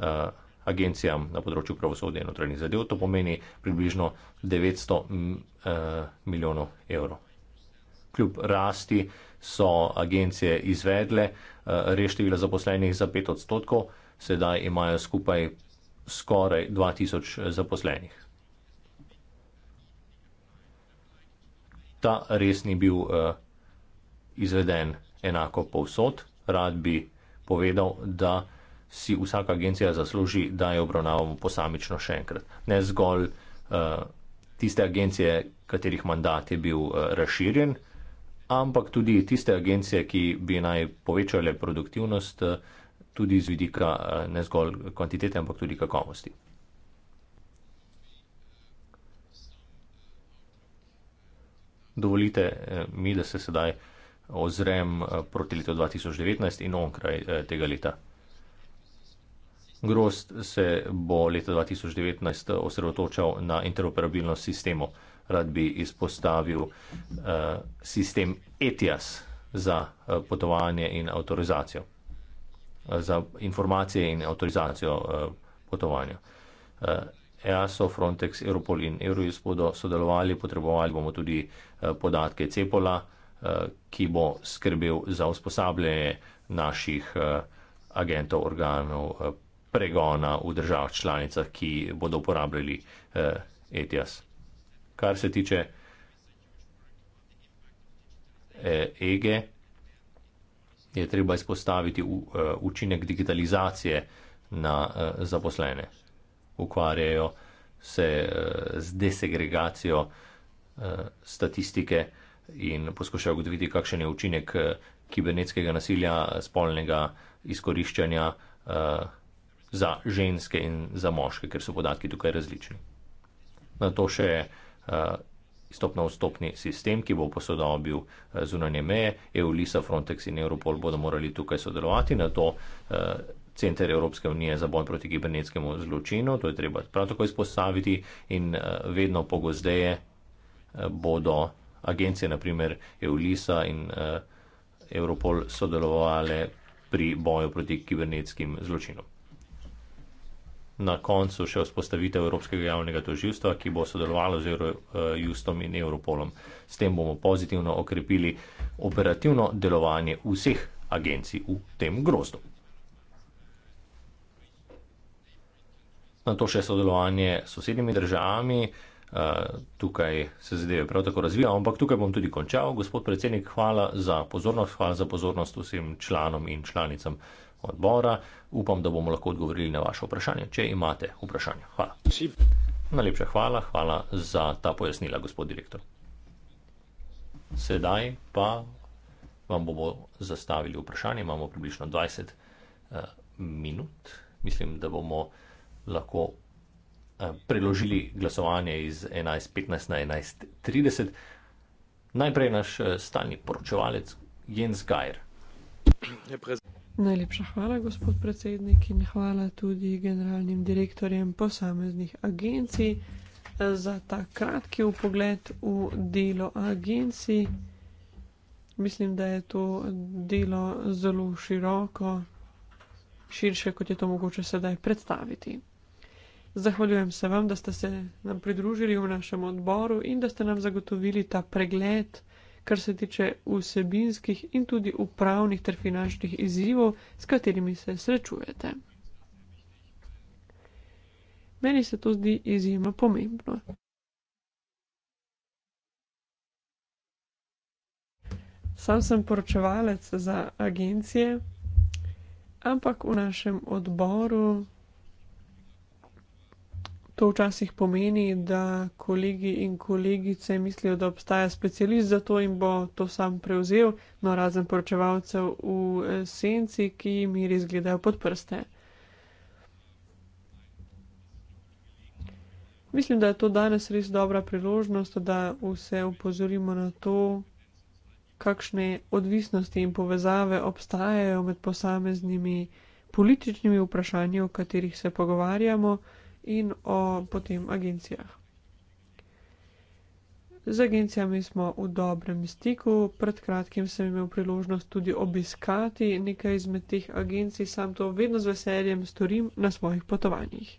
eh, agencijam na področju pravosodja in notranjih zadev. To pomeni približno 900 mm, milijonov evrov. Kljub rasti so agencije izvedle reštevila zaposlenih za 5 odstotkov, sedaj imajo skupaj skoraj 2000 zaposlenih. Ta res ni bil izveden enako povsod, rad bi povedal, da si vsaka agencija zasluži, da jo obravnavamo posamično še enkrat. Ne zgolj uh, tiste agencije, katerih mandat je bil uh, razširjen, ampak tudi tiste agencije, ki bi naj povečale produktivnost, uh, tudi z vidika uh, ne zgolj kvantitete, ampak tudi kakovosti. Dovolite mi, da se sedaj uh, ozrem eh, proti letu 2019 in onkraj eh, tega leta. Grost se bo leta 2019 eh, osredotočal na interoperabilnost sistemov. Rad bi izpostavil uh, sistem ETIAS za uh, potovanje in avtorizacijo. Uh, za informacije in avtorizacijo uh, potovanja. Uh, EASO, Frontex, Europol in Eurojust bodo sodelovali, potrebovali bomo tudi uh, podatke CEPOLA. Uh, Eh, ki bo skrbel za usposabljanje naših eh, agentov, organov eh, pregona v državah članicah, ki bodo uporabljali ETS. Kar se tiče EGE, je treba izpostaviti učinek digitalizacije na zaposlene. Ukvarjajo se z desegregacijo statistike, in poskuša ugotoviti, kakšen je učinek eh, kibernetskega nasilja, spolnega izkoriščanja uh, za ženske in za moške, ker so podatki tukaj različni. Na to še uh, eh, stopno-vstopni sistem, ki bo posodobil uh, zunanje meje, EULISA, Frontex in Europol bodo morali tukaj sodelovati na to. Uh, Center Evropske unije za boj proti kibernetskemu zločinu, to je treba prav tako izpostaviti in vedno pogosteje bodo agencije, naprimer Eulisa in uh, Europol, sodelovali pri boju proti kibernetskim zločinom. Na koncu še vzpostavitev Evropskega javnega toživstva, ki bo sodelovalo z Eurojustom eh, in Europolom. S tem bomo pozitivno okrepili operativno delovanje vseh agencij v tem grozdu. Na to še sodelovanje s sosednjimi državami, Eh, tukaj se zadeve prav tako razvijajo, ampak tukaj bom tudi končal. Gospod predsednik, hvala za pozornost, hvala za pozornost vsem članom in članicam odbora. Upam, da bomo lahko odgovorili na vaše vprašanje, če imate vprašanje. Hvala. Najlepša hvala, hvala za ta pojasnila, gospod direktor. Sedaj pa vam bomo zastavili vprašanje. Imamo približno 20 uh, eh, minut. Mislim, da bomo lahko Eh, preložili glasovanje iz 11.15 na 11.30. Najprej naš eh, stalni poročevalec Jens Gajer. Najlepša hvala, gospod predsednik, in hvala tudi generalnim direktorjem posameznih agencij eh, za ta kratki upogled v delo agencij. Mislim, da je to delo zelo široko, širše, kot je to mogoče sedaj predstaviti. Zahvaljujem se vam, da ste se nam pridružili v našem odboru in da ste nam zagotovili ta pregled, kar se tiče vsebinskih in tudi upravnih ter finančnih izzivov, s katerimi se srečujete. Meni se to zdi izjemno pomembno. Sam sem poročevalec za agencije, ampak v našem odboru To včasih pomeni, da kolegi in kolegice mislijo, da obstaja specialist za to in bo to sam prevzel, no razen poročevalcev v eh, senci, ki mi res gledajo pod prste. Mislim, da je to danes res dobra priložnost, da vse upozorimo na to, kakšne odvisnosti in povezave obstajajo med posameznimi političnimi vprašanji, o katerih se pogovarjamo in o potem agencijah. Z agencijami smo v dobrem stiku, pred kratkim sem imel priložnost tudi obiskati nekaj izmed teh agencij, sam to vedno z veseljem storim na svojih potovanjih.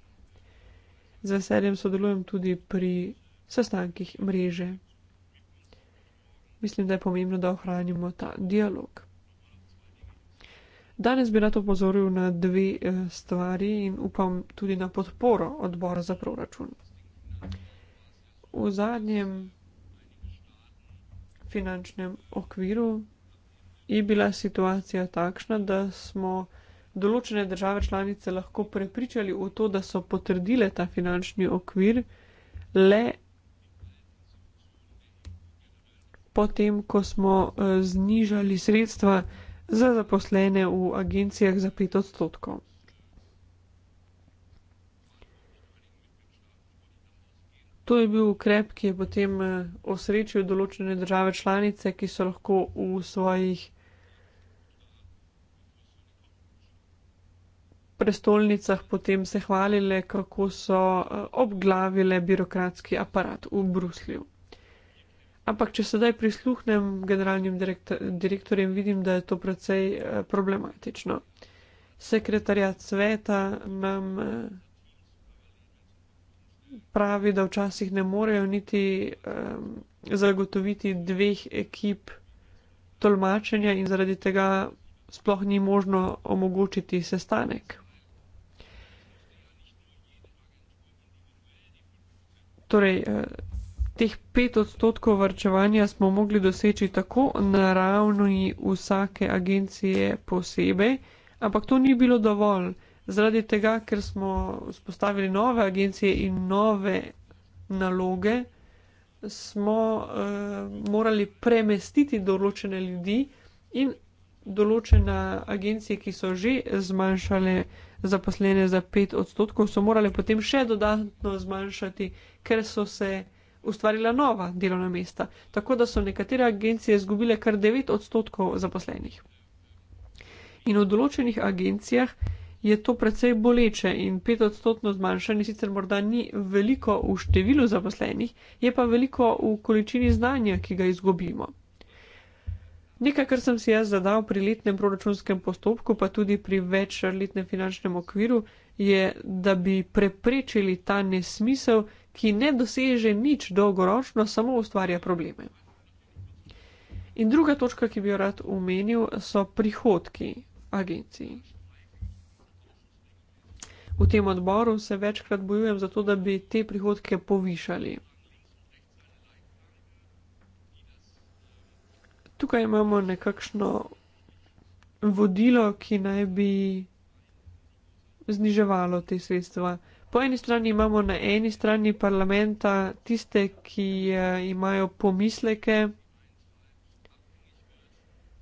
Z veseljem sodelujem tudi pri sestankih mreže. Mislim, da je pomembno, da ohranimo ta dialog. Danes bi rad opozoril na dve eh, stvari in upam tudi na podporo odbora za proračun. V zadnjem finančnem okviru je bila situacija takšna, da smo določene države članice lahko prepričali v to, da so potrdile ta finančni okvir le potem, ko smo eh, znižali sredstva za zaposlene v agencijah za 5 odstotkov. To je bil ukrep, ki je potem eh, osrečil določene države članice, ki so lahko v svojih prestolnicah potem se hvalile, kako so eh, obglavile birokratski aparat v Bruslju. Ampak, če sedaj prisluhnem generalnim direktorjem, vidim, da je to precej eh, problematično. Sekretarjat sveta nam eh, pravi, da včasih ne morejo niti um, zagotoviti dveh ekip tolmačenja in zaradi tega sploh ni možno omogočiti sestanek. Torej, Teh pet odstotkov varčevanja smo mogli doseči tako na ravni vsake agencije posebej, ampak to ni bilo dovolj. Zaradi tega, ker smo vzpostavili nove agencije in nove naloge, smo uh, morali premestiti določene ljudi in določene agencije, ki so že zmanjšale zaposlene za pet odstotkov, so morali potem še dodatno zmanjšati, ker so se ustvarila nova delovna mesta, tako da so nekatere agencije izgubile kar 9 odstotkov zaposlenih. In v določenih agencijah je to precej boleče in 5 odstotno zmanjšanje sicer morda ni veliko v številu zaposlenih, je pa veliko v količini znanja, ki ga izgubimo. Nekaj, kar sem si jaz zadal pri letnem proračunskem postopku, pa tudi pri večletnem finančnem okviru, je, da bi preprečili ta nesmisel, ki ne doseže nič dolgoročno, samo ustvarja probleme. In druga točka, ki bi jo rad omenil, so prihodki agencij. V tem odboru se večkrat bojujem za to, da bi te prihodke povišali. Tukaj imamo nekakšno vodilo, ki naj bi zniževalo te sredstva. Po eni strani imamo na eni strani parlamenta tiste, ki eh, imajo pomisleke,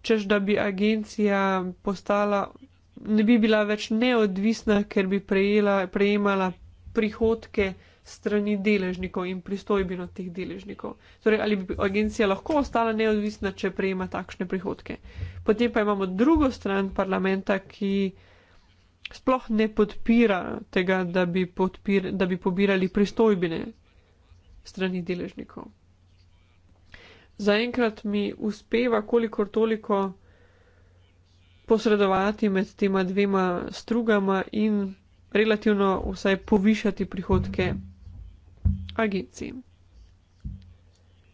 čež da bi agencija postala, ne bi bila več neodvisna, ker bi prejela, prejemala prihodke strani deležnikov in pristojbino teh deležnikov. Torej, ali bi agencija lahko ostala neodvisna, če prejema takšne prihodke. Potem pa imamo drugo stran parlamenta, ki sploh ne podpira tega, da bi, podpir, da bi pobirali pristojbine strani deležnikov. Zaenkrat mi uspeva kolikor toliko posredovati med tema dvema strugama in relativno vsaj povišati prihodke agencij.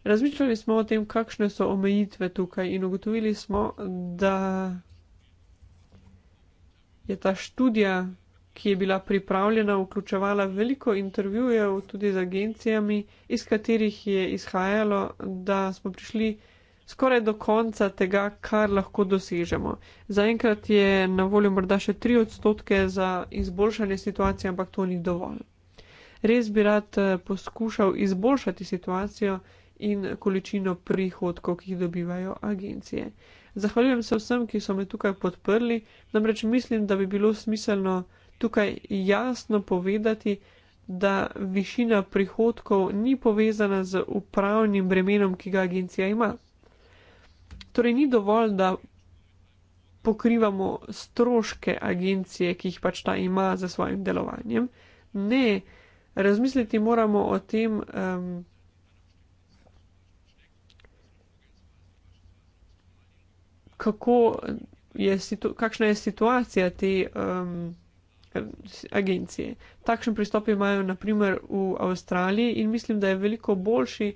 Razmišljali smo o tem, kakšne so omejitve tukaj in ugotovili smo, da je ta študija, ki je bila pripravljena, vključevala veliko intervjujev tudi z agencijami, iz katerih je izhajalo, da smo prišli skoraj do konca tega, kar lahko dosežemo. Zaenkrat je na voljo morda še tri odstotke za izboljšanje situacije, ampak to ni dovolj. Res bi rad eh, poskušal izboljšati situacijo in količino prihodkov, ki jih dobivajo agencije. Zahvaljujem se vsem, ki so me tukaj podprli, namreč mislim, da bi bilo smiselno tukaj jasno povedati, da višina prihodkov ni povezana z upravnim bremenom, ki ga agencija ima. Torej, ni dovolj, da pokrivamo stroške agencije, ki jih pač ta ima za svojim delovanjem. Ne, razmisliti moramo o tem. Um, kako je, situ, kakšna je situacija te um, agencije. Takšen pristop imajo naprimer v Avstraliji in mislim, da je veliko boljši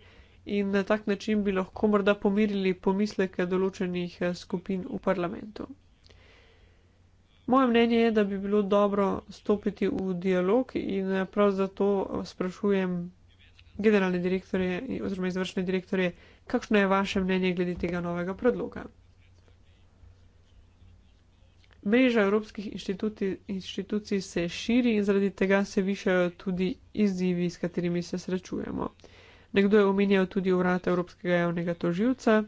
in na tak način bi lahko morda pomirili pomisleke določenih eh, skupin v parlamentu. Moje mnenje je, da bi bilo dobro stopiti v dialog in eh, prav zato sprašujem generalne direktorje oziroma izvršne direktorje, kakšno je vaše mnenje glede tega novega predloga. Mreža evropskih inštituti, inštitucij se širi in zaradi tega se višajo tudi izzivi, s katerimi se srečujemo. Nekdo je omenjal tudi urad Evropskega javnega toživca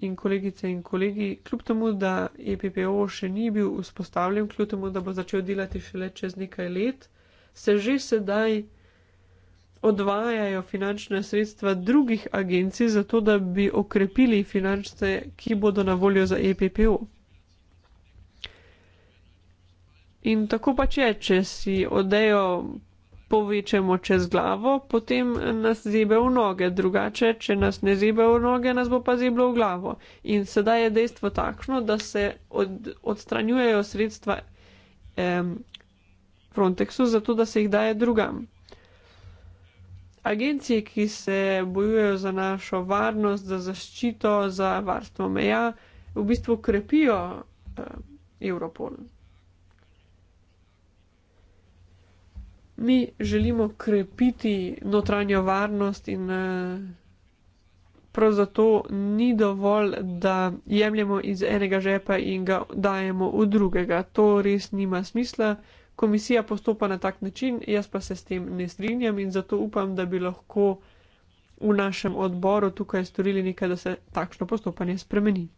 in kolegice in kolegi, kljub temu, da EPPO še ni bil vzpostavljen, kljub temu, da bo začel delati šele čez nekaj let, se že sedaj odvajajo finančne sredstva drugih agencij, zato da bi okrepili finančne, ki bodo na voljo za EPPO. In tako pač je, če si odejo povečamo čez glavo, potem nas zebe v noge, drugače, če nas ne zebe v noge, nas bo pa zeblo v glavo. In sedaj je dejstvo takšno, da se od, odstranjujejo sredstva em, Frontexu, zato da se jih daje drugam. Agencije, ki se bojujejo za našo varnost, za zaščito, za varstvo meja, v bistvu krepijo eh, Europol. mi želimo krepiti notranjo varnost in eh, prav zato ni dovolj, da jemljemo iz enega žepa in ga dajemo v drugega. To res nima smisla. Komisija postopa na tak način, jaz pa se s tem ne strinjam in zato upam, da bi lahko v našem odboru tukaj storili nekaj, da se takšno postopanje spremeni.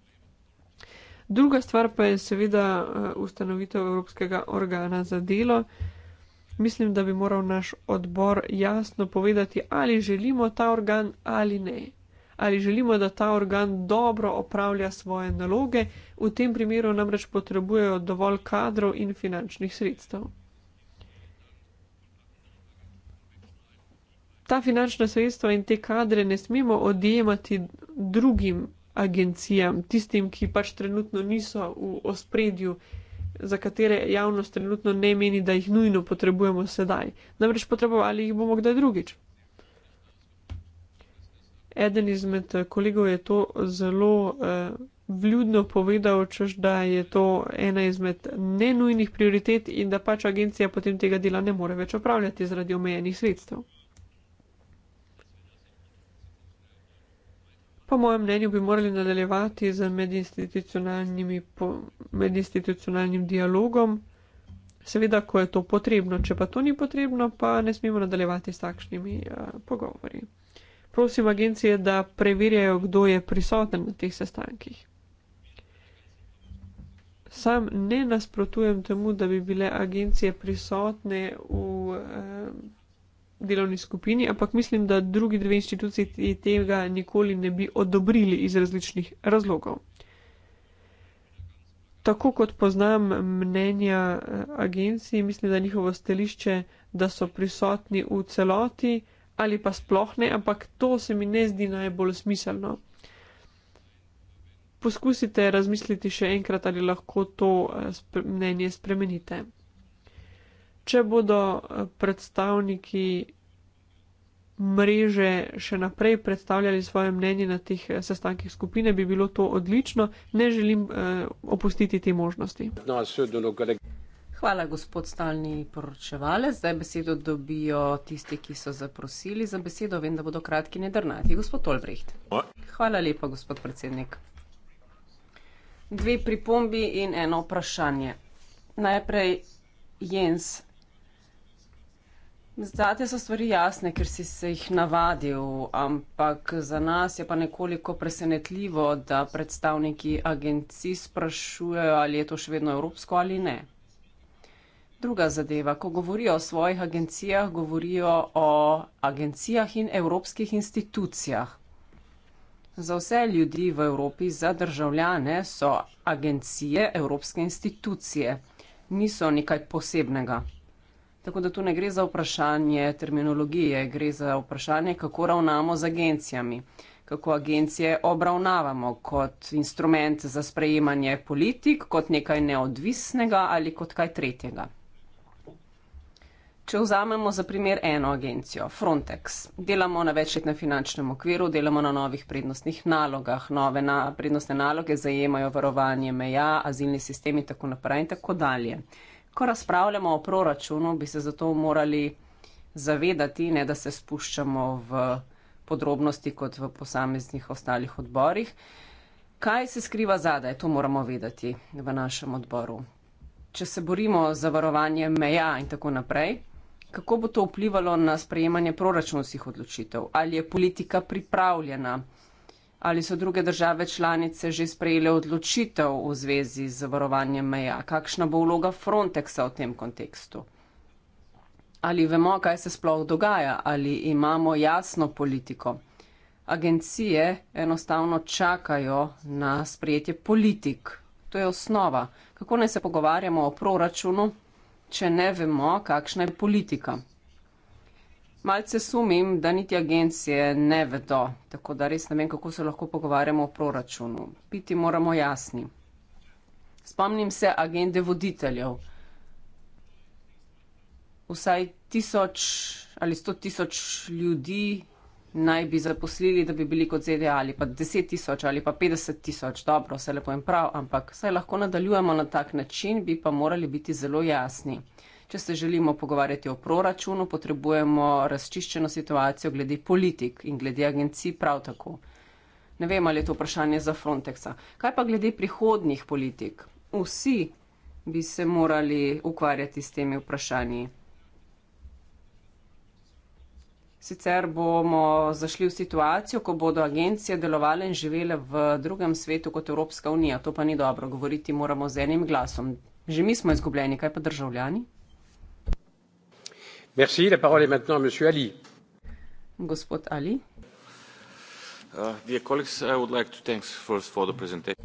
Druga stvar pa je seveda eh, ustanovitev Evropskega organa za delo. Uh, Mislim, da bi moral naš odbor jasno povedati, ali želimo ta organ ali ne. Ali želimo, da ta organ dobro opravlja svoje naloge, v tem primeru namreč potrebujejo dovolj kadrov in finančnih sredstev. Ta finančna sredstva in te kadre ne smemo odjemati drugim agencijam, tistim, ki pač trenutno niso v ospredju za katere javnost trenutno ne meni, da jih nujno potrebujemo sedaj. Namreč potrebovali jih bomo kdaj drugič. Eden izmed kolegov je to zelo eh, vljudno povedal, čež da je to ena izmed nenujnih prioritet in da pač agencija potem tega dela ne more več opravljati zaradi omejenih sredstev. Po mojem mnenju bi morali nadaljevati z medinstitucionalnim dialogom, seveda, ko je to potrebno, če pa to ni potrebno, pa ne smemo nadaljevati s takšnimi uh, pogovori. Prosim agencije, da preverjajo, kdo je prisoten na teh sestankih. Sam ne nasprotujem temu, da bi bile agencije prisotne v. Uh, delovni skupini, ampak mislim, da drugi dve inštituciji tega nikoli ne bi odobrili iz različnih razlogov. Tako kot poznam mnenja eh, agencij, mislim, da njihovo stališče, da so prisotni v celoti ali pa sploh ne, ampak to se mi ne zdi najbolj smiselno. Poskusite razmisliti še enkrat, ali lahko to eh, mnenje spremenite če bodo eh, predstavniki mreže še naprej predstavljali svoje mnenje na teh eh, sestankih skupine, bi bilo to odlično. Ne želim eh, opustiti te možnosti. Hvala, gospod stalni poročevalec. Zdaj besedo dobijo tisti, ki so zaprosili za besedo. Vem, da bodo kratki nedrnati. Gospod Olbricht. Hvala lepa, gospod predsednik. Dve pripombi in eno vprašanje. Najprej Jens Zdaj so stvari jasne, ker si se jih navadil, ampak za nas je pa nekoliko presenetljivo, da predstavniki agencij sprašujejo, ali je to še vedno evropsko ali ne. Druga zadeva, ko govorijo o svojih agencijah, govorijo o agencijah in evropskih institucijah. Za vse ljudi v Evropi, za državljane so agencije evropske institucije, niso nekaj posebnega. Tako da tu ne gre za vprašanje terminologije, gre za vprašanje, kako ravnamo z agencijami, kako agencije obravnavamo kot instrument za sprejemanje politik, kot nekaj neodvisnega ali kot kaj tretjega. Če vzamemo za primer eno agencijo, Frontex, delamo na večletnem finančnem okviru, delamo na novih prednostnih nalogah, nove na, prednostne naloge zajemajo varovanje meja, azilni sistemi in tako naprej in tako dalje ko razpravljamo o proračunu, bi se zato morali zavedati, ne da se spuščamo v podrobnosti kot v posameznih ostalih odborih. Kaj se skriva zadaj, to moramo vedeti v našem odboru. Če se borimo za varovanje meja in tako naprej, kako bo to vplivalo na sprejemanje proračunskih odločitev? Ali je politika pripravljena Ali so druge države članice že sprejele odločitev v zvezi z varovanjem meja? Kakšna bo vloga Frontexa v tem kontekstu? Ali vemo, kaj se sploh dogaja, ali imamo jasno politiko? Agencije enostavno čakajo na sprejetje politik. To je osnova. Kako naj se pogovarjamo o proračunu, če ne vemo, kakšna je politika? Malce sumim, da niti agencije ne vedo, tako da res ne vem, kako se lahko pogovarjamo o proračunu. Biti moramo jasni. Spomnim se agende voditeljev. Vsaj tisoč ali sto tisoč ljudi naj bi zaposlili, da bi bili kot ZDA ali pa deset tisoč ali pa petdeset tisoč. Dobro, vse lepo in prav, ampak saj lahko nadaljujemo na tak način, bi pa morali biti zelo jasni. Če se želimo pogovarjati o proračunu, potrebujemo razčiščeno situacijo glede politik in glede agencij prav tako. Ne vem, ali je to vprašanje za Frontexa. Kaj pa glede prihodnih politik? Vsi bi se morali ukvarjati s temi vprašanji. Sicer bomo zašli v situacijo, ko bodo agencije delovale in živele v drugem svetu kot Evropska unija. To pa ni dobro. Govoriti moramo z enim glasom. Že mi smo izgubljeni, kaj pa državljani? Merci. La parole est maintenant à Monsieur Ali. Gospod Ali. Uh,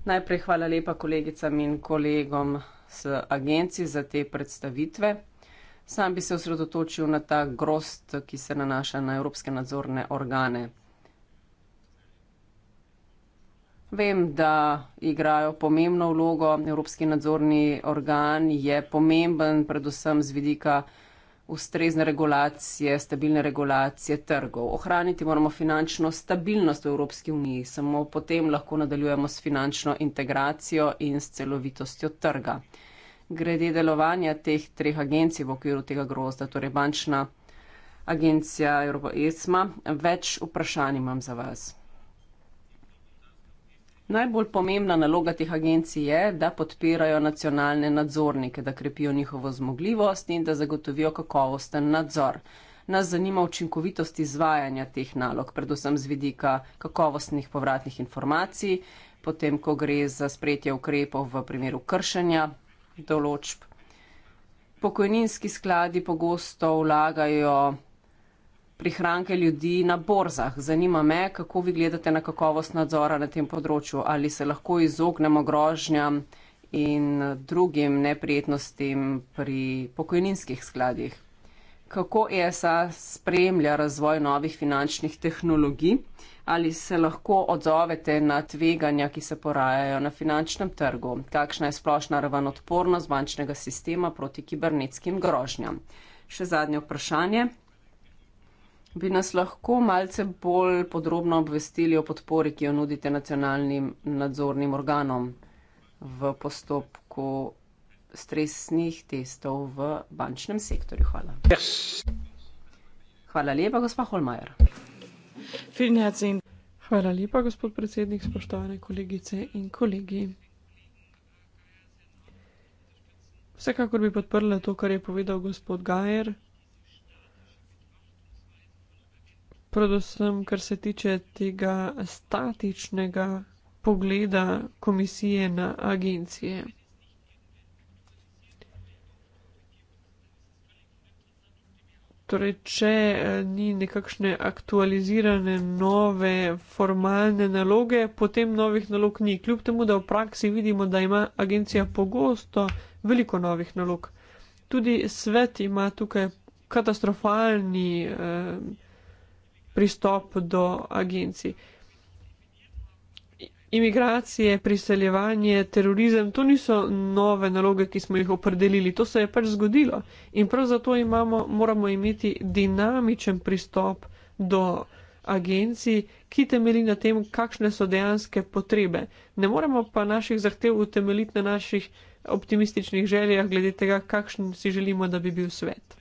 Najprej hvala lepa kolegicam in kolegom z agenci za te predstavitve. Sam bi se osredotočil na ta grost, ki se nanaša na evropske nadzorne organe. Vem, da igrajo pomembno vlogo. Evropski nadzorni organ je pomemben predvsem z vidika ustrezne regulacije, stabilne regulacije trgov. Ohraniti moramo finančno stabilnost v Evropski uniji, samo potem lahko nadaljujemo s finančno integracijo in s celovitostjo trga. Grede delovanja teh treh agencij v okviru tega grozda, torej bančna agencija Evropa ESMA, več vprašanj imam za vas. Najbolj pomembna naloga teh agencij je, da podpirajo nacionalne nadzornike, da krepijo njihovo zmogljivost in da zagotovijo kakovosten nadzor. Nas zanima učinkovitost izvajanja teh nalog, predvsem z vidika kakovostnih povratnih informacij, potem, ko gre za sprejetje ukrepov v primeru kršenja določb. Pokojninski skladi pogosto vlagajo prihranke ljudi na borzah. Zanima me, kako vi gledate na kakovost nadzora na tem področju, ali se lahko izognemo grožnjam in drugim neprijetnostim pri pokojninskih skladih. Kako ESA spremlja razvoj novih finančnih tehnologij, ali se lahko odzovete na tveganja, ki se porajajo na finančnem trgu, kakšna je splošna raven odpornost bančnega sistema proti kibernetskim grožnjam. Še zadnje vprašanje bi nas lahko malce bolj podrobno obvestili o podpori, ki jo nudite nacionalnim nadzornim organom v postopku stresnih testov v bančnem sektorju. Hvala. Yes. Hvala lepa, gospa Holmajer. Hvala lepa, gospod predsednik, spoštovane kolegice in kolegi. Vsekakor bi podprla to, kar je povedal gospod Gajer. predvsem kar se tiče tega statičnega pogleda komisije na agencije. Torej, če eh, ni nekakšne aktualizirane nove formalne naloge, potem novih nalog ni. Kljub temu, da v praksi vidimo, da ima agencija pogosto veliko novih nalog. Tudi svet ima tukaj katastrofalni eh, pristop do agencij. Imigracije, priseljevanje, terorizem, to niso nove naloge, ki smo jih opredelili, to se je pač zgodilo. In prav zato imamo, moramo imeti dinamičen pristop do agencij, ki temeli na tem, kakšne so dejanske potrebe. Ne moremo pa naših zahtev utemeliti na naših optimističnih željah glede tega, kakšen si želimo, da bi bil svet.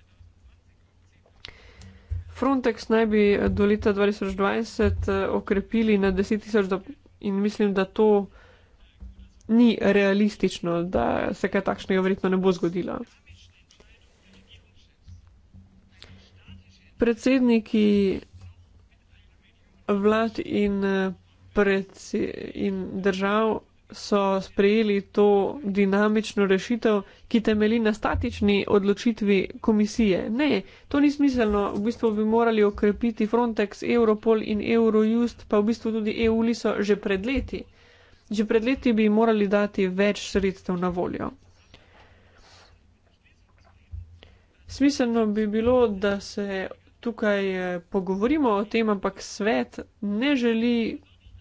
Frontex naj bi do leta 2020 eh, okrepili na 10 tisoč in mislim, da to ni realistično, da se kaj takšnega verjetno ne bo zgodilo. Predsedniki vlad in, eh, predse in držav so sprejeli to dinamično rešitev, ki temeli na statični odločitvi komisije. Ne, to ni smiselno. V bistvu bi morali okrepiti Frontex, Europol in Eurojust, pa v bistvu tudi EU-liso že pred leti. Že pred leti bi morali dati več sredstev na voljo. Smiselno bi bilo, da se. Tukaj eh, pogovorimo o tem, ampak svet ne želi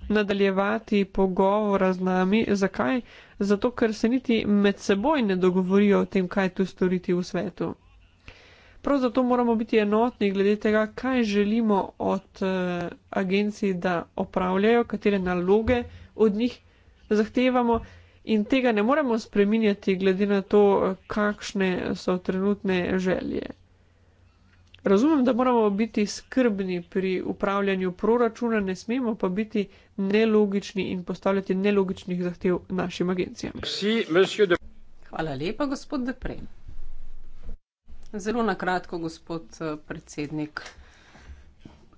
nadaljevati pogovora z nami. Zakaj? Zato, ker se niti med seboj ne dogovorijo o tem, kaj tu storiti v svetu. Prav zato moramo biti enotni glede tega, kaj želimo od uh, agencij, da opravljajo, katere naloge od njih zahtevamo in tega ne moremo spreminjati glede na to, kakšne so trenutne želje. Razumem, da moramo biti skrbni pri upravljanju proračuna, ne smemo pa biti nelogični in postavljati nelogičnih zahtev našim agencijam. Hvala lepa, gospod Deprej. Zelo na kratko, gospod eh, predsednik.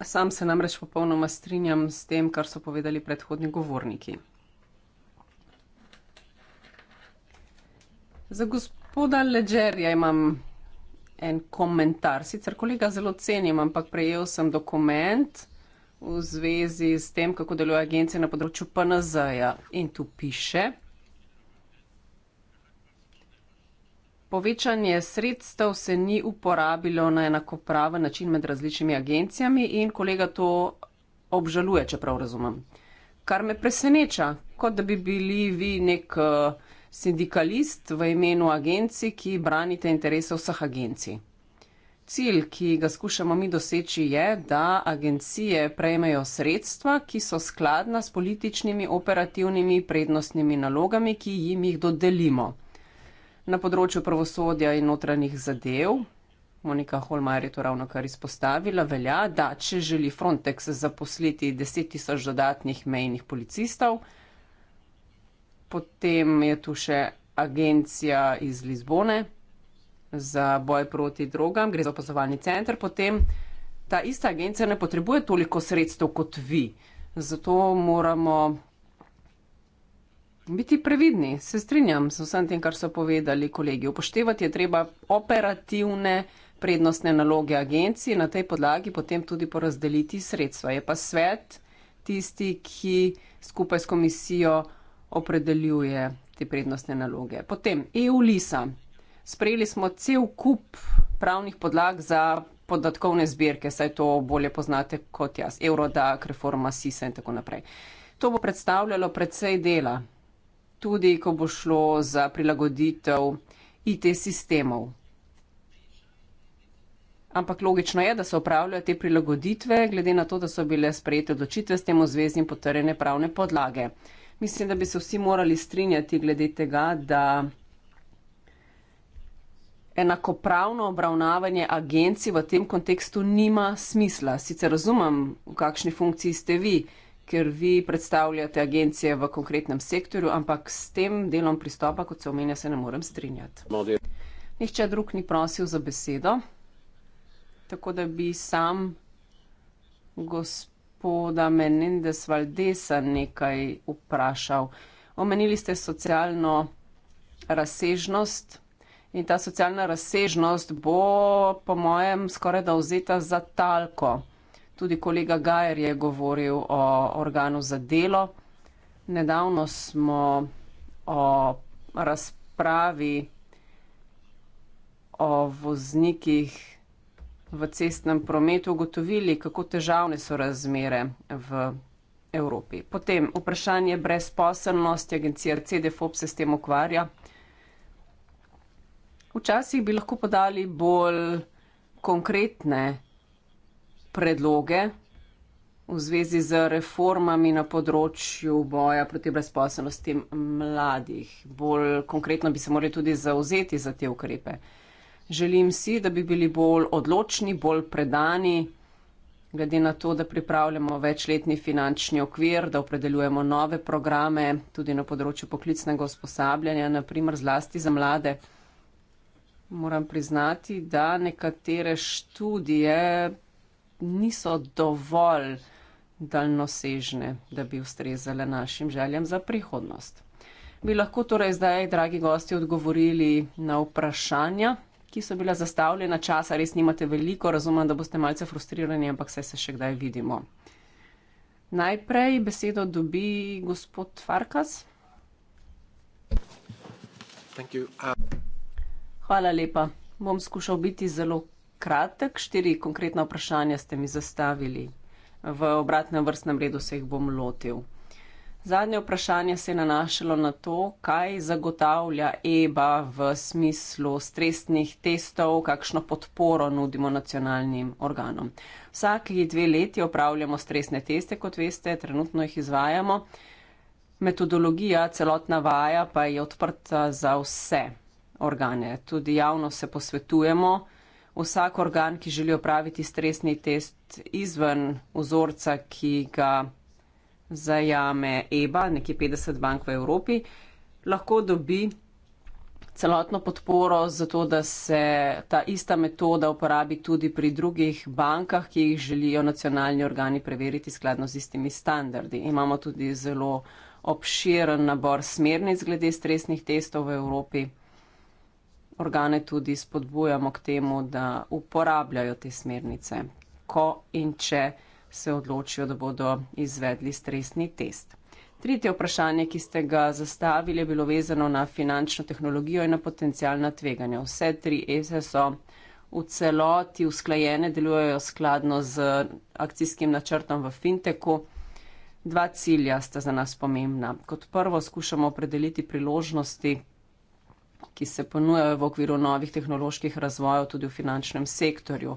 Sam se namreč popolnoma strinjam s tem, kar so povedali predhodni govorniki. Za gospoda Ledžerja imam en komentar. Sicer kolega zelo cenim, ampak prejel sem dokument, v zvezi s tem, kako deluje agencija na področju PNZ-ja. In tu piše. Povečanje sredstev se ni uporabilo na enakopraven način med različnimi agencijami in kolega to obžaluje, če prav razumem. Kar me preseneča, kot da bi bili vi nek eh, sindikalist v imenu agencij, ki branite interese vseh agencij cilj, ki ga skušamo mi doseči, je, da agencije prejmejo sredstva, ki so skladna s političnimi, operativnimi, prednostnimi nalogami, ki jim jih dodelimo. Na področju pravosodja in notranjih zadev, Monika Holmajer je to ravno kar izpostavila, velja, da če želi Frontex zaposliti 10 tisoč dodatnih mejnih policistov, potem je tu še agencija iz Lizbone, za boj proti drogam, gre za opazovalni center, potem ta ista agencija ne potrebuje toliko sredstev kot vi. Zato moramo biti previdni. Se strinjam s vsem tem, kar so povedali kolegi. Upoštevati je treba operativne prednostne naloge agencije in na tej podlagi potem tudi porazdeliti sredstva. Je pa svet tisti, ki skupaj s komisijo opredeljuje te prednostne naloge. Potem EU-LISA sprejeli smo cel kup pravnih podlag za podatkovne zbirke, saj to bolje poznate kot jaz, Eurodac, reforma SISA in tako naprej. To bo predstavljalo predvsej dela, tudi ko bo šlo za prilagoditev IT sistemov. Ampak logično je, da se upravljajo te prilagoditve, glede na to, da so bile sprejete odločitve s tem v zvezdi in potrjene pravne podlage. Mislim, da bi se vsi morali strinjati glede tega, da enakopravno obravnavanje agencij v tem kontekstu nima smisla. Sicer razumem, v kakšni funkciji ste vi, ker vi predstavljate agencije v konkretnem sektorju, ampak s tem delom pristopa, kot se omenja, se ne morem strinjati. Nihče drug ni prosil za besedo, tako da bi sam gospoda Menendez Valdesa nekaj vprašal. Omenili ste socialno razsežnost. In ta socialna razsežnost bo, po mojem, skoraj da vzeta za talko. Tudi kolega Gajer je govoril o organu za delo. Nedavno smo o razpravi o voznikih v cestnem prometu ugotovili, kako težavne so razmere v Evropi. Potem vprašanje brezposelnosti, agencija CDFOP se s tem ukvarja včasih bi lahko podali bolj konkretne predloge v zvezi z reformami na področju boja proti brezposelnosti mladih. Bolj konkretno bi se morali tudi zauzeti za te ukrepe. Želim si, da bi bili bolj odločni, bolj predani, glede na to, da pripravljamo večletni finančni okvir, da opredeljujemo nove programe tudi na področju poklicnega usposabljanja, naprimer zlasti za mlade moram priznati, da nekatere študije niso dovolj daljnosežne, da bi ustrezale našim željam za prihodnost. Bi lahko torej zdaj, dragi gosti, odgovorili na vprašanja, ki so bila zastavljena časa, res nimate veliko, razumem, da boste malce frustrirani, ampak vse se še kdaj vidimo. Najprej besedo dobi gospod Farkas. Hvala. Hvala lepa. Bom skušal biti zelo kratek. Štiri konkretna vprašanja ste mi zastavili. V obratnem vrstnem redu se jih bom lotil. Zadnje vprašanje se je nanašalo na to, kaj zagotavlja EBA v smislu stresnih testov, kakšno podporo nudimo nacionalnim organom. Vsakih dve leti opravljamo stresne teste, kot veste, trenutno jih izvajamo. Metodologija, celotna vaja pa je odprta za vse organe. Tudi javno se posvetujemo. Vsak organ, ki želi opraviti stresni test izven vzorca, ki ga zajame EBA, nekje 50 bank v Evropi, lahko dobi celotno podporo za to, da se ta ista metoda uporabi tudi pri drugih bankah, ki jih želijo nacionalni organi preveriti skladno z istimi standardi. Imamo tudi zelo obširen nabor smernic glede stresnih testov v Evropi organe tudi spodbujamo k temu, da uporabljajo te smernice, ko in če se odločijo, da bodo izvedli stresni test. Tretje vprašanje, ki ste ga zastavili, je bilo vezano na finančno tehnologijo in na potencijalna tveganja. Vse tri ESE e so v celoti usklajene, delujejo skladno z akcijskim načrtom v Finteku. Dva cilja sta za nas pomembna. Kot prvo skušamo opredeliti priložnosti, ki se ponujajo v okviru novih tehnoloških razvojev tudi v finančnem sektorju.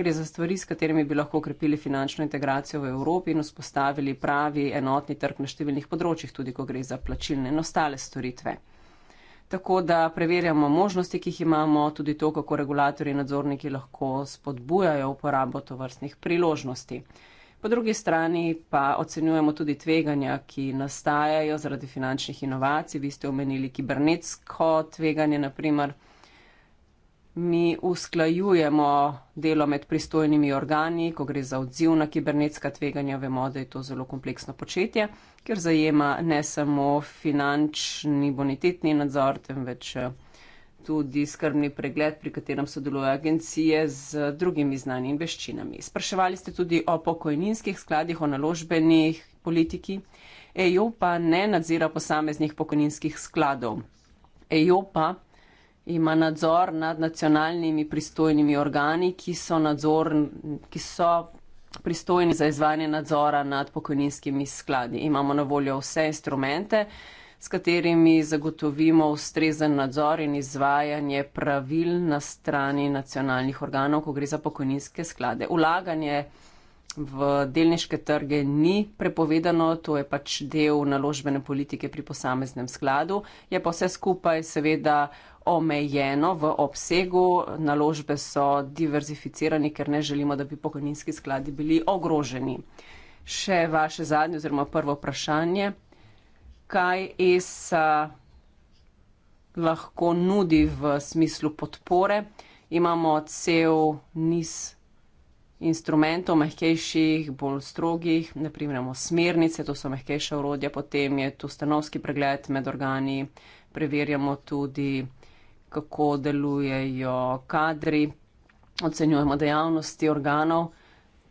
Gre za stvari, s katerimi bi lahko okrepili finančno integracijo v Evropi in vzpostavili pravi enotni trg na številnih področjih, tudi ko gre za plačilne in ostale storitve. Tako da preverjamo možnosti, ki jih imamo, tudi to, kako regulatori in nadzorniki lahko spodbujajo uporabo tovrstnih priložnosti. Po drugi strani pa ocenjujemo tudi tveganja, ki nastajajo zaradi finančnih inovacij. Vi ste omenili kibernetsko tveganje, naprimer. Mi usklajujemo delo med pristojnimi organi, ko gre za odziv na kibernetska tveganja. Vemo, da je to zelo kompleksno početje, ker zajema ne samo finančni bonitetni nadzor, temveč tudi skrbni pregled, pri katerem sodelujo agencije z drugimi znanji in veščinami. Spraševali ste tudi o pokojninskih skladih, o naložbenih politiki. EU pa ne nadzira posameznih pokojninskih skladov. EU pa ima nadzor nad nacionalnimi pristojnimi organi, ki so, nadzor, ki so pristojni za izvajanje nadzora nad pokojninskimi skladi. Imamo na voljo vse instrumente s katerimi zagotovimo ustrezen nadzor in izvajanje pravil na strani nacionalnih organov, ko gre za pokojninske sklade. Ulaganje v delniške trge ni prepovedano, to je pač del naložbene politike pri posameznem skladu, je pa vse skupaj seveda omejeno v obsegu, naložbe so diverzificirani, ker ne želimo, da bi pokojninski skladi bili ogroženi. Še vaše zadnje oziroma prvo vprašanje kaj ESA lahko nudi v smislu podpore. Imamo cel niz instrumentov, mehkejših, bolj strogih, naprimer smernice, to so mehkejša urodja, potem je tu stanovski pregled med organi, preverjamo tudi, kako delujejo kadri, ocenjujemo dejavnosti organov.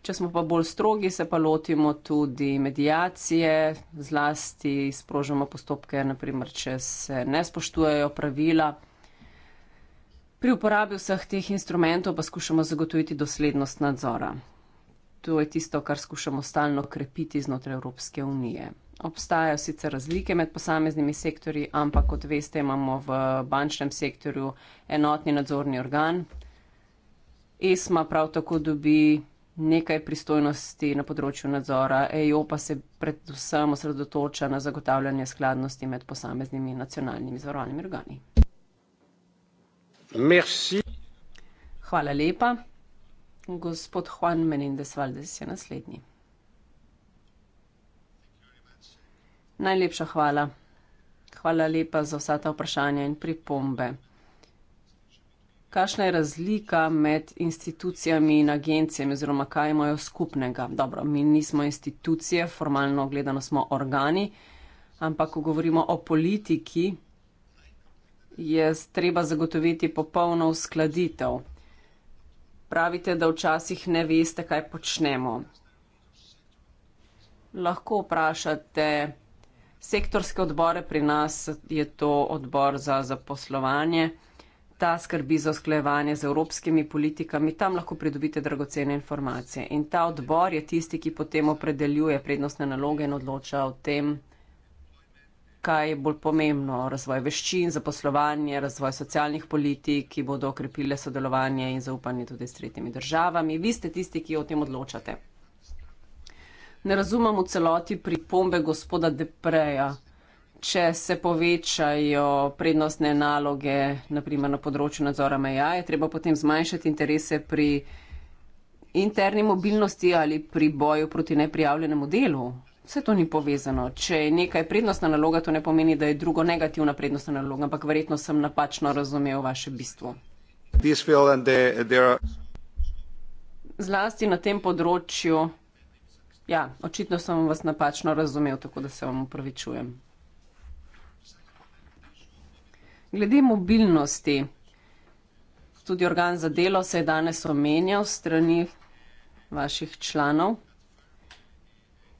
Če smo pa bolj strogi, se pa lotimo tudi medijacije, zlasti sprožamo postopke, naprimer, če se ne spoštujejo pravila. Pri uporabi vseh teh instrumentov pa skušamo zagotoviti doslednost nadzora. To je tisto, kar skušamo stalno krepiti znotraj Evropske unije. Obstajajo sicer razlike med posameznimi sektorji, ampak kot veste, imamo v bančnem sektorju enotni nadzorni organ. ESMA prav tako dobi nekaj pristojnosti na področju nadzora. EU pa se predvsem osredotoča na zagotavljanje skladnosti med posameznimi nacionalnimi zavarovalnimi organi. Merci. Hvala lepa. Gospod Juan Menendez Valdes je naslednji. Najlepša hvala. Hvala lepa za vsa ta vprašanja in pripombe. Kakšna je razlika med institucijami in agencijami oziroma kaj imajo skupnega? Dobro, mi nismo institucije, formalno gledano smo organi, ampak ko govorimo o politiki, je treba zagotoviti popolno uskladitev. Pravite, da včasih ne veste, kaj počnemo. Lahko vprašate sektorske odbore, pri nas je to odbor za zaposlovanje ta skrbi za usklajevanje z evropskimi politikami, tam lahko pridobite dragocene informacije. In ta odbor je tisti, ki potem opredeljuje prednostne naloge in odloča o tem, kaj je bolj pomembno. Razvoj veščin, zaposlovanje, razvoj socialnih politik, ki bodo okrepile sodelovanje in zaupanje tudi s tretjimi državami. Vi ste tisti, ki o tem odločate. Ne razumem v celoti pripombe gospoda Depreja če se povečajo prednostne naloge, naprimer na področju nadzora meja, je treba potem zmanjšati interese pri interni mobilnosti ali pri boju proti neprijavljenemu delu. Vse to ni povezano. Če je nekaj prednostna naloga, to ne pomeni, da je drugo negativna prednostna naloga, ampak verjetno sem napačno razumel vaše bistvo. Zlasti na tem področju. Ja, očitno sem vas napačno razumel, tako da se vam upravičujem. Glede mobilnosti, tudi organ za delo se je danes omenjal strani vaših članov.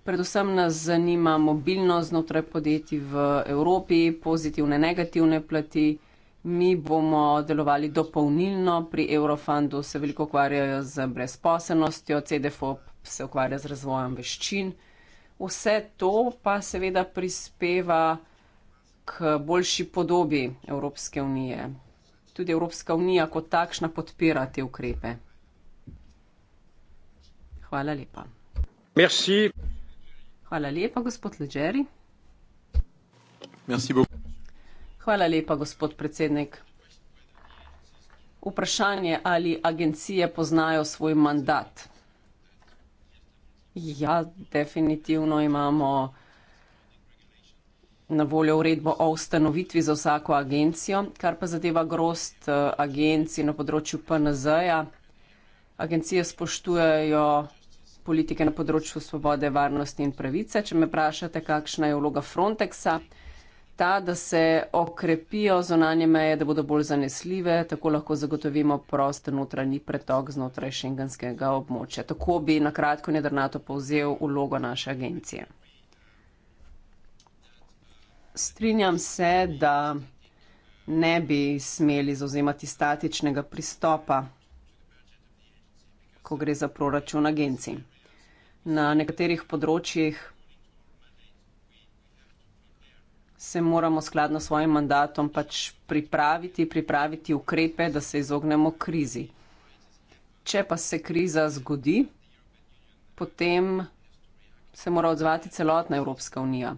Predvsem nas zanima mobilnost znotraj podjetij v Evropi, pozitivne, negativne plati. Mi bomo delovali dopolnilno pri Eurofundu, se veliko ukvarjajo z brezposelnostjo, CDFOP se ukvarja z razvojem veščin. Vse to pa seveda prispeva k boljši podobi Evropske unije. Tudi Evropska unija kot takšna podpira te ukrepe. Hvala lepa. Merci. Hvala lepa, gospod Leđeri. Merci Hvala lepa, gospod predsednik. Vprašanje, ali agencije poznajo svoj mandat. Ja, definitivno imamo na voljo uredbo o ustanovitvi za vsako agencijo, kar pa zadeva grost eh, agencij na področju PNZ-ja. Agencije spoštujejo politike na področju svobode, varnosti in pravice. Če me vprašate, kakšna je vloga Frontexa, ta, da se okrepijo zonanje meje, da bodo bolj zanesljive, tako lahko zagotovimo prost notranji pretok znotraj šengenskega območja. Tako bi na kratko nedrnato povzel vlogo naše agencije strinjam se, da ne bi smeli zauzemati statičnega pristopa, ko gre za proračun agencij. Na nekaterih področjih se moramo skladno s svojim mandatom pač pripraviti, pripraviti ukrepe, da se izognemo krizi. Če pa se kriza zgodi, potem se mora odzvati celotna Evropska unija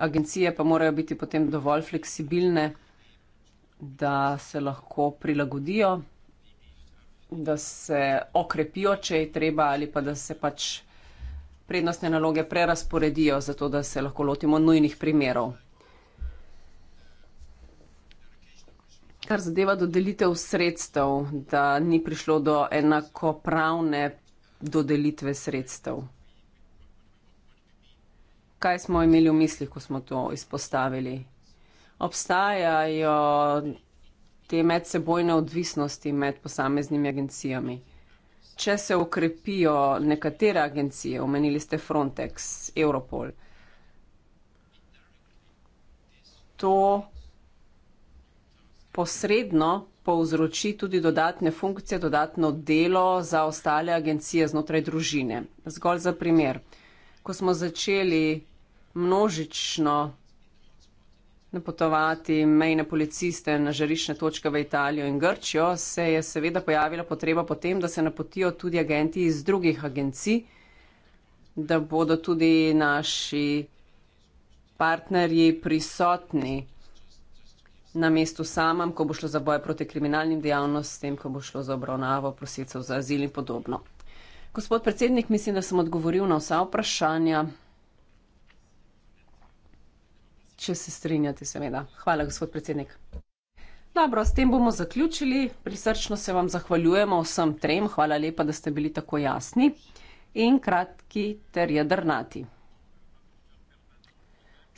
agencije pa morajo biti potem dovolj fleksibilne, da se lahko prilagodijo, da se okrepijo, če je treba, ali pa da se pač prednostne naloge prerasporedijo, zato da se lahko lotimo nujnih primerov. Kar zadeva dodelitev sredstev, da ni prišlo do enakopravne dodelitve sredstev kaj smo imeli v mislih, ko smo to izpostavili. Obstajajo te medsebojne odvisnosti med posameznimi agencijami. Če se ukrepijo nekatere agencije, omenili ste Frontex, Europol, to posredno povzroči tudi dodatne funkcije, dodatno delo za ostale agencije znotraj družine. Zgolj za primer, ko smo začeli množično napotovati mejne policiste na žarišne točke v Italijo in Grčijo, se je seveda pojavila potreba potem, da se napotijo tudi agenti iz drugih agencij, da bodo tudi naši partnerji prisotni na mestu samem, ko bo šlo za boj proti kriminalnim dejavnostim, ko bo šlo za obravnavo prosilcev za azil in podobno. Gospod predsednik, mislim, da sem odgovoril na vsa vprašanja če se strinjate, seveda. Hvala, gospod predsednik. Dobro, s tem bomo zaključili. Prisrčno se vam zahvaljujemo vsem trem, hvala lepa, da ste bili tako jasni in kratki ter jedrnati.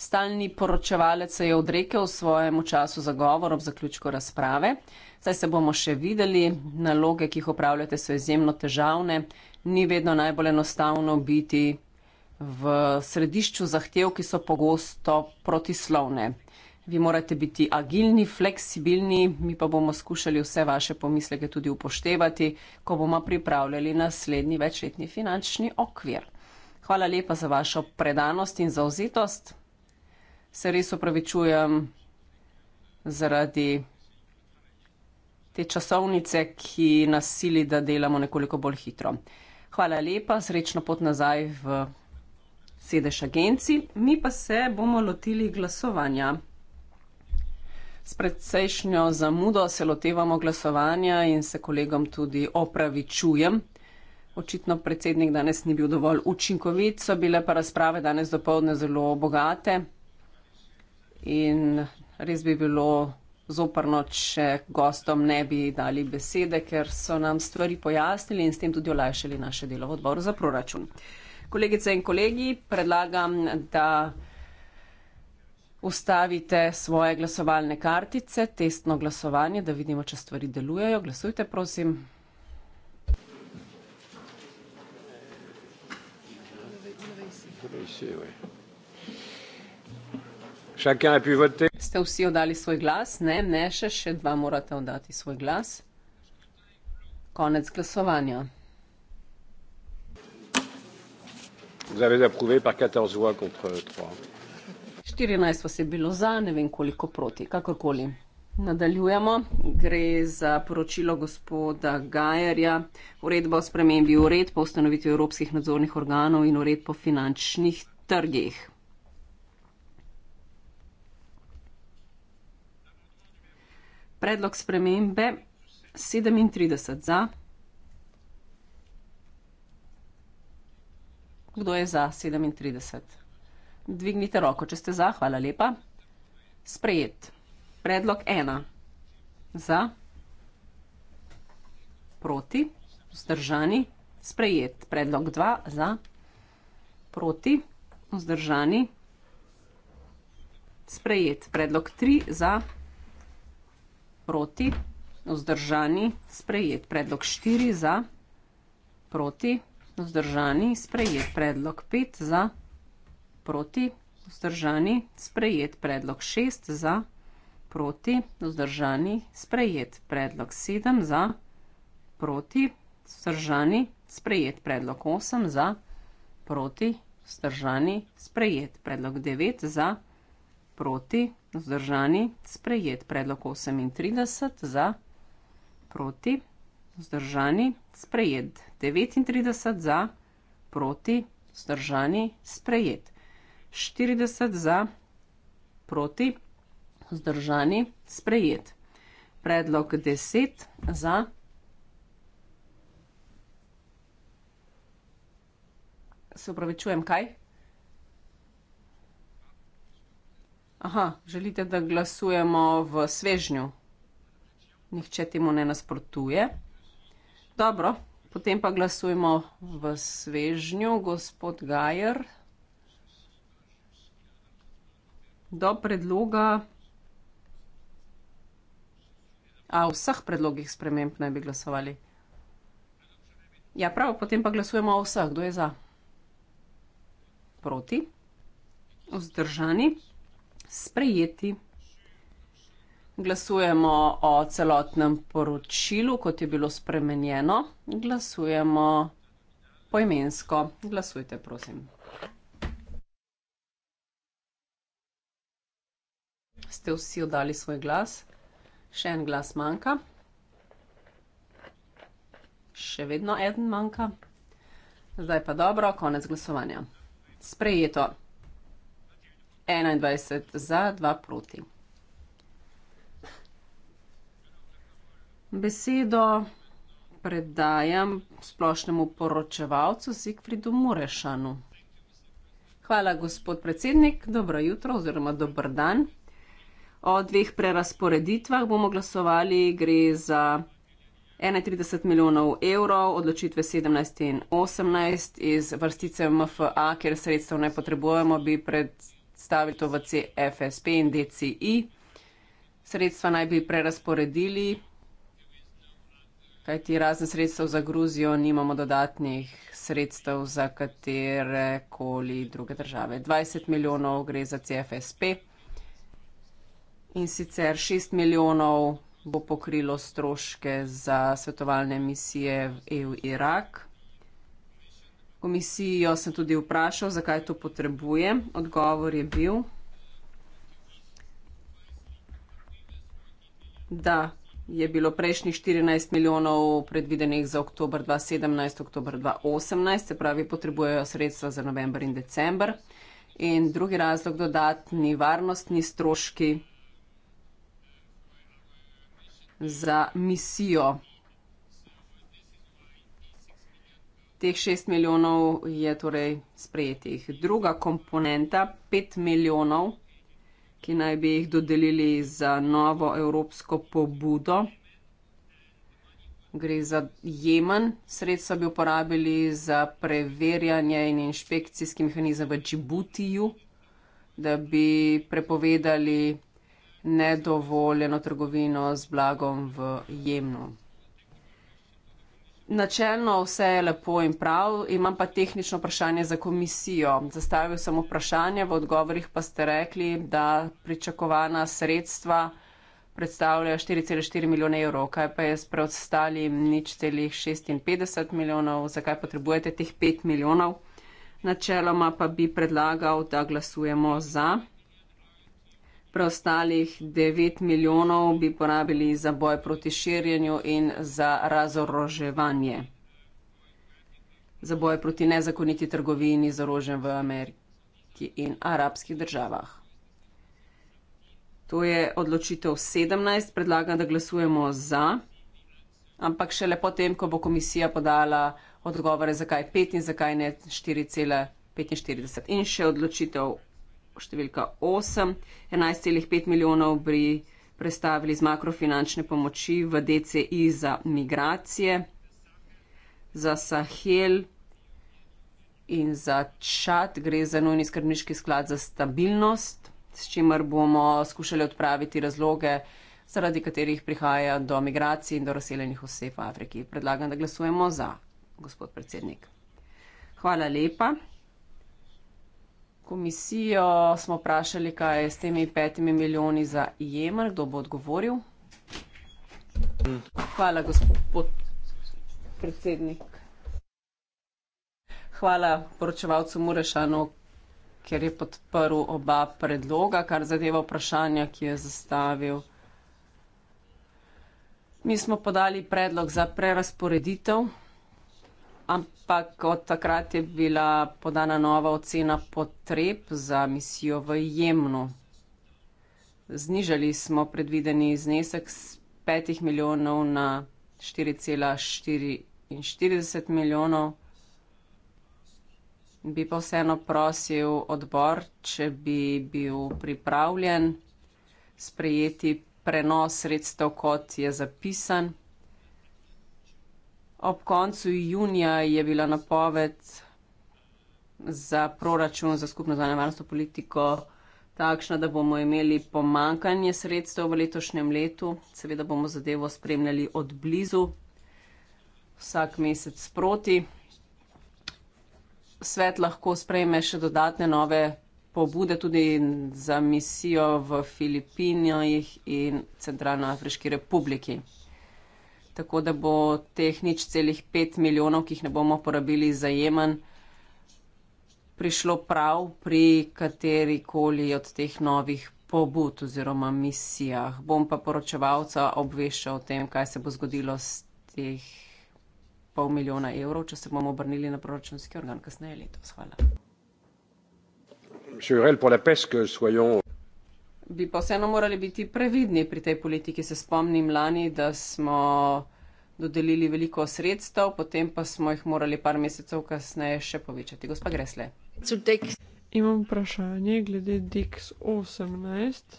Stalni poročevalec se je odrekel svojemu času za govor ob zaključku razprave. Zdaj se bomo še videli, naloge, ki jih opravljate, so izjemno težavne. Ni vedno najbolj enostavno biti v središču zahtev, ki so pogosto protislovne. Vi morate biti agilni, fleksibilni, mi pa bomo skušali vse vaše pomisleke tudi upoštevati, ko bomo pripravljali naslednji večletni finančni okvir. Hvala lepa za vašo predanost in zauzetost. Se res opravičujem zaradi te časovnice, ki nas sili, da delamo nekoliko bolj hitro. Hvala lepa, srečno pot nazaj v sedež agenci, mi pa se bomo lotili glasovanja. S precejšnjo zamudo se lotevamo glasovanja in se kolegom tudi opravičujem. Očitno predsednik danes ni bil dovolj učinkovit, so bile pa razprave danes dopoledne zelo bogate in res bi bilo zoprno, če gostom ne bi dali besede, ker so nam stvari pojasnili in s tem tudi olajšali naše delo v odboru za proračun. Kolegice in kolegi, predlagam, da ustavite svoje glasovalne kartice, testno glasovanje, da vidimo, če stvari delujejo. Glasujte, prosim. Ste vsi oddali svoj glas? Ne, ne še, še dva morate oddati svoj glas. Konec glasovanja. 14 vas je bilo za, ne vem koliko proti, kakorkoli. Nadaljujemo, gre za poročilo gospoda Gajerja, uredba o spremembi ured po ustanovitvi evropskih nadzornih organov in ured po finančnih trgih. Predlog spremembe 37 za. Kdo je za 37? Dvignite roko, če ste za, hvala lepa. Sprejet. Predlog ena. Za. Proti. Vzdržani. Sprejet. Predlog dva. Za. Proti. Vzdržani. Sprejet. Predlog tri. Za. Proti. Vzdržani. Sprejet. Predlog štiri. Za. Proti vzdržani, sprejet predlog 5 za, proti, vzdržani, sprejet predlog 6 za, proti, vzdržani, sprejet predlog 7 za, proti, vzdržani, sprejet predlog 8 za, proti, vzdržani, sprejet predlog 9 za, proti, vzdržani, sprejet predlog 38 za, proti, vzdržani, sprejet predlog 38 za, proti, vzdržani, sprejet. 39 za, proti, vzdržani, sprejet. 40 za, proti, vzdržani, sprejet. Predlog 10 za. Se upravičujem, kaj? Aha, želite, da glasujemo v svežnju? Nihče temu ne nasprotuje. Dobro, potem pa glasujemo v svežnju, gospod Gajer. Do predloga, a o vseh predlogih sprememb naj bi glasovali. Ja, prav, potem pa glasujemo o vseh, kdo je za. Proti, vzdržani, sprejeti. Glasujemo o celotnem poročilu, kot je bilo spremenjeno. Glasujemo poimensko. Glasujte, prosim. Ste vsi oddali svoj glas? Še en glas manjka. Še vedno en manjka. Zdaj pa dobro, konec glasovanja. Sprejeto. 21 za, 2 proti. besedo predajam splošnemu poročevalcu Zigfridu Murešanu. Hvala, gospod predsednik. Dobro jutro oziroma dober dan. O dveh prerasporeditvah bomo glasovali. Gre za 31 milijonov evrov, odločitve 17 in 18 iz vrstice MFA, kjer sredstev ne potrebujemo, bi predstavili to v CFSP in DCI. Sredstva naj bi prerasporedili Kajti razen sredstev za Gruzijo nimamo dodatnih sredstev za katere koli druge države. 20 milijonov gre za CFSP in sicer 6 milijonov bo pokrilo stroške za svetovalne misije v EU-Irak. Komisijo sem tudi vprašal, zakaj to potrebuje. Odgovor je bil, da je bilo prejšnjih 14 milijonov predvidenih za oktober 2017, oktober 2018, se pravi, potrebujejo sredstva za november in december. In drugi razlog dodatni varnostni stroški za misijo. Teh 6 milijonov je torej sprejetih. Druga komponenta, 5 milijonov ki naj bi jih dodelili za novo evropsko pobudo. Gre za Jemen. Sredstva bi uporabili za preverjanje in inšpekcijski mehanizem v Džibutiju, da bi prepovedali nedovoljeno trgovino z blagom v Jemnu. Načelno vse je lepo in prav, imam pa tehnično vprašanje za komisijo. Zastavil sem vprašanje, v odgovorih pa ste rekli, da pričakovana sredstva predstavljajo 4,4 milijone evrov, kaj pa je s preostalim nič celih 56 milijonov, zakaj potrebujete teh 5 milijonov. Načeloma pa bi predlagal, da glasujemo za preostalih 9 milijonov bi porabili za boj proti širjenju in za razoroževanje, za boj proti nezakoniti trgovini z orožjem v Ameriki in arabskih državah. To je odločitev 17, predlagam, da glasujemo za, ampak šele potem, ko bo komisija podala odgovore, zakaj 5 in zakaj ne 4,45. In še odločitev številka 8, 11,5 milijonov bi predstavili z makrofinančne pomoči v DCI za migracije, za Sahel in za Čad gre za nujni skrbniški sklad za stabilnost, s čimer bomo skušali odpraviti razloge, zaradi katerih prihaja do migracij in do razseljenih oseb v Afriki. Predlagam, da glasujemo za, gospod predsednik. Hvala lepa komisijo smo vprašali, kaj je s temi petimi milijoni za Jemen, kdo bo odgovoril. Hvala, gospod predsednik. Hvala poročevalcu Murešanu, ker je podprl oba predloga, kar zadeva vprašanja, ki je zastavil. Mi smo podali predlog za prerasporeditev ampak od takrat je bila podana nova ocena potreb za misijo v Jemnu. Znižali smo predvideni znesek s 5 milijonov na 4,44 milijonov. Bi pa vseeno prosil odbor, če bi bil pripravljen sprejeti prenos sredstev, kot je zapisan. Ob koncu junija je bila napoved za proračun za skupno zvanje varnostno politiko takšna, da bomo imeli pomankanje sredstev v letošnjem letu. Seveda bomo zadevo spremljali od blizu, vsak mesec proti. Svet lahko sprejme še dodatne nove pobude tudi za misijo v Filipinijo in Centralno-Afriški republiki tako da bo teh nič celih pet milijonov, ki jih ne bomo porabili za Jemen, prišlo prav pri kateri koli od teh novih pobud oziroma misijah. Bom pa poročevalca obveščal o tem, kaj se bo zgodilo s teh pol milijona evrov, če se bomo obrnili na proračunski organ kasneje letos. Hvala. Monsieur Hurel, pour la pesque, soyons bi pa vseeno morali biti previdni pri tej politiki. Se spomnim lani, da smo dodelili veliko sredstev, potem pa smo jih morali par mesecev kasneje še povečati. Gospa Gresle. Imam vprašanje glede DIX 18.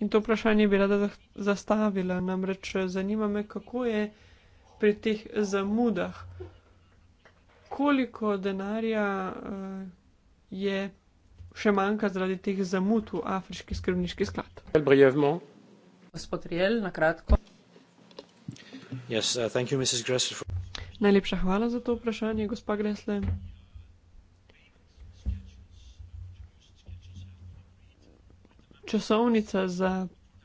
In to vprašanje bi rada zastavila. Namreč zanima me, kako je pri teh zamudah, koliko denarja uh, je še manjka zaradi teh zamud v afriški skrbniški sklad. Gospod Riel, na kratko. Yes, uh, you, for... Najlepša hvala za to vprašanje, gospa Gresle. Časovnica za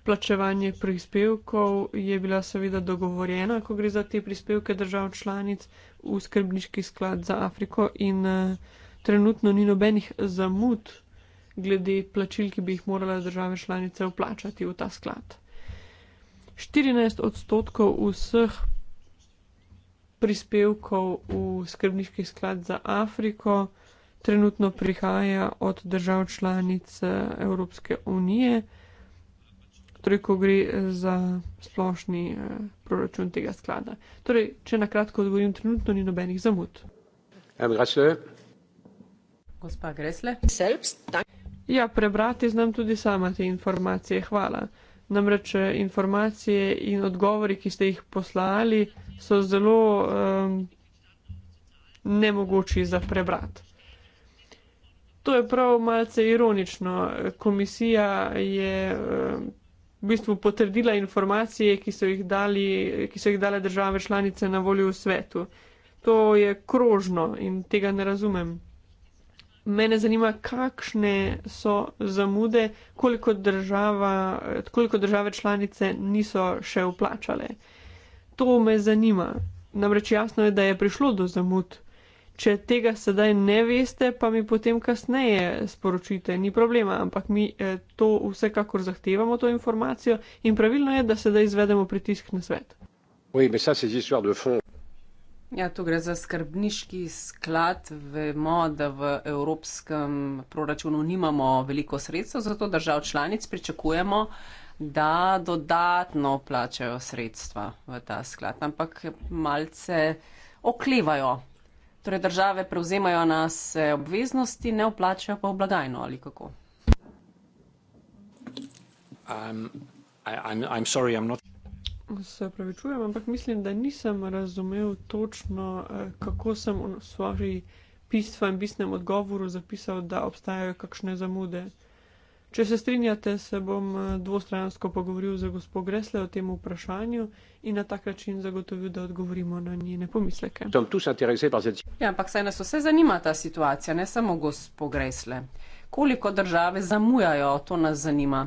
plačevanje prispevkov je bila seveda dogovorjena, ko gre za te prispevke držav članic v skrbniški sklad za Afriko in uh, trenutno ni nobenih zamud glede plačil, ki bi jih morale države članice vplačati v ta sklad. 14 odstotkov vseh prispevkov v skrbniški sklad za Afriko trenutno prihaja od držav članic eh, Evropske unije, torej ko gre eh, za splošni eh, proračun tega sklada. Torej, če na kratko odgovorim, trenutno ni nobenih zamud. Gospa Gresle. Selbst, Ja, prebrati znam tudi sama te informacije, hvala. Namreč eh, informacije in odgovori, ki ste jih poslali, so zelo um, nemogoči za prebrati. To je prav malce ironično. Komisija je ehm, v bistvu potrdila informacije, ki so jih, dali, ki so jih dale države članice na voljo v svetu. To je krožno in tega ne razumem. Mene zanima, kakšne so zamude, koliko, država, koliko države članice niso še uplačale. To me zanima. Namreč jasno je, da je prišlo do zamud. Če tega sedaj ne veste, pa mi potem kasneje sporočite, ni problema, ampak mi eh, to vsekakor zahtevamo, to informacijo in pravilno je, da sedaj izvedemo pritisk na svet. Oui, Ja, tu gre za skrbniški sklad. Vemo, da v evropskem proračunu nimamo veliko sredstev, zato držav članic pričakujemo, da dodatno plačajo sredstva v ta sklad, ampak malce oklevajo. Torej države prevzemajo nas obveznosti, ne vplačajo pa v blagajno ali kako. Um, I, I'm, I'm sorry, I'm not... Se upravičujem, ampak mislim, da nisem razumel točno, eh, kako sem v svoji pisma in pisnem odgovoru zapisal, da obstajajo kakšne zamude. Če se strinjate, se bom eh, dvostransko pogovoril z gospod Gresle o tem vprašanju in na tak način zagotovil, da odgovorimo na njene pomisleke. Ja, ampak saj nas vse zanima ta situacija, ne samo gospod Gresle. Koliko države zamujajo, to nas zanima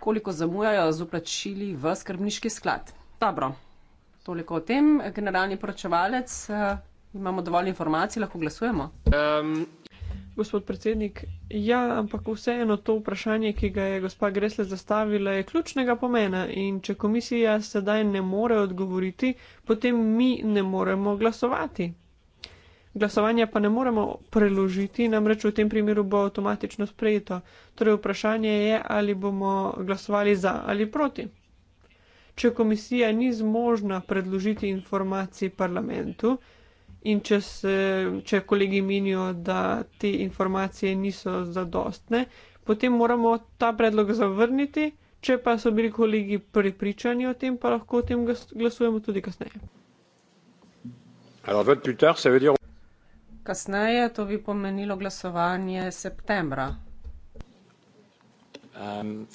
koliko zamujajo z uplačili v skrbniški sklad. Dobro, toliko o tem. Generalni poročevalec, eh, imamo dovolj informacij, lahko glasujemo. Um. Gospod predsednik, ja, ampak vseeno to vprašanje, ki ga je gospa Gresle zastavila, je ključnega pomena in če komisija sedaj ne more odgovoriti, potem mi ne moremo glasovati glasovanja pa ne moremo preložiti, namreč v tem primeru bo avtomatično sprejeto. Torej vprašanje je, ali bomo glasovali za ali proti. Če komisija ni zmožna predložiti informacij parlamentu in če, se, če kolegi menijo, da te informacije niso zadostne, potem moramo ta predlog zavrniti. Če pa so bili kolegi prepričani o tem, pa lahko o tem glasujemo tudi kasneje. Alors, kasneje, to bi pomenilo glasovanje septembra. Um,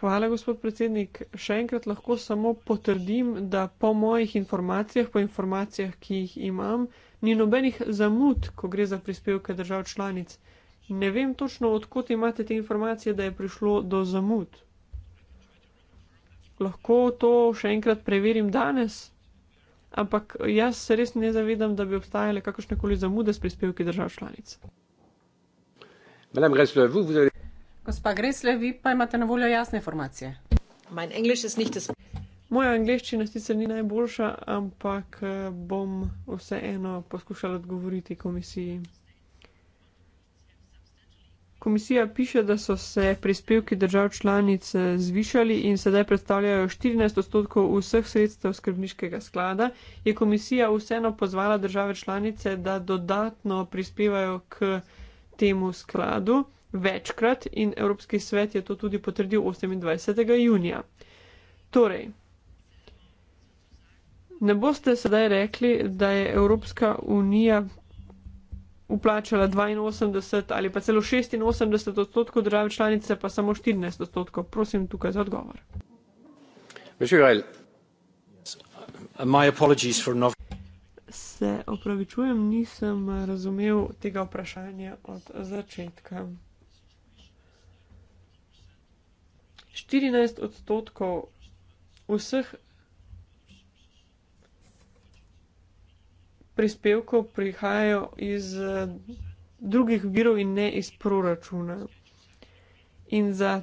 Hvala, gospod predsednik. Še enkrat lahko samo potrdim, da po mojih informacijah, po informacijah, ki jih imam, ni nobenih zamud, ko gre za prispevke držav članic. Ne vem točno, odkot imate te informacije, da je prišlo do zamud. Lahko to še enkrat preverim danes? ampak jaz se res ne zavedam, da bi obstajale kakršne koli zamude s prispevki držav članic. Gospa Gresle, vi pa imate na voljo jasne informacije. Moja angliščina sicer ni najboljša, ampak eh, bom vseeno poskušala odgovoriti komisiji komisija piše, da so se prispevki držav članic eh, zvišali in sedaj predstavljajo 14 odstotkov vseh sredstev skrbniškega sklada, je komisija vseeno pozvala države članice, da dodatno prispevajo k temu skladu večkrat in Evropski svet je to tudi potrdil 28. junija. Torej, ne boste sedaj rekli, da je Evropska unija uplačala 82 ali pa celo 86 odstotkov države članice, pa samo 14 odstotkov. Prosim tukaj za odgovor. Se opravičujem, nisem razumel tega vprašanja od začetka. 14 odstotkov vseh prispevkov prihajajo iz uh, drugih virov in ne iz proračuna. In za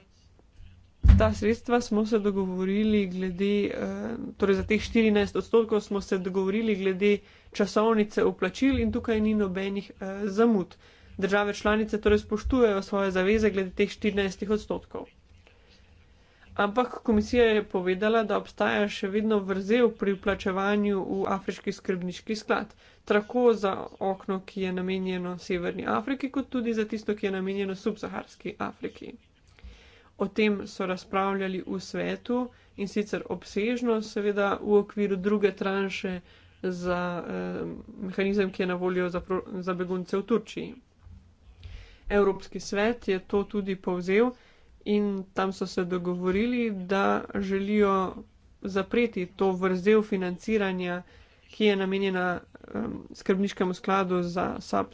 ta sredstva smo se dogovorili glede, uh, torej za teh 14 odstotkov smo se dogovorili glede časovnice uplačil in tukaj ni nobenih uh, zamud. Države članice torej spoštujejo svoje zaveze glede teh 14 odstotkov. Ampak komisija je povedala, da obstaja še vedno vrzel pri vplačevanju v afriški skrbniški sklad, tako za okno, ki je namenjeno Severni Afriki, kot tudi za tisto, ki je namenjeno subsaharski Afriki. O tem so razpravljali v svetu in sicer obsežno, seveda v okviru druge tranše za eh, mehanizem, ki je na voljo za, za begunce v Turčiji. Evropski svet je to tudi povzel in tam so se dogovorili, da želijo zapreti to vrzel financiranja, ki je namenjena um, skrbniškemu skladu za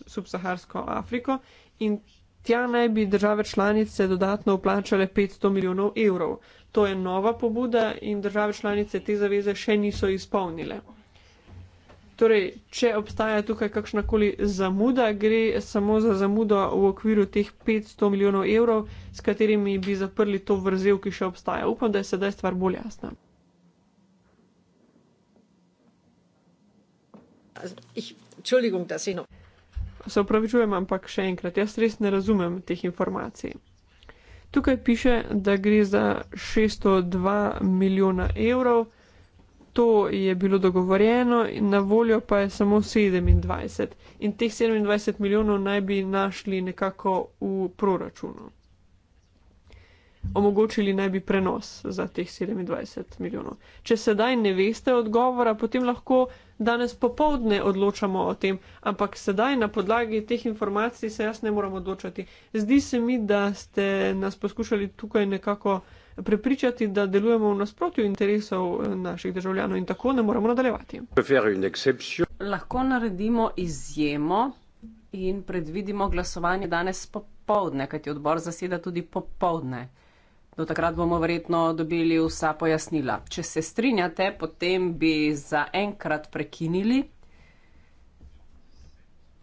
subsaharsko Afriko. In tja naj bi države članice dodatno uplačale 500 milijonov evrov. To je nova pobuda in države članice te zaveze še niso izpolnile. Torej, če obstaja tukaj kakršnakoli zamuda, gre samo za zamudo v okviru teh 500 milijonov evrov, s katerimi bi zaprli to vrzel, ki še obstaja. Upam, da je sedaj stvar bolj jasna. Se upravičujem, ampak še enkrat, jaz res ne razumem teh informacij. Tukaj piše, da gre za 602 milijona evrov to je bilo dogovorjeno, na voljo pa je samo 27 in teh 27 milijonov naj bi našli nekako v proračunu. Omogočili naj bi prenos za teh 27 milijonov. Če sedaj ne veste odgovora, potem lahko danes popovdne odločamo o tem, ampak sedaj na podlagi teh informacij se jaz ne moram odločati. Zdi se mi, da ste nas poskušali tukaj nekako prepričati, da delujemo v nasprotju interesov eh, naših državljanov in tako ne moremo nadaljevati. Lahko naredimo izjemo in predvidimo glasovanje danes popovdne, kajti odbor zaseda tudi popovdne. Do takrat bomo verjetno dobili vsa pojasnila. Če se strinjate, potem bi za enkrat prekinili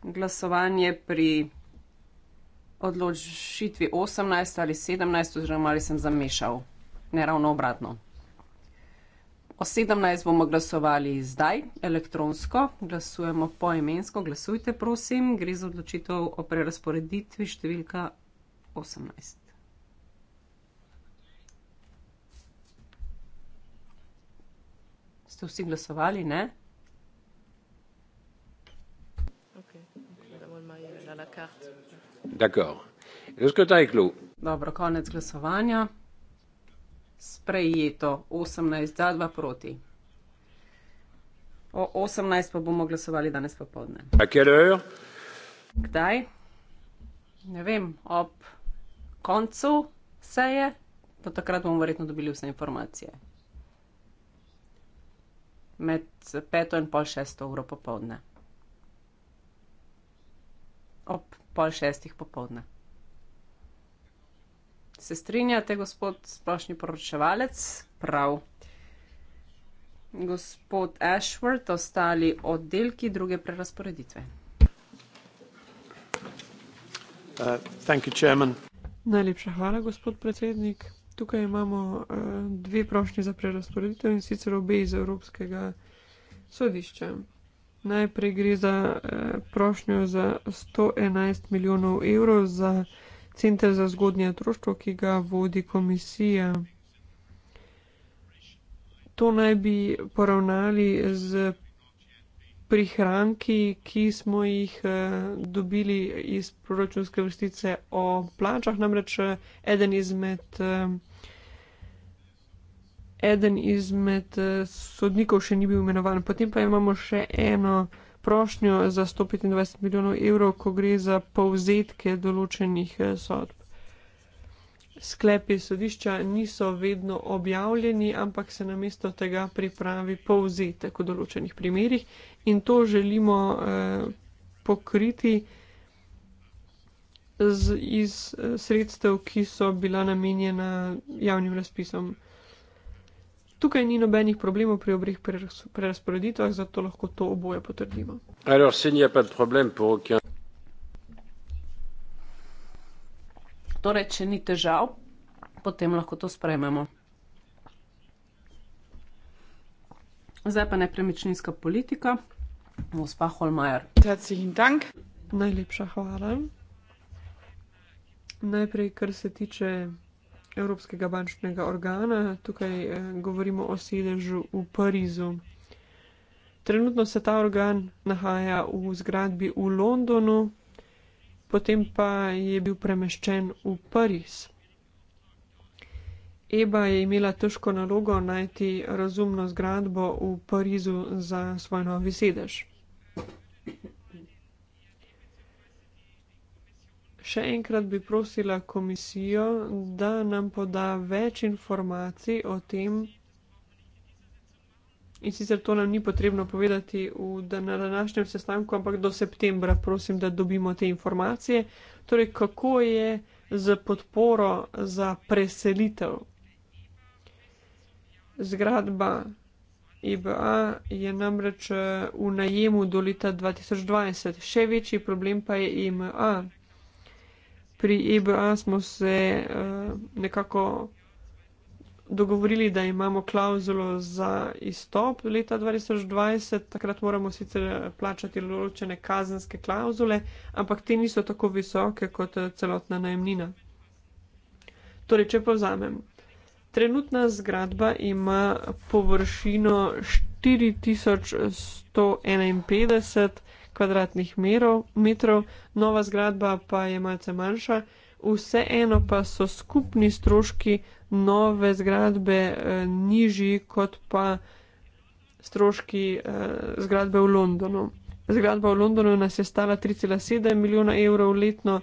glasovanje pri odločitvi 18 ali 17, oziroma ali sem zamišal, ne ravno obratno. O 17 bomo glasovali zdaj, elektronsko, glasujemo poemensko, glasujte prosim, gre za odločitev o prerasporeditvi številka 18. Ste vsi glasovali, ne? Okay. Okay. D'accord. Le scrutin est clos. Dobro, konec glasovanja. Sprejeto 18 za 2 proti. O 18 pa bomo glasovali danes popovdne. A quelle heure? Kdaj? Ne vem, ob koncu seje, do takrat bomo verjetno dobili vse informacije. Med peto in pol šesto uro popovdne. Ob pol šestih popovdne. Se strinjate, gospod splošni poročevalec? Prav. Gospod Ashworth, ostali oddelki druge prerasporeditve. Uh, you, Najlepša hvala, gospod predsednik. Tukaj imamo uh, dve prošnje za prerasporeditev in sicer obe iz Evropskega sodišča. Najprej gre za eh, prošnjo za 111 milijonov evrov za Center za zgodnje otroštvo, ki ga vodi komisija. To naj bi poravnali z prihranki, ki smo jih eh, dobili iz proračunske vrstice o plačah, namreč eh, eden izmed. Eh, eden izmed eh, sodnikov še ni bil imenovan. Potem pa imamo še eno prošnjo za 125 milijonov evrov, ko gre za povzetke določenih eh, sodb. Sklepi sodišča niso vedno objavljeni, ampak se namesto tega pripravi povzetek v določenih primerjih in to želimo eh, pokriti z, iz eh, sredstev, ki so bila namenjena javnim razpisom. Tukaj ni nobenih problemov pri obrih prerasporeditvah, zato lahko to oboje potrdimo. Alors, aucun... Torej, če ni težav, potem lahko to sprememo. Zdaj pa nepremičninska politika, gospa Holmajer. Najlepša hvala. Najprej, kar se tiče Evropskega bančnega organa, tukaj eh, govorimo o sedežu v Parizu. Trenutno se ta organ nahaja v zgradbi v Londonu, potem pa je bil premeščen v Pariz. Eba je imela težko nalogo najti razumno zgradbo v Parizu za svoj novi sedež. Še enkrat bi prosila komisijo, da nam poda več informacij o tem. In sicer to nam ni potrebno povedati v, da na današnjem sestanku, ampak do septembra, prosim, da dobimo te informacije. Torej, kako je z podporo za preselitev? Zgradba IBA je namreč eh, v najemu do leta 2020. Še večji problem pa je IMA pri EBA smo se uh, nekako dogovorili, da imamo klauzulo za izstop leta 2020. Takrat moramo sicer plačati določene kazenske klauzule, ampak te niso tako visoke kot eh, celotna najemnina. Torej, če povzamem. Trenutna zgradba ima površino 4151 kvadratnih merov, metrov, nova zgradba pa je malce manjša. Vseeno pa so skupni stroški nove zgradbe eh, nižji kot pa stroški eh, zgradbe v Londonu. Zgradba v Londonu nas je stala 3,7 milijona evrov letno,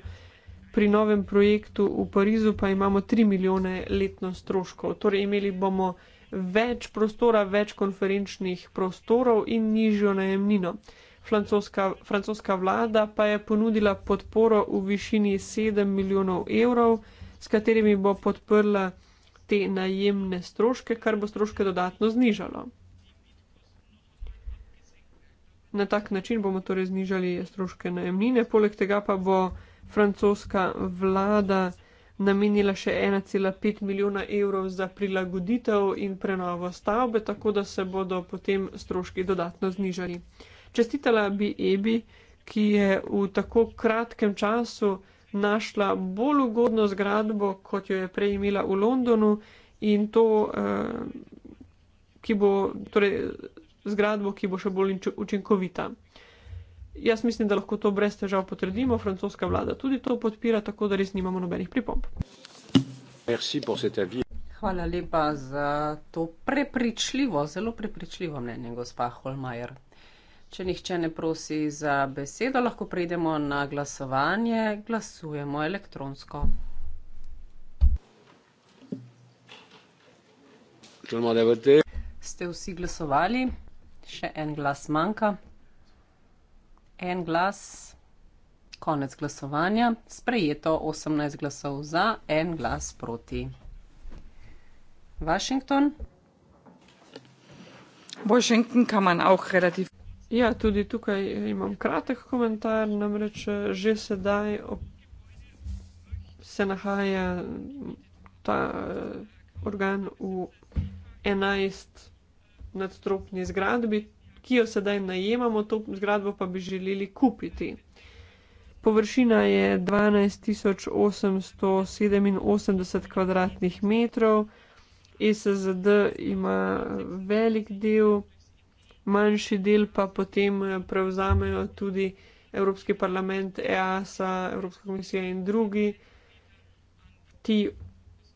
pri novem projektu v Parizu pa imamo 3 milijone letno stroškov. Torej imeli bomo več prostora, več konferenčnih prostorov in nižjo najemnino francoska, francoska vlada pa je ponudila podporo v višini 7 milijonov evrov, s katerimi bo podprla te najemne stroške, kar bo stroške dodatno znižalo. Na tak način bomo torej znižali stroške najemnine, poleg tega pa bo francoska vlada namenila še 1,5 milijona evrov za prilagoditev in prenovo stavbe, tako da se bodo potem stroški dodatno znižali. Čestitala bi Ebi, ki je v tako kratkem času našla bolj ugodno zgradbo, kot jo je prej imela v Londonu in to, eh, ki bo, torej zgradbo, ki bo še bolj učinkovita. Jaz mislim, da lahko to brez težav potrdimo, francoska vlada tudi to podpira, tako da res nimamo nobenih pripomb. Hvala lepa za to prepričljivo, zelo prepričljivo mnenje, gospa Holmajer. Če nihče ne prosi za besedo, lahko prejdemo na glasovanje. Glasujemo elektronsko. Ste vsi glasovali? Še en glas manjka. En glas. Konec glasovanja. Sprejeto, 18 glasov za, en glas proti. Washington. Washington kann man auch relativ Ja, tudi tukaj eh, imam kratek komentar, namreč eh, že sedaj se nahaja ta eh, organ v enajst nadstropni zgradbi, ki jo sedaj najemamo, to zgradbo pa bi želeli kupiti. Površina je dvanajst tisoč osemsto sedeminosemdeset kvadratnih metrov, ESZD ima velik del manjši del pa potem eh, prevzamejo tudi Evropski parlament, EASA, Evropska komisija in drugi. Ti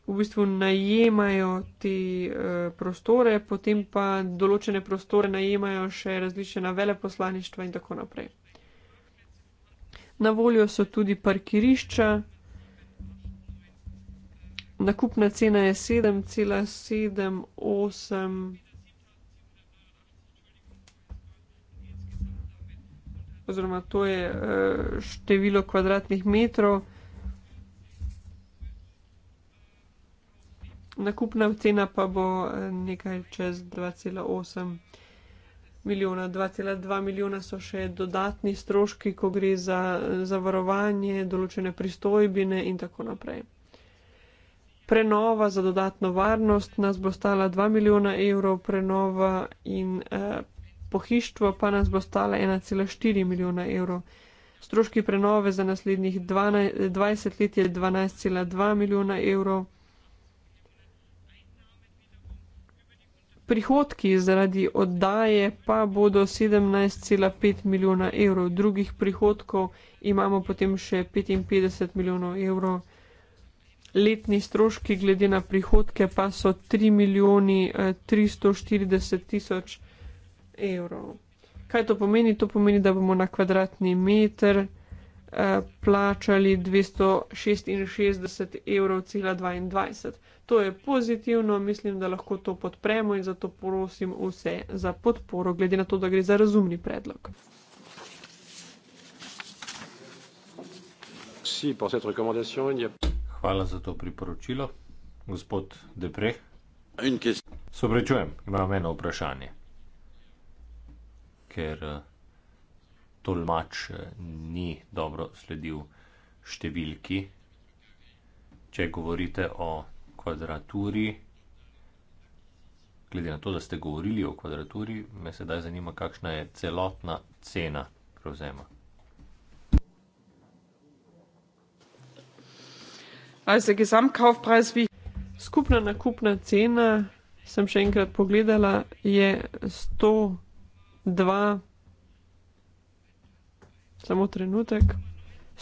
v bistvu najemajo te e, prostore, potem pa določene prostore najemajo še različna veleposlaništva in tako naprej. Na voljo so tudi parkirišča. Nakupna cena je 7,78 oziroma to je uh, število kvadratnih metrov. Nakupna cena pa bo eh, nekaj čez 2,8 milijona. 2,2 milijona so še dodatni stroški, ko gre za eh, zavarovanje, določene pristojbine in tako naprej. Prenova za dodatno varnost nas bo stala 2 milijona evrov, prenova in eh, pohištvo pa nas bo stalo 1,4 milijona evrov. Stroški prenove za naslednjih 12, 20 let je 12,2 milijona evrov. Prihodki zaradi oddaje pa bodo 17,5 milijona evrov. Drugih prihodkov imamo potem še 55 milijonov evrov. Letni stroški glede na prihodke pa so 3 milijoni 340 eh, tisoč evrov evrov. Kaj to pomeni? To pomeni, da bomo na kvadratni meter uh, plačali 266 evrov cela 22. To je pozitivno, mislim, da lahko to podpremo in zato prosim vse za podporo, glede na to, da gre za razumni predlog. Hvala za to priporočilo, gospod Depreh. Sobrečujem, imam eno vprašanje ker eh, tolmač eh, ni dobro sledil številki. Če govorite o kvadraturi, glede na to, da ste govorili o kvadraturi, me sedaj zanima, kakšna je celotna cena prevzema. Also Gesamtkaufpreis, wie skupna nakupna cena, sem še enkrat pogledala, je 100 2, samo trenutek,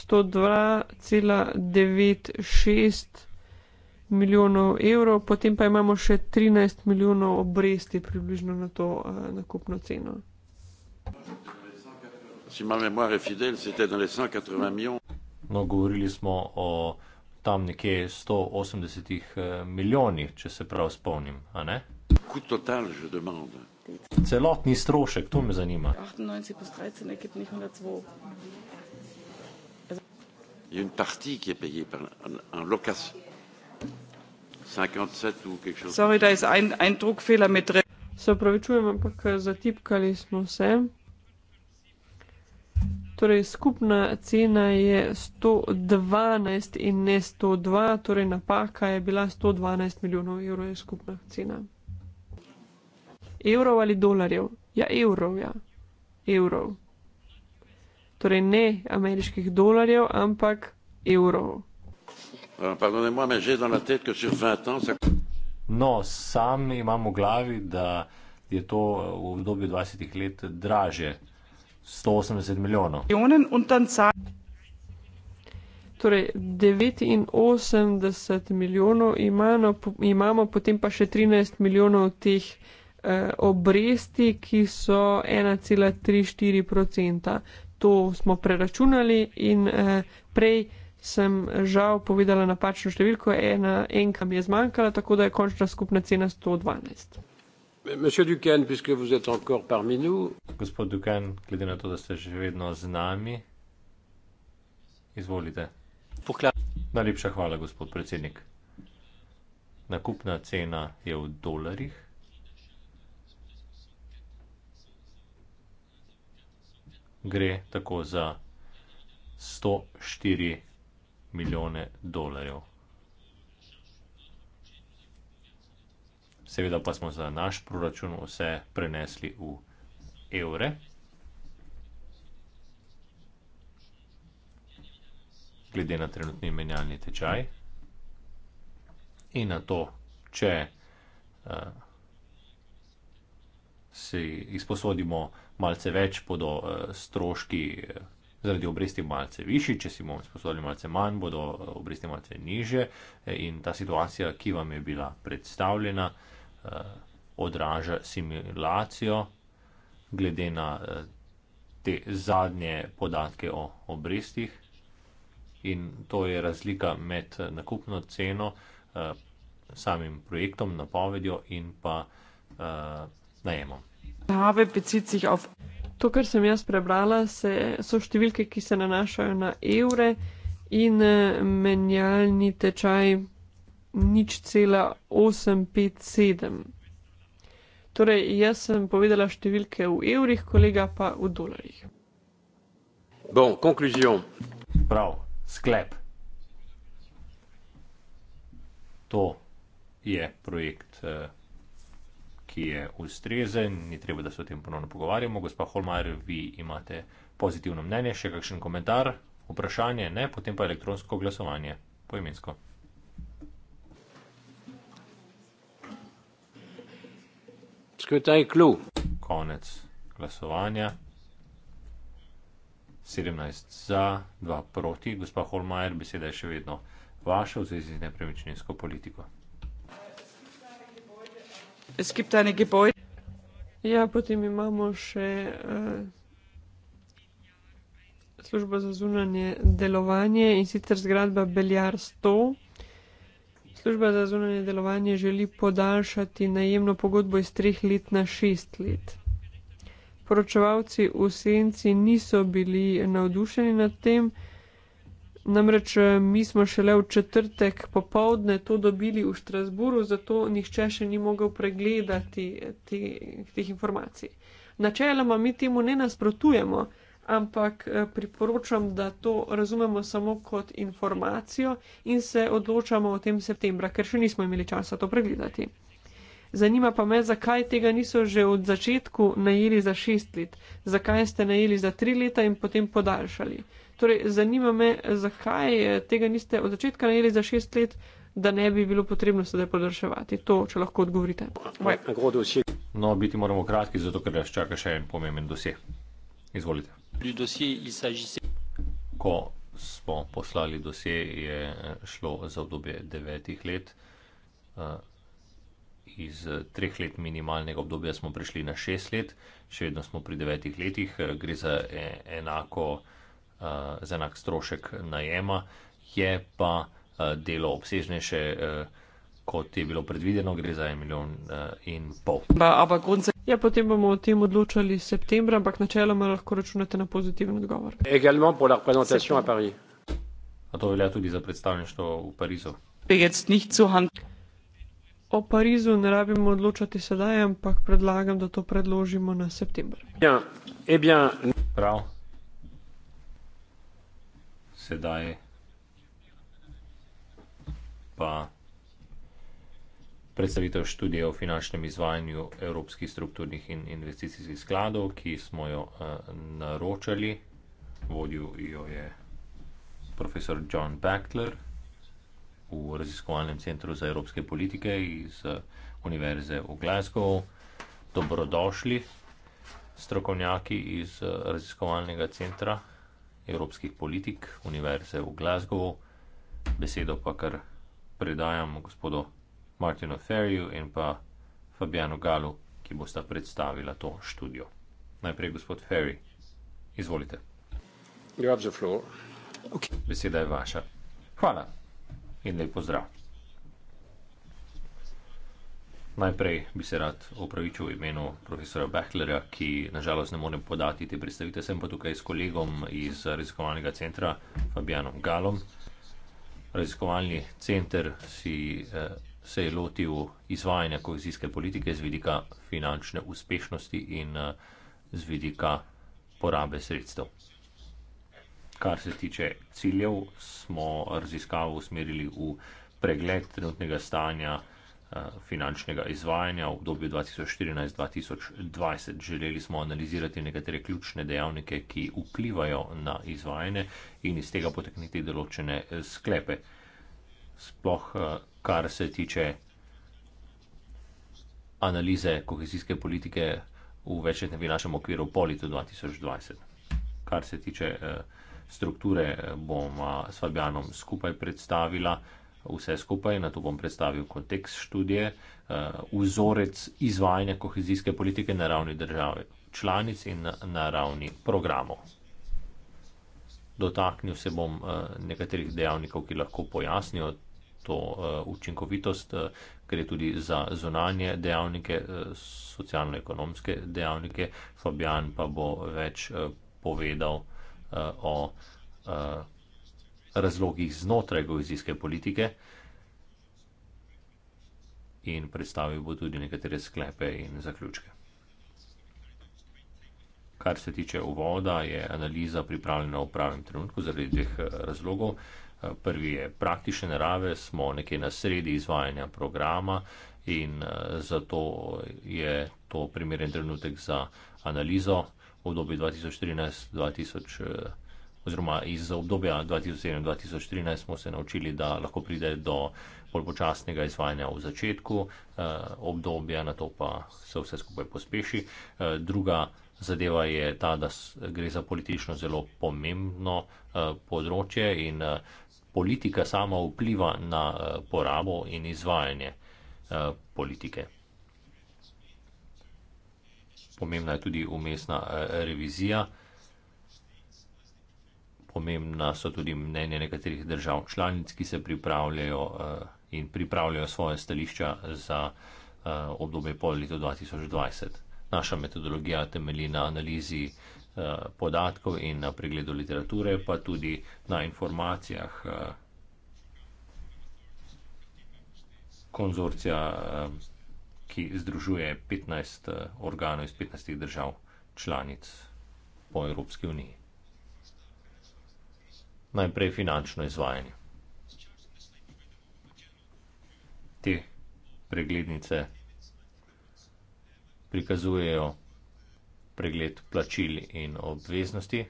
102,96 milijonov evrov, potem pa imamo še 13 milijonov obresti približno na to uh, nakupno ceno. No, govorili smo o tam nekje 180 eh, milijonih, če se prav spomnim, a ne? Total, Celotni strošek, to me zanima. 98 plus 13 je kot 102. Je en parti, ki je pejé par en lokas. 57 ou quelque chose. Sorry, da je en, en drug fehler med re. Se upravičujem, ampak eh, zatipkali smo vse. Torej, skupna cena je 112 in ne 102, torej napaka je bila 112 milijonov evrov je skupna cena evrov ali dolarjev? Ja, evrov, ja. Evrov. Torej ne ameriških dolarjev, ampak evrov. Euh, no, sam imam v glavi, da je to uh, v obdobju 20 let draže. 180 milijonov. Torej, 89 milijonov imamo, imamo potem pa še 13 milijonov teh eh, obresti, ki so 1,34%. To smo preračunali in eh, prej sem žal povedala napačno številko, ena enka mi je zmanjkala, tako da je končna skupna cena 112. Gospod Duken, glede na to, da ste še vedno z nami, izvolite. Najlepša hvala, gospod predsednik. Nakupna cena je v dolarjih. gre tako za 104 milijone dolarjev. Seveda pa smo za naš proračun vse prenesli v evre. Glede na trenutni menjalni tečaj. In na to, če uh, si izposodimo uh, malce več, bodo eh, stroški eh, zaradi obresti malce višji, če si bomo sposodili malce manj, bodo eh, obresti malce niže in ta situacija, ki vam je bila predstavljena, odraža simulacijo glede na te zadnje podatke o obrestih in to je razlika med nakupno ceno, samim projektom, napovedjo in pa najemom. Pojave bezit sich auf. To, kar sem jaz prebrala, se, so številke, ki se nanašajo na evre in eh, menjalni tečaj nič cela 857. Torej, jaz sem povedala številke v evrih, kolega pa v dolarjih. Bom, konkluzijo. Prav, sklep. To je projekt. Uh ki je ustrezen, ni treba, da se o tem ponovno pogovarjamo. Gospa Holmajer, vi imate pozitivno mnenje, še kakšen komentar, vprašanje, ne, potem pa elektronsko glasovanje, poimensko. Skrtaj klu. Konec glasovanja. 17 za, 2 proti. Gospa Holmajer, beseda je še vedno vaša v zvezi z nepremičninsko politiko. Es gibt eine Gebäude. Ja, potem imamo še uh, službo za zunanje delovanje in sicer zgradba Beljar 100. Služba za zunanje delovanje želi podaljšati najemno pogodbo iz 3 let na 6 let. Poročevalci v senci niso bili navdušeni nad tem. Namreč eh, mi smo šele v četrtek popovdne to dobili v Štrasburu, zato nihče še ni mogel pregledati te, teh informacij. Načeloma mi temu ne nasprotujemo, ampak eh, priporočam, da to razumemo samo kot informacijo in se odločamo o tem septembra, ker še nismo imeli časa to pregledati. Zanima pa me, zakaj tega niso že od začetku najeli za šest let, zakaj ste najeli za tri leta in potem podaljšali. Torej, zanima me, zakaj eh, tega niste od začetka najeli za šest let, da ne bi bilo potrebno sedaj podrševati. To, če lahko odgovorite. Moje. No, biti moramo kratki, zato ker nas čaka še en pomemben dosje. Izvolite. Ko smo poslali dosje, je eh, šlo za obdobje devetih let. Eh, iz treh let minimalnega obdobja smo prišli na šest let, še vedno smo pri devetih letih. Gre za enako za enak strošek najema, je pa delo obsežnejše, kot je bilo predvideno, gre za en milijon in pol. Ba, Ja, potem bomo o tem odločali v septembru, ampak načeloma lahko računate na pozitiven odgovor. A to velja tudi za predstavništvo v Parizu? O Parizu ne rabimo odločati sedaj, ampak predlagam, da to predložimo na september. Eh Prav sedaj pa predstavitev študije o finančnem izvajanju evropskih strukturnih in investicijskih skladov, ki smo jo uh, naročali. Vodil jo je profesor John Backler v raziskovalnem centru za evropske politike iz eh, Univerze v Glasgow. Dobrodošli strokovnjaki iz eh, raziskovalnega centra evropskih politik Univerze v Glasgowu. Besedo pa kar predajam gospodu Martinu Ferriju in pa Fabijanu Galu, ki bosta predstavila to študijo. Najprej gospod Ferri, izvolite. Okay. Beseda je vaša. Hvala in lepo zdrav. Najprej bi se rad opravičil v imenu profesora Bechlera, ki nažalost ne morem podati te predstavitve. Sem pa tukaj s kolegom iz raziskovalnega centra Fabijanom Galom. Raziskovalni center si, eh, se je lotil izvajanja kohezijske politike z vidika finančne uspešnosti in eh, z vidika porabe sredstev. Kar se tiče ciljev, smo raziskavo usmerili v pregled trenutnega stanja. Eh, finančnega izvajanja v obdobju 2014-2020. Želeli smo analizirati nekatere ključne dejavnike, ki vplivajo na izvajanje in iz tega potekniti določene eh, sklepe. Sploh eh, kar se tiče analize kohezijske politike v večletnem finančnem okviru po letu 2020. Kar se tiče strukture, bom s Fabijanom skupaj predstavila vse skupaj, na to bom predstavil kontekst študije, eh, vzorec izvajanja kohezijske politike na ravni države članic in na ravni programov. Dotaknil se bom eh, nekaterih dejavnikov, ki lahko pojasnijo to eh, učinkovitost, gre tudi za zunanje dejavnike, socialno-ekonomske dejavnike. Fabian pa bo več povedal o razlogih znotraj govizijske politike in predstavil bo tudi nekatere sklepe in zaključke. Kar se tiče uvoda, je analiza pripravljena v pravem trenutku zaradi dveh eh, razlogov. Eh, prvi je praktične narave, smo nekje na sredi izvajanja programa in eh, zato je to primeren trenutek za analizo v dobi 2014-2020 oziroma iz obdobja 2007-2013 smo se naučili, da lahko pride do bolj počasnega izvajanja v začetku eh, obdobja, na to pa se vse skupaj pospeši. Eh, druga zadeva je ta, da gre za politično zelo pomembno eh, področje in eh, politika sama vpliva na eh, porabo in izvajanje eh, politike. Pomembna je tudi umestna eh, revizija pomembna so tudi mnenje nekaterih držav članic, ki se pripravljajo eh, in pripravljajo svoje stališča za eh, obdobje pol leta 2020. Naša metodologija temelji na analizi eh, podatkov in na pregledu literature, pa tudi na informacijah konzorcija, ki združuje 15 organov iz 15 držav članic po Evropski uniji najprej finančno izvajanje. Te preglednice prikazujejo pregled plačil in obveznosti.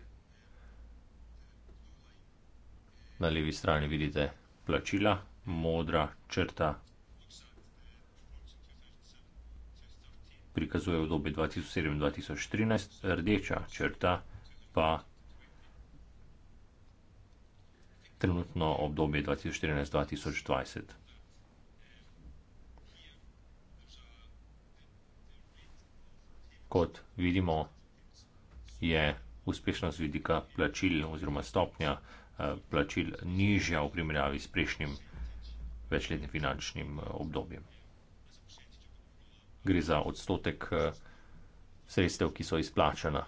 Na levi strani vidite plačila, modra črta prikazuje v dobi 2007-2013, rdeča črta pa trenutno obdobje 2014-2020. Kot vidimo, je uspešnost vidika plačil oziroma stopnja eh, plačil nižja v primerjavi s prejšnjim večletnim finančnim eh, obdobjem. Gre za odstotek eh, sredstev, ki so izplačena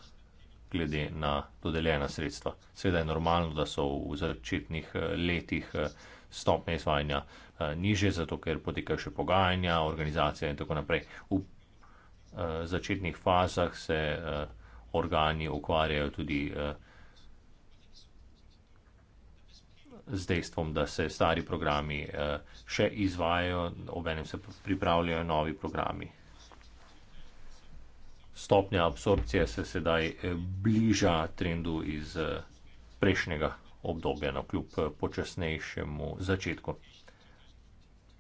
glede na dodeljena sredstva. Sveda je normalno, da so v začetnih eh, letih eh, stopne izvajanja eh, niže, zato ker potekajo še pogajanja, organizacija in tako naprej. V začetnih fazah se organi ukvarjajo tudi z dejstvom, da se stari programi še izvajajo, obenem se pripravljajo novi programi stopnja absorpcije se sedaj eh, bliža trendu iz eh, prejšnjega obdobja, na kljub eh, počasnejšemu začetku.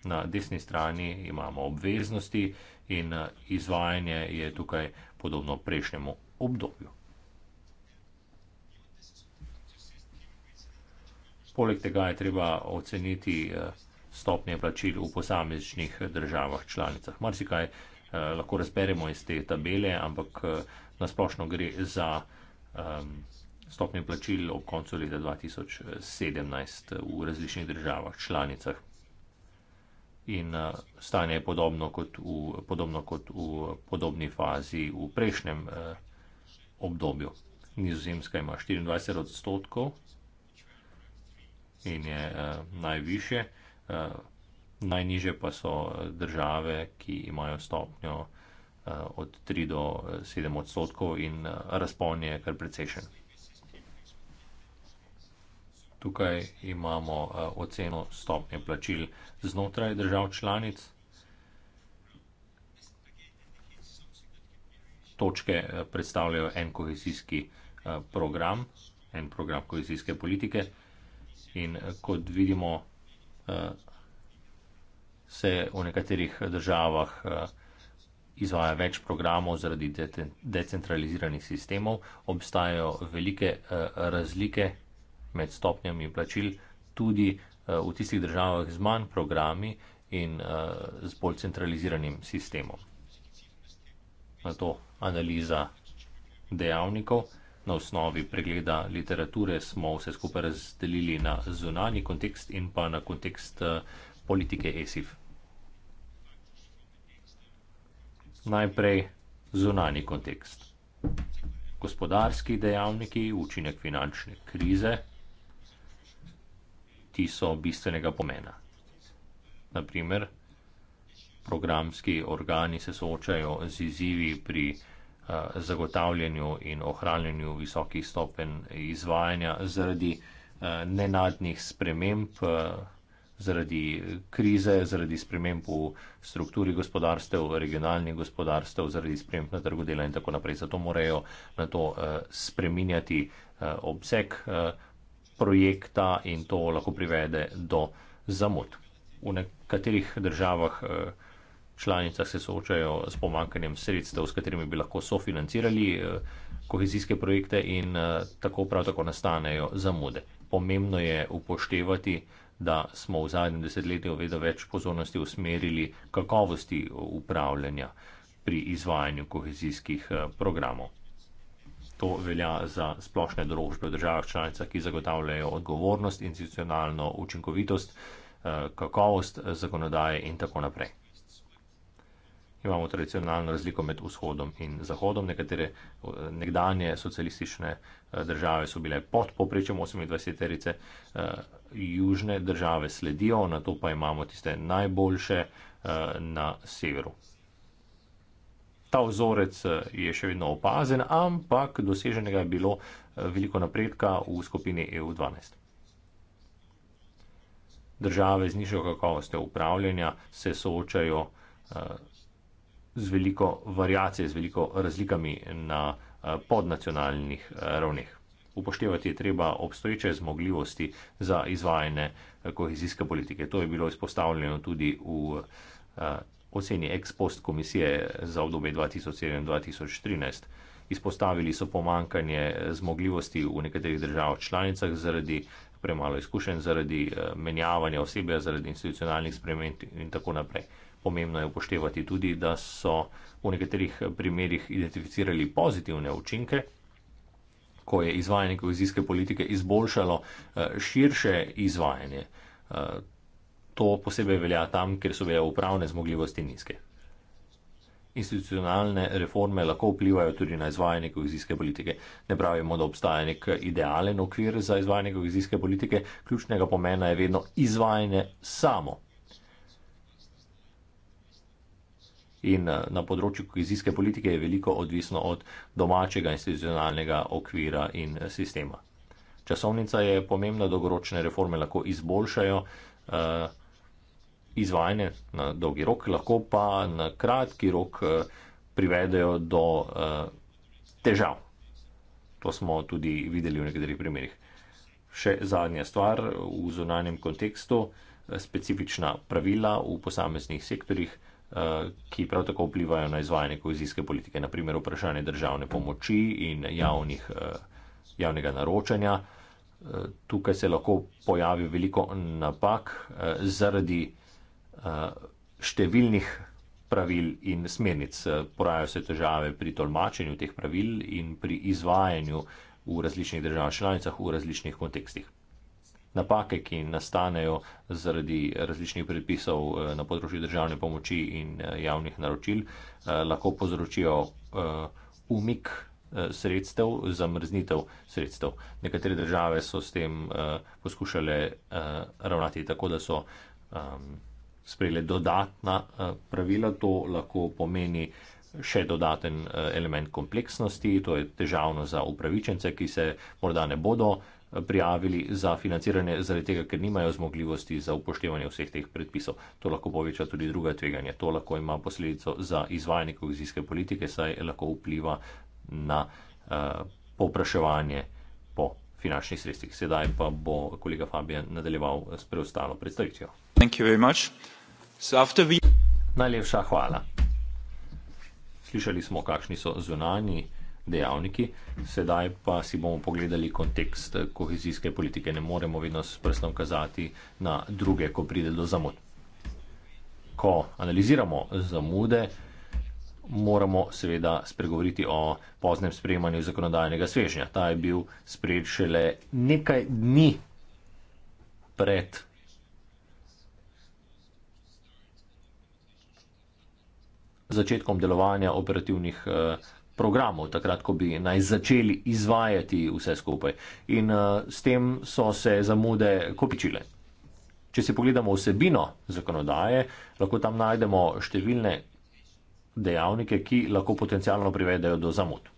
Na desni strani imamo obveznosti in izvajanje je tukaj podobno prejšnjemu obdobju. Poleg tega je treba oceniti stopnje plačil v posamezničnih državah članicah. Marsikaj Eh, lahko razberemo iz te tabele, ampak eh, nasplošno gre za um, ehm, stopnje plačil ob koncu leta 2017 eh, v različnih državah, članicah. In uh, stanje je podobno kot, v, podobno kot v podobni fazi v prejšnjem uh, obdobju. Nizozemska ima 24 odstotkov in je uh, najviše. Uh, Najniže pa so eh, države, ki imajo stopnjo eh, od 3 do 7 eh, odstotkov in razpon je kar precejšen. Tukaj imamo oceno stopnje plačil znotraj držav članic. Točke predstavljajo en kohezijski program, en program kohezijske politike in kot vidimo, se v nekaterih državah eh, izvaja več programov zaradi de decentraliziranih sistemov, obstajajo velike eh, razlike med stopnjami plačil tudi eh, v tistih državah z manj programi in z bolj centraliziranim sistemom. Na to analiza dejavnikov. Na osnovi pregleda literature smo vse skupaj razdelili na zunani kontekst in pa na kontekst politike ESIF. najprej zunani kontekst. Gospodarski dejavniki, učinek finančne krize, ti so bistvenega pomena. Naprimer, programski organi se soočajo z izzivi pri uh, zagotavljanju in ohranjanju visokih stopen izvajanja zaradi uh, nenadnih sprememb. Uh, zaradi krize, zaradi sprememb v strukturi gospodarstev, regionalnih gospodarstev, zaradi sprememb na trgu dela in tako naprej. Zato morajo na to uh, spreminjati uh, obseg uh, projekta in to lahko privede do zamud. V nekaterih državah uh, članicah se soočajo s pomankanjem sredstev, s katerimi bi lahko sofinancirali uh, kohezijske projekte in uh, tako prav tako nastanejo zamude. Pomembno je upoštevati, da smo v zadnjem desetletju vedno več pozornosti usmerili kakovosti upravljanja pri izvajanju kohezijskih eh, programov. To velja za splošne družbe v državah članicah, ki zagotavljajo odgovornost, institucionalno učinkovitost, eh, kakovost eh, zakonodaje in tako naprej imamo tradicionalno razliko med vzhodom in zahodom. Nekatere nekdanje socialistične eh, države so bile pod poprečjem 28-terice, eh, južne države sledijo, na to pa imamo tiste najboljše eh, na severu. Ta vzorec je še vedno opazen, ampak doseženega je bilo veliko napredka v skupini EU12. Države z nižjo kakovostjo upravljanja se soočajo z veliko variacije, z veliko razlikami na eh, podnacionalnih eh, ravneh. Upoštevati je treba obstoječe zmogljivosti za izvajanje eh, kohezijske politike. To je bilo izpostavljeno tudi v oceni ex post komisije za obdobje 2007-2013. Izpostavili so pomankanje zmogljivosti v nekaterih državah članicah zaradi premalo izkušenj, zaradi menjavanja osebe, zaradi institucionalnih sprememb in tako naprej. Pomembno je upoštevati tudi, da so v nekaterih primerjih identificirali pozitivne učinke, ko je izvajanje kohezijske politike izboljšalo eh, širše izvajanje. Eh, to posebej velja tam, kjer so bile upravne zmogljivosti nizke. Institucionalne reforme lahko vplivajo tudi na izvajanje kohezijske politike. Ne pravimo, da obstaja nek idealen okvir za izvajanje kohezijske politike, ključnega pomena je vedno izvajanje samo In eh, na področju kohezijske politike je veliko odvisno od domačega institucionalnega okvira in eh, sistema. Časovnica je pomembna, dolgoročne reforme lahko izboljšajo eh, izvajanje na dolgi rok, lahko pa na kratki rok eh, privedejo do eh, težav. To smo tudi videli v nekaterih primerjih. Še zadnja stvar v zunanjem kontekstu, eh, specifična pravila v posameznih sektorjih. Eh, ki prav tako vplivajo na izvajanje kohezijske politike, naprimer vprašanje državne pomoči in javnih, eh, javnega naročanja. Eh, tukaj se lahko pojavi veliko napak zaradi številnih pravil in smernic. Porajajo se težave pri tolmačenju teh pravil in pri izvajanju v različnih državah članicah v različnih kontekstih napake, ki nastanejo zaradi različnih predpisov eh, na področju državne pomoči in eh, javnih naročil, eh, lahko povzročijo umik sredstev, zamrznitev sredstev. Nekatere države so s tem poskušale ravnati tako, da so ehm, sprejele dodatna pravila. To lahko pomeni še dodaten element kompleksnosti, to je težavno za upravičence, ki se morda ne bodo prijavili za financiranje, zaradi tega, ker nimajo zmogljivosti za upoštevanje vseh teh predpisov. To lahko poveča tudi druga tveganja. To lahko ima posledico za izvajanje kohezijske politike, saj lahko vpliva na uh, eh, popraševanje po finančnih sredstvih. Sedaj pa bo kolega Fabijan nadaljeval s preostalo predstavitvijo. Najlepša hvala. Slišali smo, kakšni so zunani dejavniki, sedaj pa si bomo pogledali kontekst eh, kohezijske politike. Ne moremo vedno s prstom kazati na druge, ko pride do zamud. Ko analiziramo zamude, moramo seveda spregovoriti o poznem sprejemanju zakonodajnega svežnja. Ta je bil sprejet šele nekaj dni pred. Začetkom delovanja operativnih uh, programov, takrat, ko bi naj začeli izvajati vse skupaj. In uh, s tem so se zamude kopičile. Če si pogledamo vsebino zakonodaje, lahko tam najdemo številne dejavnike, ki lahko potencialno privedajo do zamud.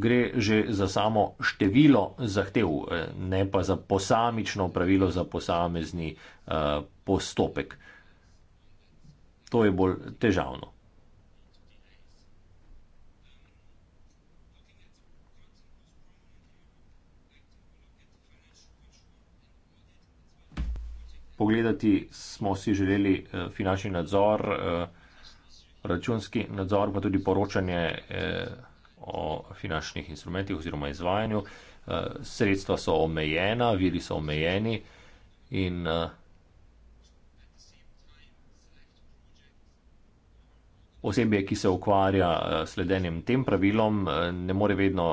Gre že za samo število zahtev, eh, ne pa za posamično pravilo, za posamezni uh, postopek. To je bolj težavno. pogledati, smo si želeli eh, finančni nadzor, eh, računski nadzor, pa tudi poročanje eh, o finančnih instrumentih oziroma izvajanju. Sredstva so omejena, viri so omejeni in osebje, ki se ukvarja sledenjem tem pravilom, ne more vedno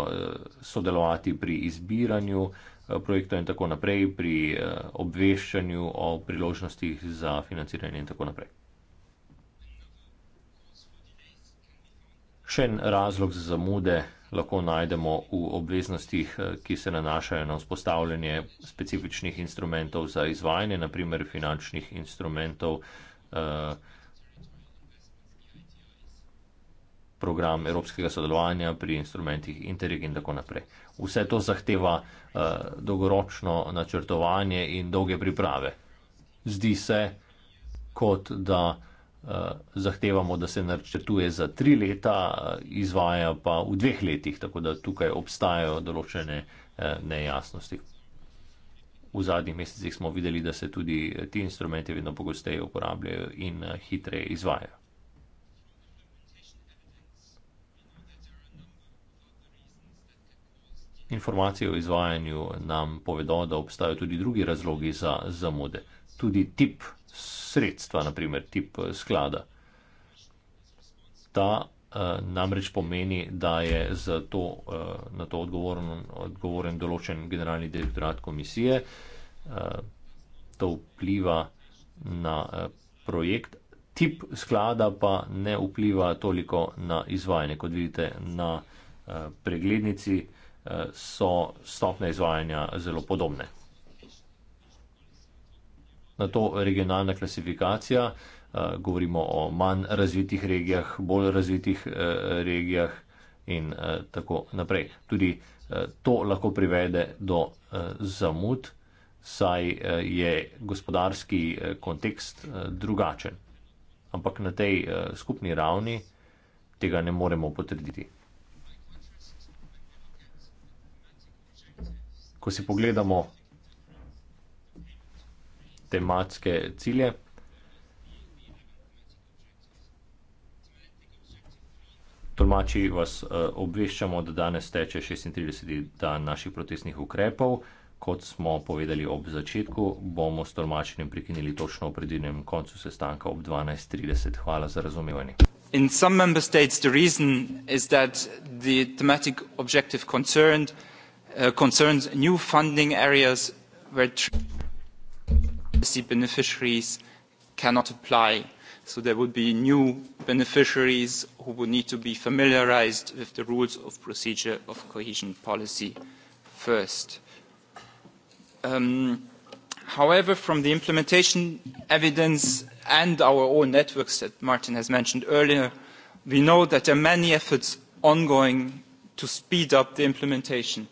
sodelovati pri izbiranju projektov in tako naprej, pri eh, obveščanju o priložnostih za financiranje in tako naprej. Še en razlog za zamude lahko najdemo v obveznostih, eh, ki se nanašajo na vzpostavljanje specifičnih instrumentov za izvajanje, naprimer finančnih instrumentov. Uh, program evropskega sodelovanja pri instrumentih Interreg in tako naprej. Vse to zahteva uh, dolgoročno načrtovanje in dolge priprave. Zdi se, kot da uh, zahtevamo, da se načrtuje za tri leta, uh, izvaja pa v dveh letih, tako da tukaj obstajajo določene uh, nejasnosti. V zadnjih mesecih smo videli, da se tudi ti instrumenti vedno pogosteje uporabljajo in uh, hitreje izvajajo. informacije o izvajanju nam povedo, da obstajajo tudi drugi razlogi za zamude, tudi tip sredstva, naprimer tip eh, sklada. Ta uh, namreč pomeni, da je to, uh, na to odgovoren, odgovoren določen generalni direktorat komisije, uh, to vpliva na uh, projekt. Tip sklada pa ne vpliva toliko na izvajanje, kot vidite na uh, preglednici so stopne izvajanja zelo podobne. Na to regionalna klasifikacija, eh, govorimo o manj razvitih regijah, bolj razvitih eh, regijah in eh, tako naprej. Tudi to lahko privede do zamud, saj je gospodarski kontekst drugačen. Ampak na tej skupni ravni tega ne moremo potrditi. ko si pogledamo tematske cilje, tolmači vas eh, obveščamo, da danes teče 36. dan naših protestnih ukrepov. Kot smo povedali ob začetku, bomo s tolmačenjem prekinili točno v predvidenem koncu sestanka ob 12.30. Hvala za razumevanje. In some member states the reason is that the thematic objective concerned Uh, concerns new funding areas where tree beneficiaries cannot apply. So there would be new beneficiaries who would need to be familiarized with the rules of procedure of cohesion policy first. Um, however, from the implementation evidence and our own networks that Martin has mentioned earlier, we know that there are many efforts ongoing to speed up the implementation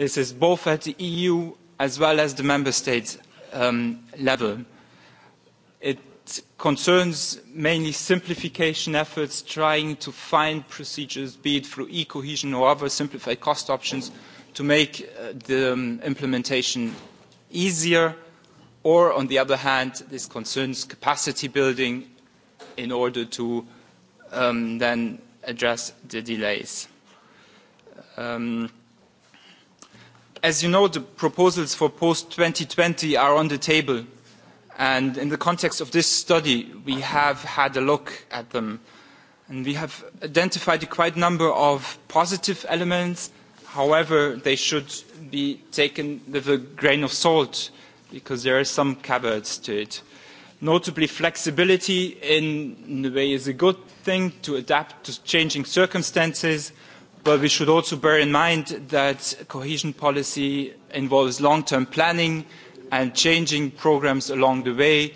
this is both at the EU as well as the member state um, level. It concerns mainly simplification efforts, trying to find procedures, be it through e-cohesion or other simplified cost options, to make uh, the um, implementation easier. Or, on the other hand, this concerns capacity building in order to um, then address the delays. Um, as you know, the proposals for post 2020 are on the table. And in the context of this study, we have had a look at them. And we have identified a quite number of positive elements. However, they should be taken with a grain of salt because there are some caveats to it. Notably, flexibility in a way is a good thing to adapt to changing circumstances. But we should also bear in mind that cohesion policy involves long-term planning and changing programs along the way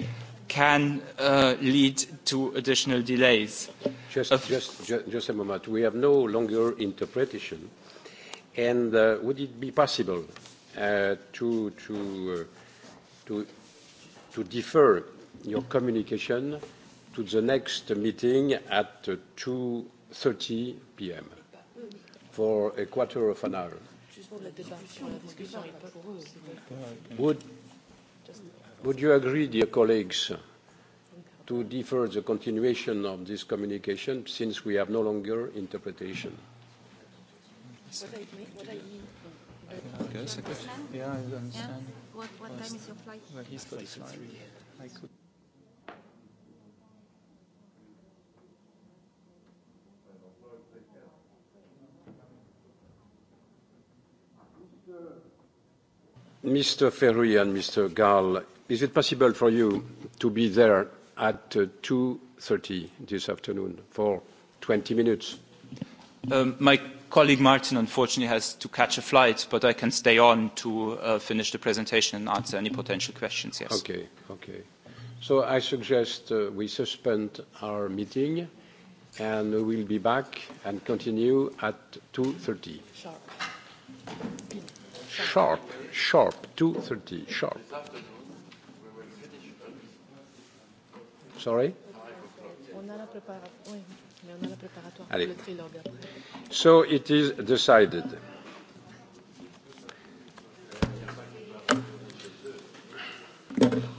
can uh, lead to additional delays. Just, uh, just, just a moment. We have no longer interpretation. And uh, would it be possible uh, to, to, uh, to, to defer your communication to the next meeting at 2.30 p.m.? for a quarter of an hour. Would, would you agree, dear colleagues, to defer the continuation of this communication since we have no longer interpretation? What time is your flight? Mr. Ferri and Mr. Gall, is it possible for you to be there at 2:30 uh, P.M. this afternoon for 20 minutes? Um, my colleague Martin, unfortunately, has to catch a flight, but I can stay on to uh, finish the presentation and answer any potential questions, yes. Okay. Okay. So I suggest uh, we suspend our meeting, and we'll be back and continue at 2:30 P.M. Sure sharp, sharp, 2.30, sharp. Sorry? Allez. So it is decided. Thank you.